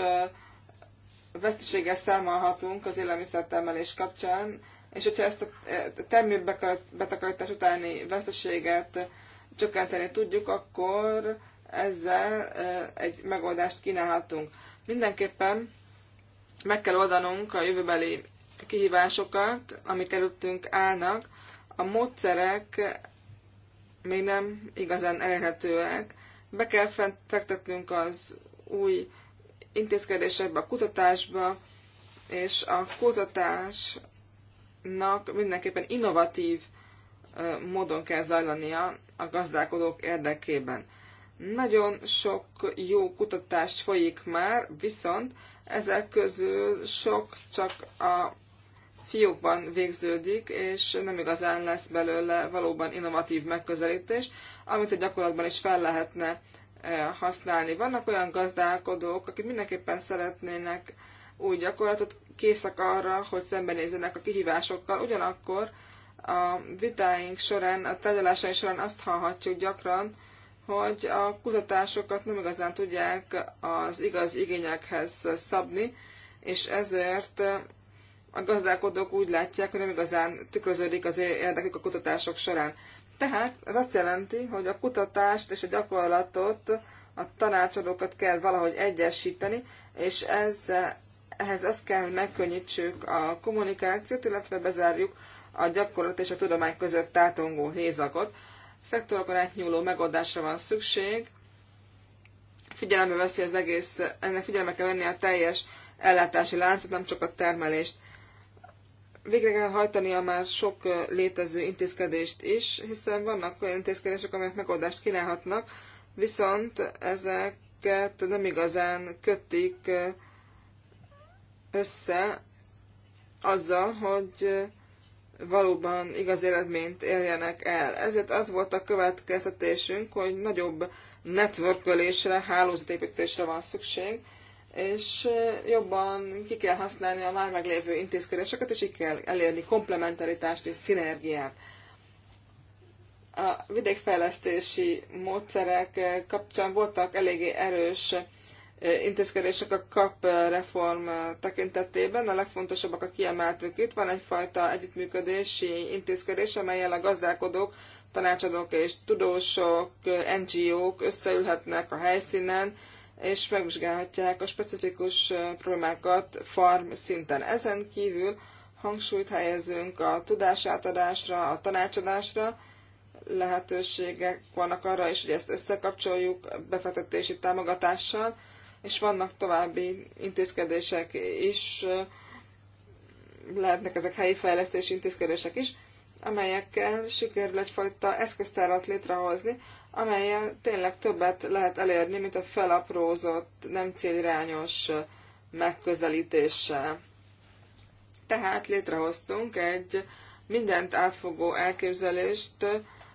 veszteséggel számolhatunk az élelmiszertermelés kapcsán, és hogyha ezt a e, termőbetakarítás utáni veszteséget csökkenteni tudjuk, akkor ezzel egy megoldást kínálhatunk. Mindenképpen meg kell oldanunk a jövőbeli kihívásokat, amik előttünk állnak. A módszerek még nem igazán elérhetőek. Be kell fektetnünk az új intézkedésekbe, a kutatásba, és a kutatásnak mindenképpen innovatív módon kell zajlania a gazdálkodók érdekében. Nagyon sok jó kutatás folyik már, viszont ezek közül sok csak a fiókban végződik, és nem igazán lesz belőle valóban innovatív megközelítés, amit a gyakorlatban is fel lehetne eh, használni. Vannak olyan gazdálkodók, akik mindenképpen szeretnének új gyakorlatot, készek arra, hogy szembenézzenek a kihívásokkal, ugyanakkor a vitáink során, a tárgyalásaink során azt hallhatjuk gyakran, hogy a kutatásokat nem igazán tudják az igaz igényekhez szabni, és ezért a gazdálkodók úgy látják, hogy nem igazán tükröződik az érdekük a kutatások során. Tehát ez azt jelenti, hogy a kutatást és a gyakorlatot, a tanácsadókat kell valahogy egyesíteni, és ez, ehhez azt kell, hogy megkönnyítsük a kommunikációt, illetve bezárjuk a gyakorlat és a tudomány között tátongó hézakot. Szektorokon átnyúló megoldásra van szükség. Figyelembe veszi az egész, ennek figyelembe kell venni a teljes ellátási láncot, nem csak a termelést. Végre kell hajtani a már sok létező intézkedést is, hiszen vannak olyan intézkedések, amelyek megoldást kínálhatnak, viszont ezeket nem igazán kötik össze azzal, hogy valóban igaz eredményt érjenek el. Ezért az volt a következtetésünk, hogy nagyobb networkölésre, hálózatépítésre van szükség, és jobban ki kell használni a már meglévő intézkedéseket, és így kell elérni komplementaritást és szinergiát. A vidékfejlesztési módszerek kapcsán voltak eléggé erős intézkedések a KAP eh, reform eh, tekintetében. A legfontosabbakat kiemeltük itt. Van egyfajta együttműködési intézkedés, amelyel a gazdálkodók, tanácsadók és tudósok, eh, NGO-k összeülhetnek a helyszínen, és megvizsgálhatják a specifikus problémákat farm szinten. Ezen kívül hangsúlyt helyezünk a tudásátadásra, a tanácsadásra, lehetőségek vannak arra is, hogy ezt összekapcsoljuk befektetési támogatással, és vannak további intézkedések is, lehetnek ezek helyi fejlesztési intézkedések is, amelyekkel sikerül egyfajta eszköztárat létrehozni, amelyel tényleg többet lehet elérni, mint a felaprózott, nem célirányos megközelítéssel. Tehát létrehoztunk egy mindent átfogó elképzelést,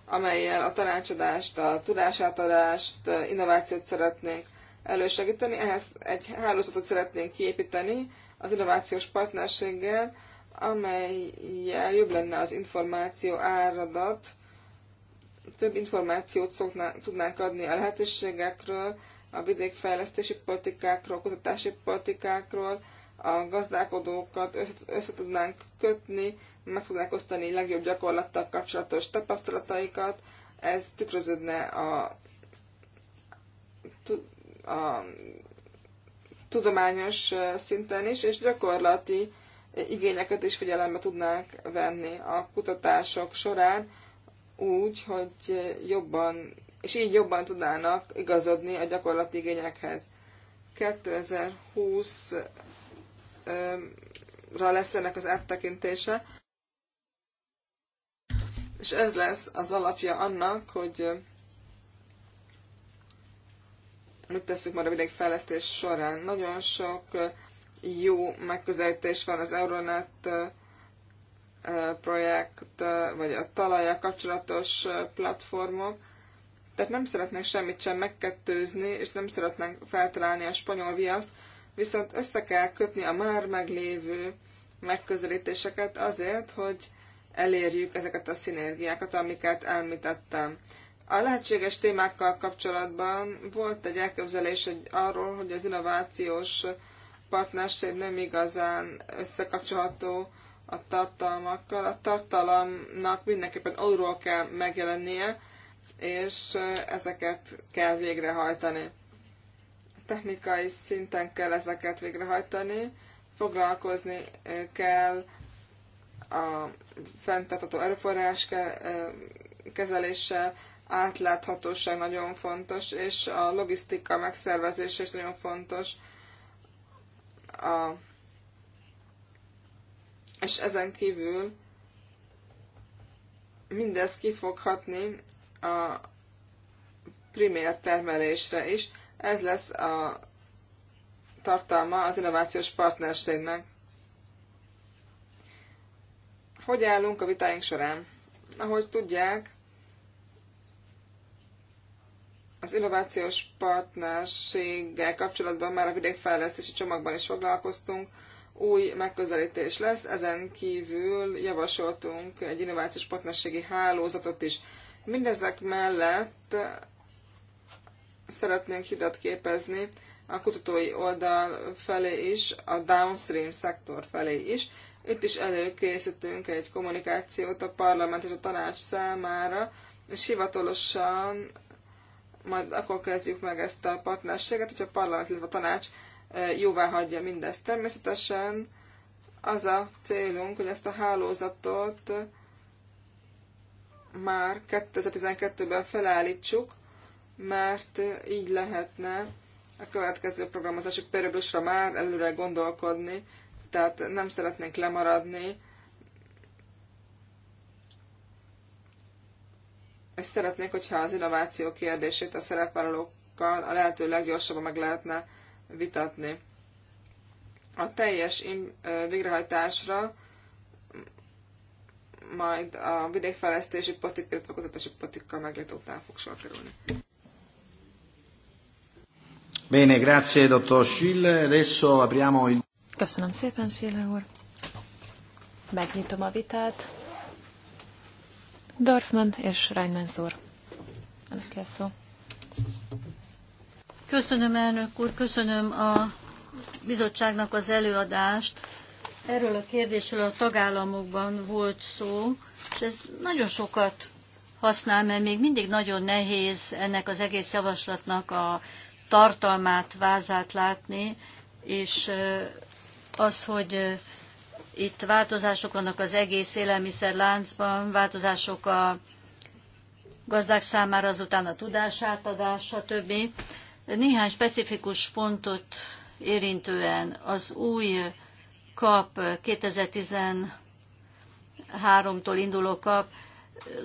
amelyel a tanácsadást, a tudásátadást, innovációt szeretnénk elősegíteni. Ehhez egy hálózatot szeretnénk kiépíteni az innovációs partnerséggel, amelyel jobb lenne az információ áradat, több információt szokná, tudnánk adni a lehetőségekről, a vidékfejlesztési politikákról, kutatási politikákról, a gazdálkodókat összetudnánk kötni, meg tudnánk osztani legjobb gyakorlattal kapcsolatos tapasztalataikat, ez tükröződne a a tudományos szinten is, és gyakorlati igényeket is figyelembe tudnánk venni a kutatások során, úgy, hogy jobban, és így jobban tudnának igazodni a gyakorlati igényekhez. 2020-ra lesz ennek az áttekintése, és ez lesz az alapja annak, hogy mit tesszük majd a vidékfejlesztés során. Nagyon sok jó megközelítés van az Euronet projekt, vagy a talaja kapcsolatos platformok. Tehát nem szeretnénk semmit sem megkettőzni, és nem szeretnénk feltalálni a spanyol viaszt, viszont össze kell kötni a már meglévő megközelítéseket azért, hogy elérjük ezeket a szinergiákat, amiket elmítettem. A lehetséges témákkal kapcsolatban volt egy elképzelés hogy arról, hogy az innovációs partnerség nem igazán összekapcsolható a tartalmakkal. A tartalomnak mindenképpen arról kell megjelennie, és ezeket kell végrehajtani. Technikai szinten kell ezeket végrehajtani, foglalkozni kell a fenntartató erőforrás kezeléssel, átláthatóság nagyon fontos, és a logisztika megszervezése is nagyon fontos. A, és ezen kívül mindez kifoghatni a primér termelésre is. Ez lesz a tartalma az innovációs partnerségnek. Hogy állunk a vitáink során? Ahogy tudják, az innovációs partnerséggel kapcsolatban már a vidékfejlesztési csomagban is foglalkoztunk, új megközelítés lesz, ezen kívül javasoltunk egy innovációs partnerségi hálózatot is. Mindezek mellett szeretnénk hidat képezni a kutatói oldal felé is, a downstream szektor felé is. Itt is előkészítünk egy kommunikációt a parlament és a tanács számára, és hivatalosan majd akkor kezdjük meg ezt a partnerséget, hogyha a parlament, illetve a tanács e, jóvá hagyja mindezt. Természetesen az a célunk, hogy ezt a hálózatot már 2012-ben felállítsuk, mert így lehetne a következő programozási periódusra már előre gondolkodni, tehát nem szeretnénk lemaradni és szeretnék, hogyha az innováció kérdését a szerepvállalókkal a lehető leggyorsabban meg lehetne vitatni. A teljes végrehajtásra majd a vidékfejlesztési politika, illetve a kutatási politika meglét után fog sor kerülni. Bene, grazie dottor Schille. Adesso apriamo il... Köszönöm szépen, Schille úr. Megnyitom a vitát. Dorfman és Reinmann szúr. Önök szó. Köszönöm, elnök úr, köszönöm a bizottságnak az előadást. Erről a kérdésről a tagállamokban volt szó, és ez nagyon sokat használ, mert még mindig nagyon nehéz ennek az egész javaslatnak a tartalmát, vázát látni, és az, hogy itt változások vannak az egész élelmiszerláncban, változások a gazdák számára, azután a tudásátadás, stb. Néhány specifikus pontot érintően az új kap 2013-tól induló kap,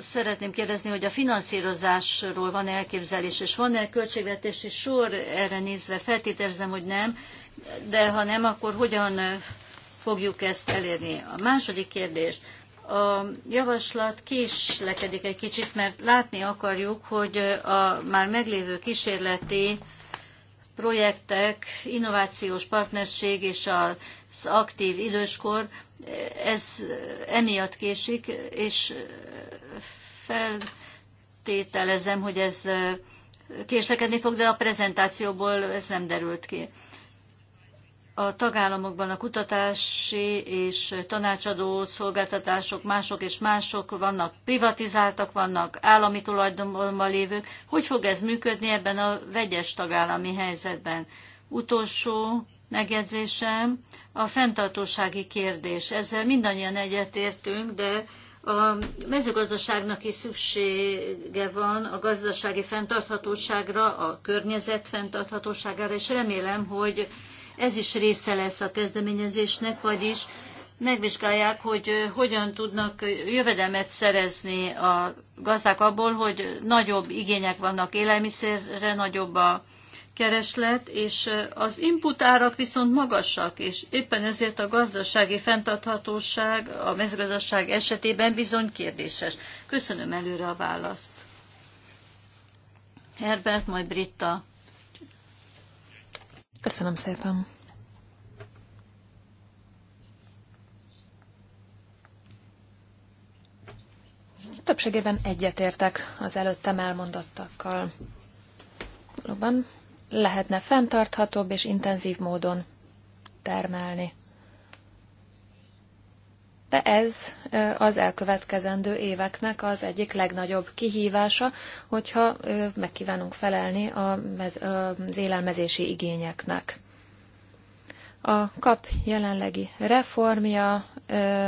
szeretném kérdezni, hogy a finanszírozásról van -e elképzelés, és van-e költségvetési sor erre nézve? Feltételezem, hogy nem, de ha nem, akkor hogyan fogjuk ezt elérni. A második kérdés, a javaslat késlekedik egy kicsit, mert látni akarjuk, hogy a már meglévő kísérleti projektek, innovációs partnerség és az aktív időskor, ez emiatt késik, és feltételezem, hogy ez késlekedni fog, de a prezentációból ez nem derült ki a tagállamokban a kutatási és tanácsadó szolgáltatások mások és mások vannak, privatizáltak vannak, állami tulajdonban lévők. Hogy fog ez működni ebben a vegyes tagállami helyzetben? Utolsó megjegyzésem a fenntartósági kérdés. Ezzel mindannyian egyetértünk, de a mezőgazdaságnak is szüksége van a gazdasági fenntarthatóságra, a környezet fenntarthatóságára, és remélem, hogy ez is része lesz a kezdeményezésnek, vagyis megvizsgálják, hogy hogyan tudnak jövedelmet szerezni a gazdák abból, hogy nagyobb igények vannak élelmiszerre, nagyobb a kereslet, és az input árak viszont magasak, és éppen ezért a gazdasági fenntarthatóság a mezőgazdaság esetében bizony kérdéses. Köszönöm előre a választ. Herbert, majd Britta. Köszönöm szépen. Többségében egyetértek az előttem elmondottakkal. Valóban lehetne fenntarthatóbb és intenzív módon termelni de ez az elkövetkezendő éveknek az egyik legnagyobb kihívása, hogyha megkívánunk felelni az élelmezési igényeknek. A kap jelenlegi reformja,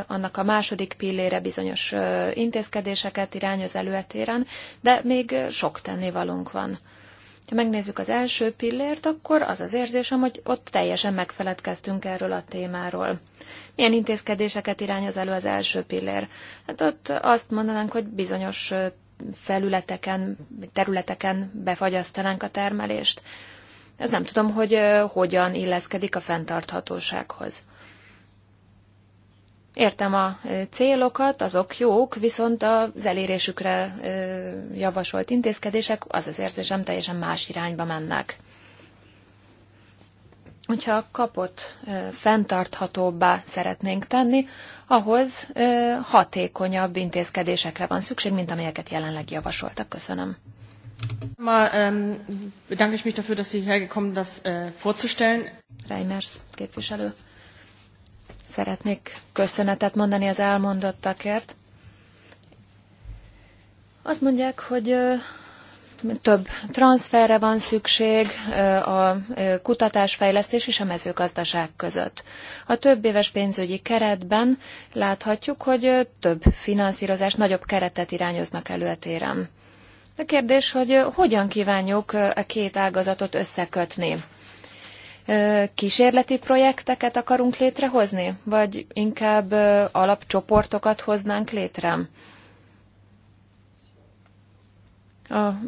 annak a második pillére bizonyos intézkedéseket irányoz előetéren, de még sok tennivalunk van. Ha megnézzük az első pillért, akkor az az érzésem, hogy ott teljesen megfeledkeztünk erről a témáról. Milyen intézkedéseket irányoz elő az első pillér? Hát ott azt mondanánk, hogy bizonyos felületeken, területeken befagyasztanánk a termelést. Ez nem tudom, hogy hogyan illeszkedik a fenntarthatósághoz. Értem a célokat, azok jók, viszont az elérésükre javasolt intézkedések az az érzésem teljesen más irányba mennek hogyha a kapot fenntarthatóbbá szeretnénk tenni, ahhoz hatékonyabb intézkedésekre van szükség, mint amelyeket jelenleg javasoltak. Köszönöm. Ma ähm, bedanke ich mich dafür, dass Sie hergekommen, das äh, vorzustellen. Reimers képviselő. Szeretnék köszönetet mondani az elmondottakért. Azt mondják, hogy több transferre van szükség a kutatásfejlesztés és a mezőgazdaság között. A több éves pénzügyi keretben láthatjuk, hogy több finanszírozás, nagyobb keretet irányoznak elő a téren. A kérdés, hogy hogyan kívánjuk a két ágazatot összekötni? Kísérleti projekteket akarunk létrehozni, vagy inkább alapcsoportokat hoznánk létre?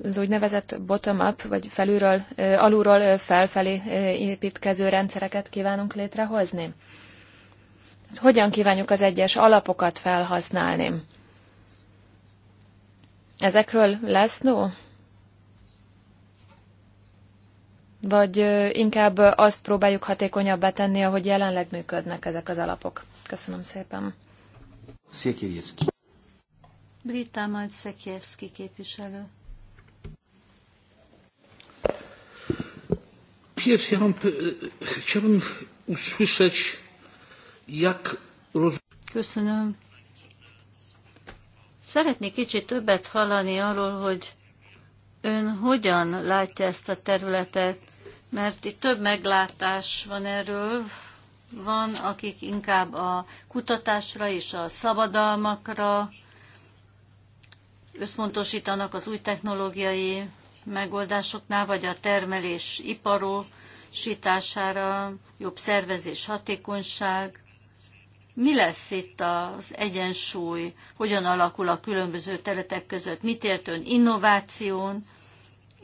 az úgynevezett bottom-up, vagy felülről, alulról felfelé építkező rendszereket kívánunk létrehozni? Hogyan kívánjuk az egyes alapokat felhasználni? Ezekről lesz no? Vagy inkább azt próbáljuk hatékonyabbá tenni, ahogy jelenleg működnek ezek az alapok? Köszönöm szépen. Székelyevszki. Brita majd Szekievszki képviselő. ja mam, e, chciałbym usłyszeć, jak Köszönöm. Szeretnék kicsit többet hallani arról, hogy ön hogyan látja ezt a területet, mert itt több meglátás van erről. Van, akik inkább a kutatásra és a szabadalmakra összpontosítanak az új technológiai megoldásoknál, vagy a termelés iparósítására, jobb szervezés, hatékonyság. Mi lesz itt az egyensúly, hogyan alakul a különböző területek között, mit ért ön innováción,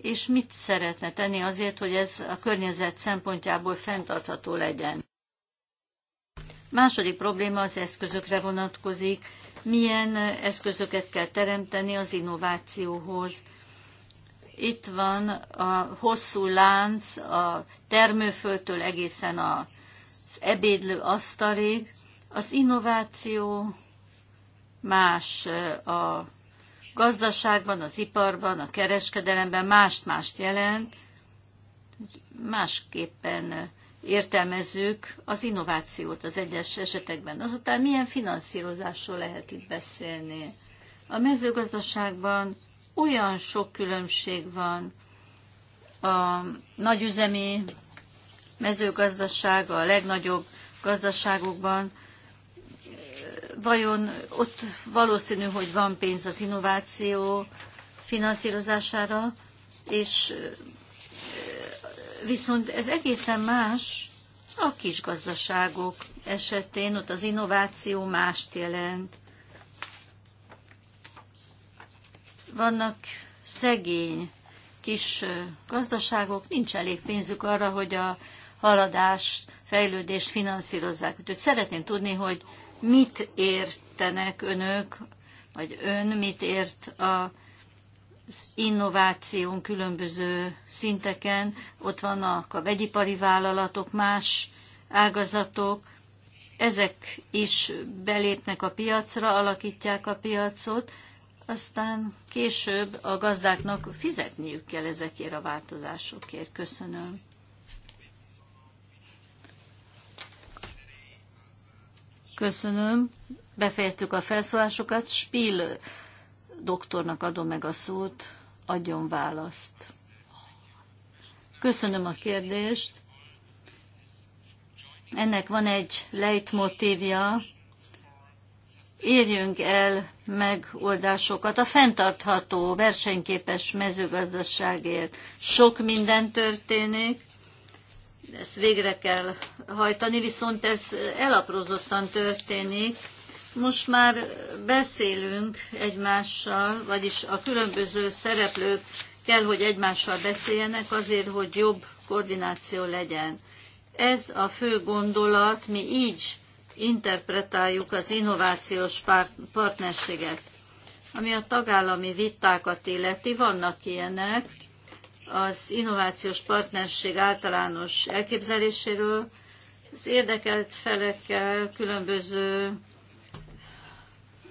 és mit szeretne tenni azért, hogy ez a környezet szempontjából fenntartható legyen. Második probléma az eszközökre vonatkozik. Milyen eszközöket kell teremteni az innovációhoz, itt van a hosszú lánc a termőföldtől egészen az ebédlő asztalig. Az innováció más eh, a gazdaságban, az iparban, a kereskedelemben mást-mást jelent, másképpen eh, értelmezzük az innovációt az egyes esetekben. Azután milyen finanszírozásról lehet itt beszélni? A mezőgazdaságban olyan sok különbség van a nagyüzemi mezőgazdaság a legnagyobb gazdaságokban, vajon ott valószínű, hogy van pénz az innováció finanszírozására, és viszont ez egészen más a kis gazdaságok esetén, ott az innováció mást jelent. vannak szegény kis gazdaságok, nincs elég pénzük arra, hogy a haladás, fejlődést finanszírozzák. Úgyhogy szeretném tudni, hogy mit értenek önök, vagy ön mit ért a az innováción különböző szinteken, ott vannak a vegyipari vállalatok, más ágazatok, ezek is belépnek a piacra, alakítják a piacot, aztán később a gazdáknak fizetniük kell ezekért a változásokért. Köszönöm. Köszönöm. Befejeztük a felszólásokat. Spiel doktornak adom meg a szót, adjon választ. Köszönöm a kérdést. Ennek van egy lejtmotívja, érjünk el megoldásokat a fenntartható, versenyképes mezőgazdaságért. Sok minden történik, ezt végre kell hajtani, viszont ez elaprózottan történik. Most már beszélünk egymással, vagyis a különböző szereplők kell, hogy egymással beszéljenek azért, hogy jobb koordináció legyen. Ez a fő gondolat, mi így interpretáljuk az innovációs partnerséget. Ami a tagállami vitákat illeti, vannak ilyenek az innovációs partnerség általános elképzeléséről, az érdekelt felekkel, különböző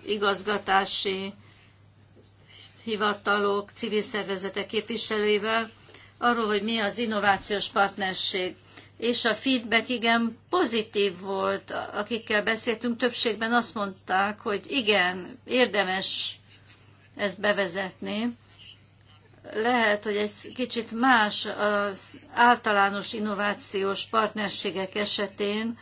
igazgatási hivatalok, civil szervezetek képviselőivel, arról, hogy mi az innovációs partnerség és a feedback igen pozitív volt, akikkel beszéltünk, többségben azt mondták, hogy igen, érdemes ezt bevezetni. Lehet, hogy egy kicsit más az általános innovációs partnerségek esetén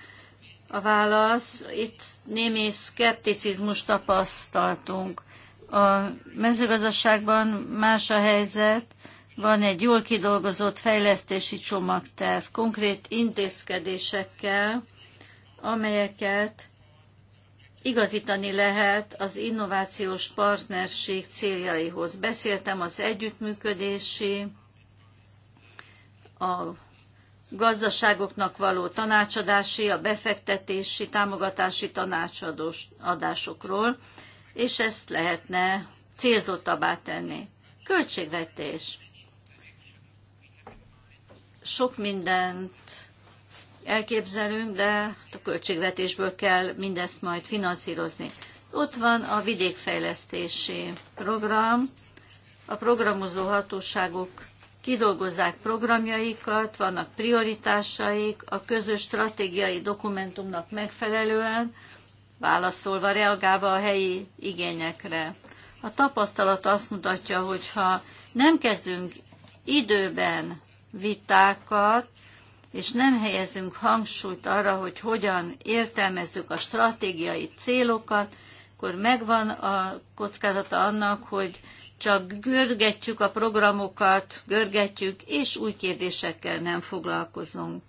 a válasz. Itt némi szkepticizmus tapasztaltunk. A mezőgazdaságban más a helyzet, van egy jól kidolgozott fejlesztési csomagterv, konkrét intézkedésekkel, amelyeket igazítani lehet az innovációs partnerség céljaihoz. Beszéltem az együttműködési, a gazdaságoknak való tanácsadási, a befektetési, támogatási tanácsadásokról, és ezt lehetne célzottabbá tenni. Költségvetés sok mindent elképzelünk, de hát a költségvetésből kell mindezt majd finanszírozni. Ott van a vidékfejlesztési program. A programozó hatóságok kidolgozzák programjaikat, vannak prioritásaik, a közös stratégiai dokumentumnak megfelelően, válaszolva, reagálva a helyi igényekre. A tapasztalat azt mutatja, hogy ha nem kezdünk időben vitákat, és nem helyezünk hangsúlyt arra, hogy hogyan értelmezzük a stratégiai célokat, akkor megvan a kockázata annak, hogy csak görgetjük a programokat, görgetjük, és új kérdésekkel nem foglalkozunk.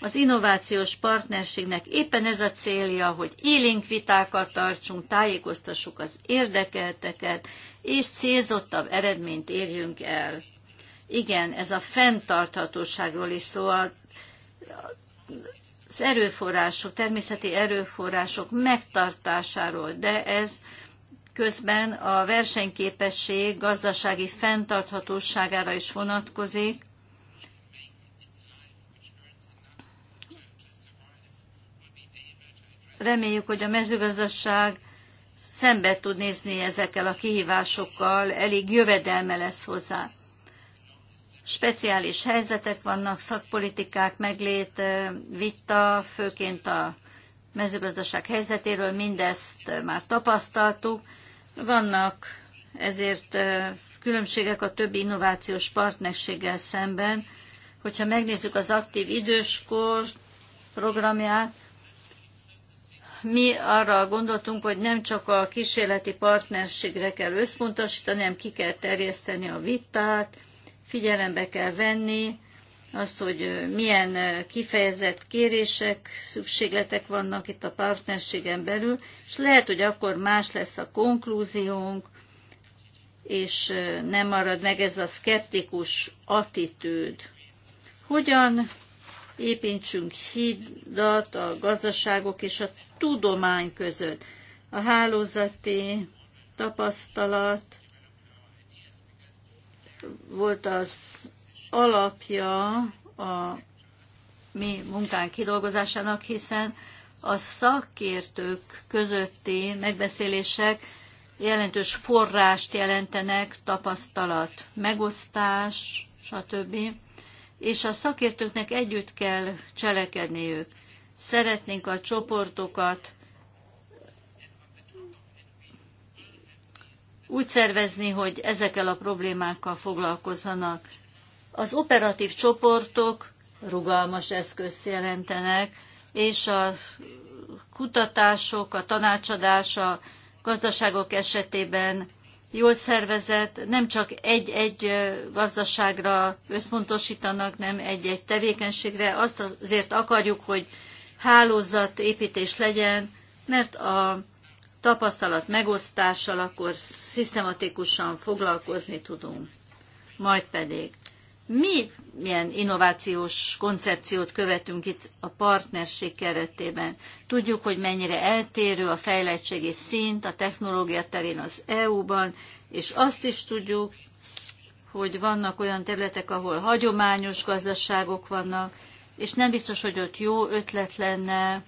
Az innovációs partnerségnek éppen ez a célja, hogy élénk vitákat tartsunk, tájékoztassuk az érdekelteket, és célzottabb eredményt érjünk el. Igen, ez a fenntarthatóságról is szó. az erőforrások, természeti erőforrások megtartásáról, de ez közben a versenyképesség gazdasági fenntarthatóságára is vonatkozik, reméljük, hogy a mezőgazdaság szembe tud nézni ezekkel a kihívásokkal, elég jövedelme lesz hozzá speciális helyzetek vannak, szakpolitikák meglét, vita, főként a mezőgazdaság helyzetéről, mindezt már tapasztaltuk. Vannak ezért különbségek a többi innovációs partnerséggel szemben. Hogyha megnézzük az aktív időskor programját, mi arra gondoltunk, hogy nem csak a kísérleti partnerségre kell összpontosítani, hanem ki kell terjeszteni a vitát, figyelembe kell venni azt, hogy milyen kifejezett kérések, szükségletek vannak itt a partnerségen belül, és lehet, hogy akkor más lesz a konklúziónk, és nem marad meg ez a szkeptikus attitűd. Hogyan építsünk hídat a gazdaságok és a tudomány között? A hálózati tapasztalat, volt az alapja a mi munkánk kidolgozásának, hiszen a szakértők közötti megbeszélések jelentős forrást jelentenek, tapasztalat, megosztás, stb. És a szakértőknek együtt kell cselekedniük. Szeretnénk a csoportokat úgy szervezni, hogy ezekkel a problémákkal foglalkozzanak. Az operatív csoportok rugalmas eszközt jelentenek, és a kutatások, a tanácsadás a gazdaságok esetében jól szervezett, nem csak egy-egy gazdaságra összpontosítanak, nem egy-egy tevékenységre. Azt azért akarjuk, hogy hálózatépítés legyen, mert a tapasztalat megosztással akkor szisztematikusan foglalkozni tudunk. Majd pedig mi milyen innovációs koncepciót követünk itt a partnerség keretében? Tudjuk, hogy mennyire eltérő a fejlettségi szint a technológia terén az EU-ban, és azt is tudjuk, hogy vannak olyan területek, ahol hagyományos gazdaságok vannak, és nem biztos, hogy ott jó ötlet lenne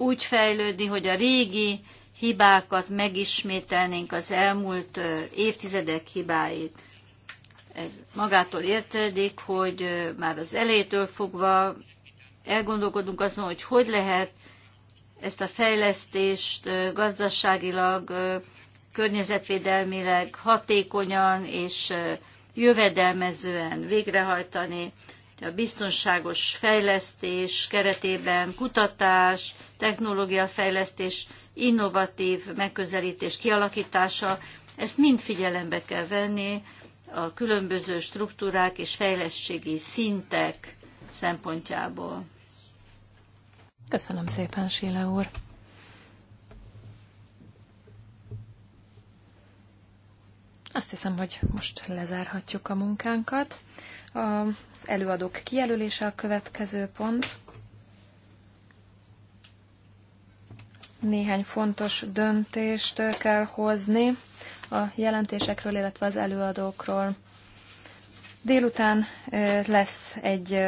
úgy fejlődni, hogy a régi hibákat megismételnénk az elmúlt évtizedek hibáit. Ez magától értedik, hogy már az elejétől fogva elgondolkodunk azon, hogy hogy lehet ezt a fejlesztést gazdaságilag, környezetvédelmileg hatékonyan és jövedelmezően végrehajtani a biztonságos fejlesztés keretében kutatás, technológiafejlesztés, innovatív megközelítés kialakítása, ezt mind figyelembe kell venni a különböző struktúrák és fejlesztségi szintek szempontjából. Köszönöm szépen, Sile úr! Azt hiszem, hogy most lezárhatjuk a munkánkat. Az előadók kijelölése a következő pont. Néhány fontos döntést kell hozni a jelentésekről, illetve az előadókról. Délután lesz egy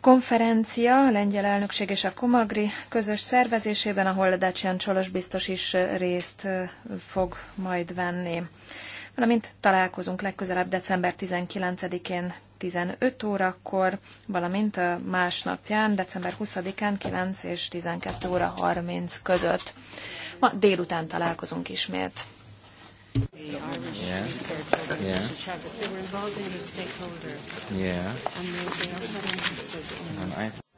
konferencia, a lengyel elnökség és a Komagri közös szervezésében, ahol Dacian Csolos biztos is részt fog majd venni valamint találkozunk legközelebb december 19-én 15 órakor, valamint a másnapján, december 20-án 9 és 12 óra 30 között. Ma délután találkozunk ismét. Yeah. Yeah. Yeah.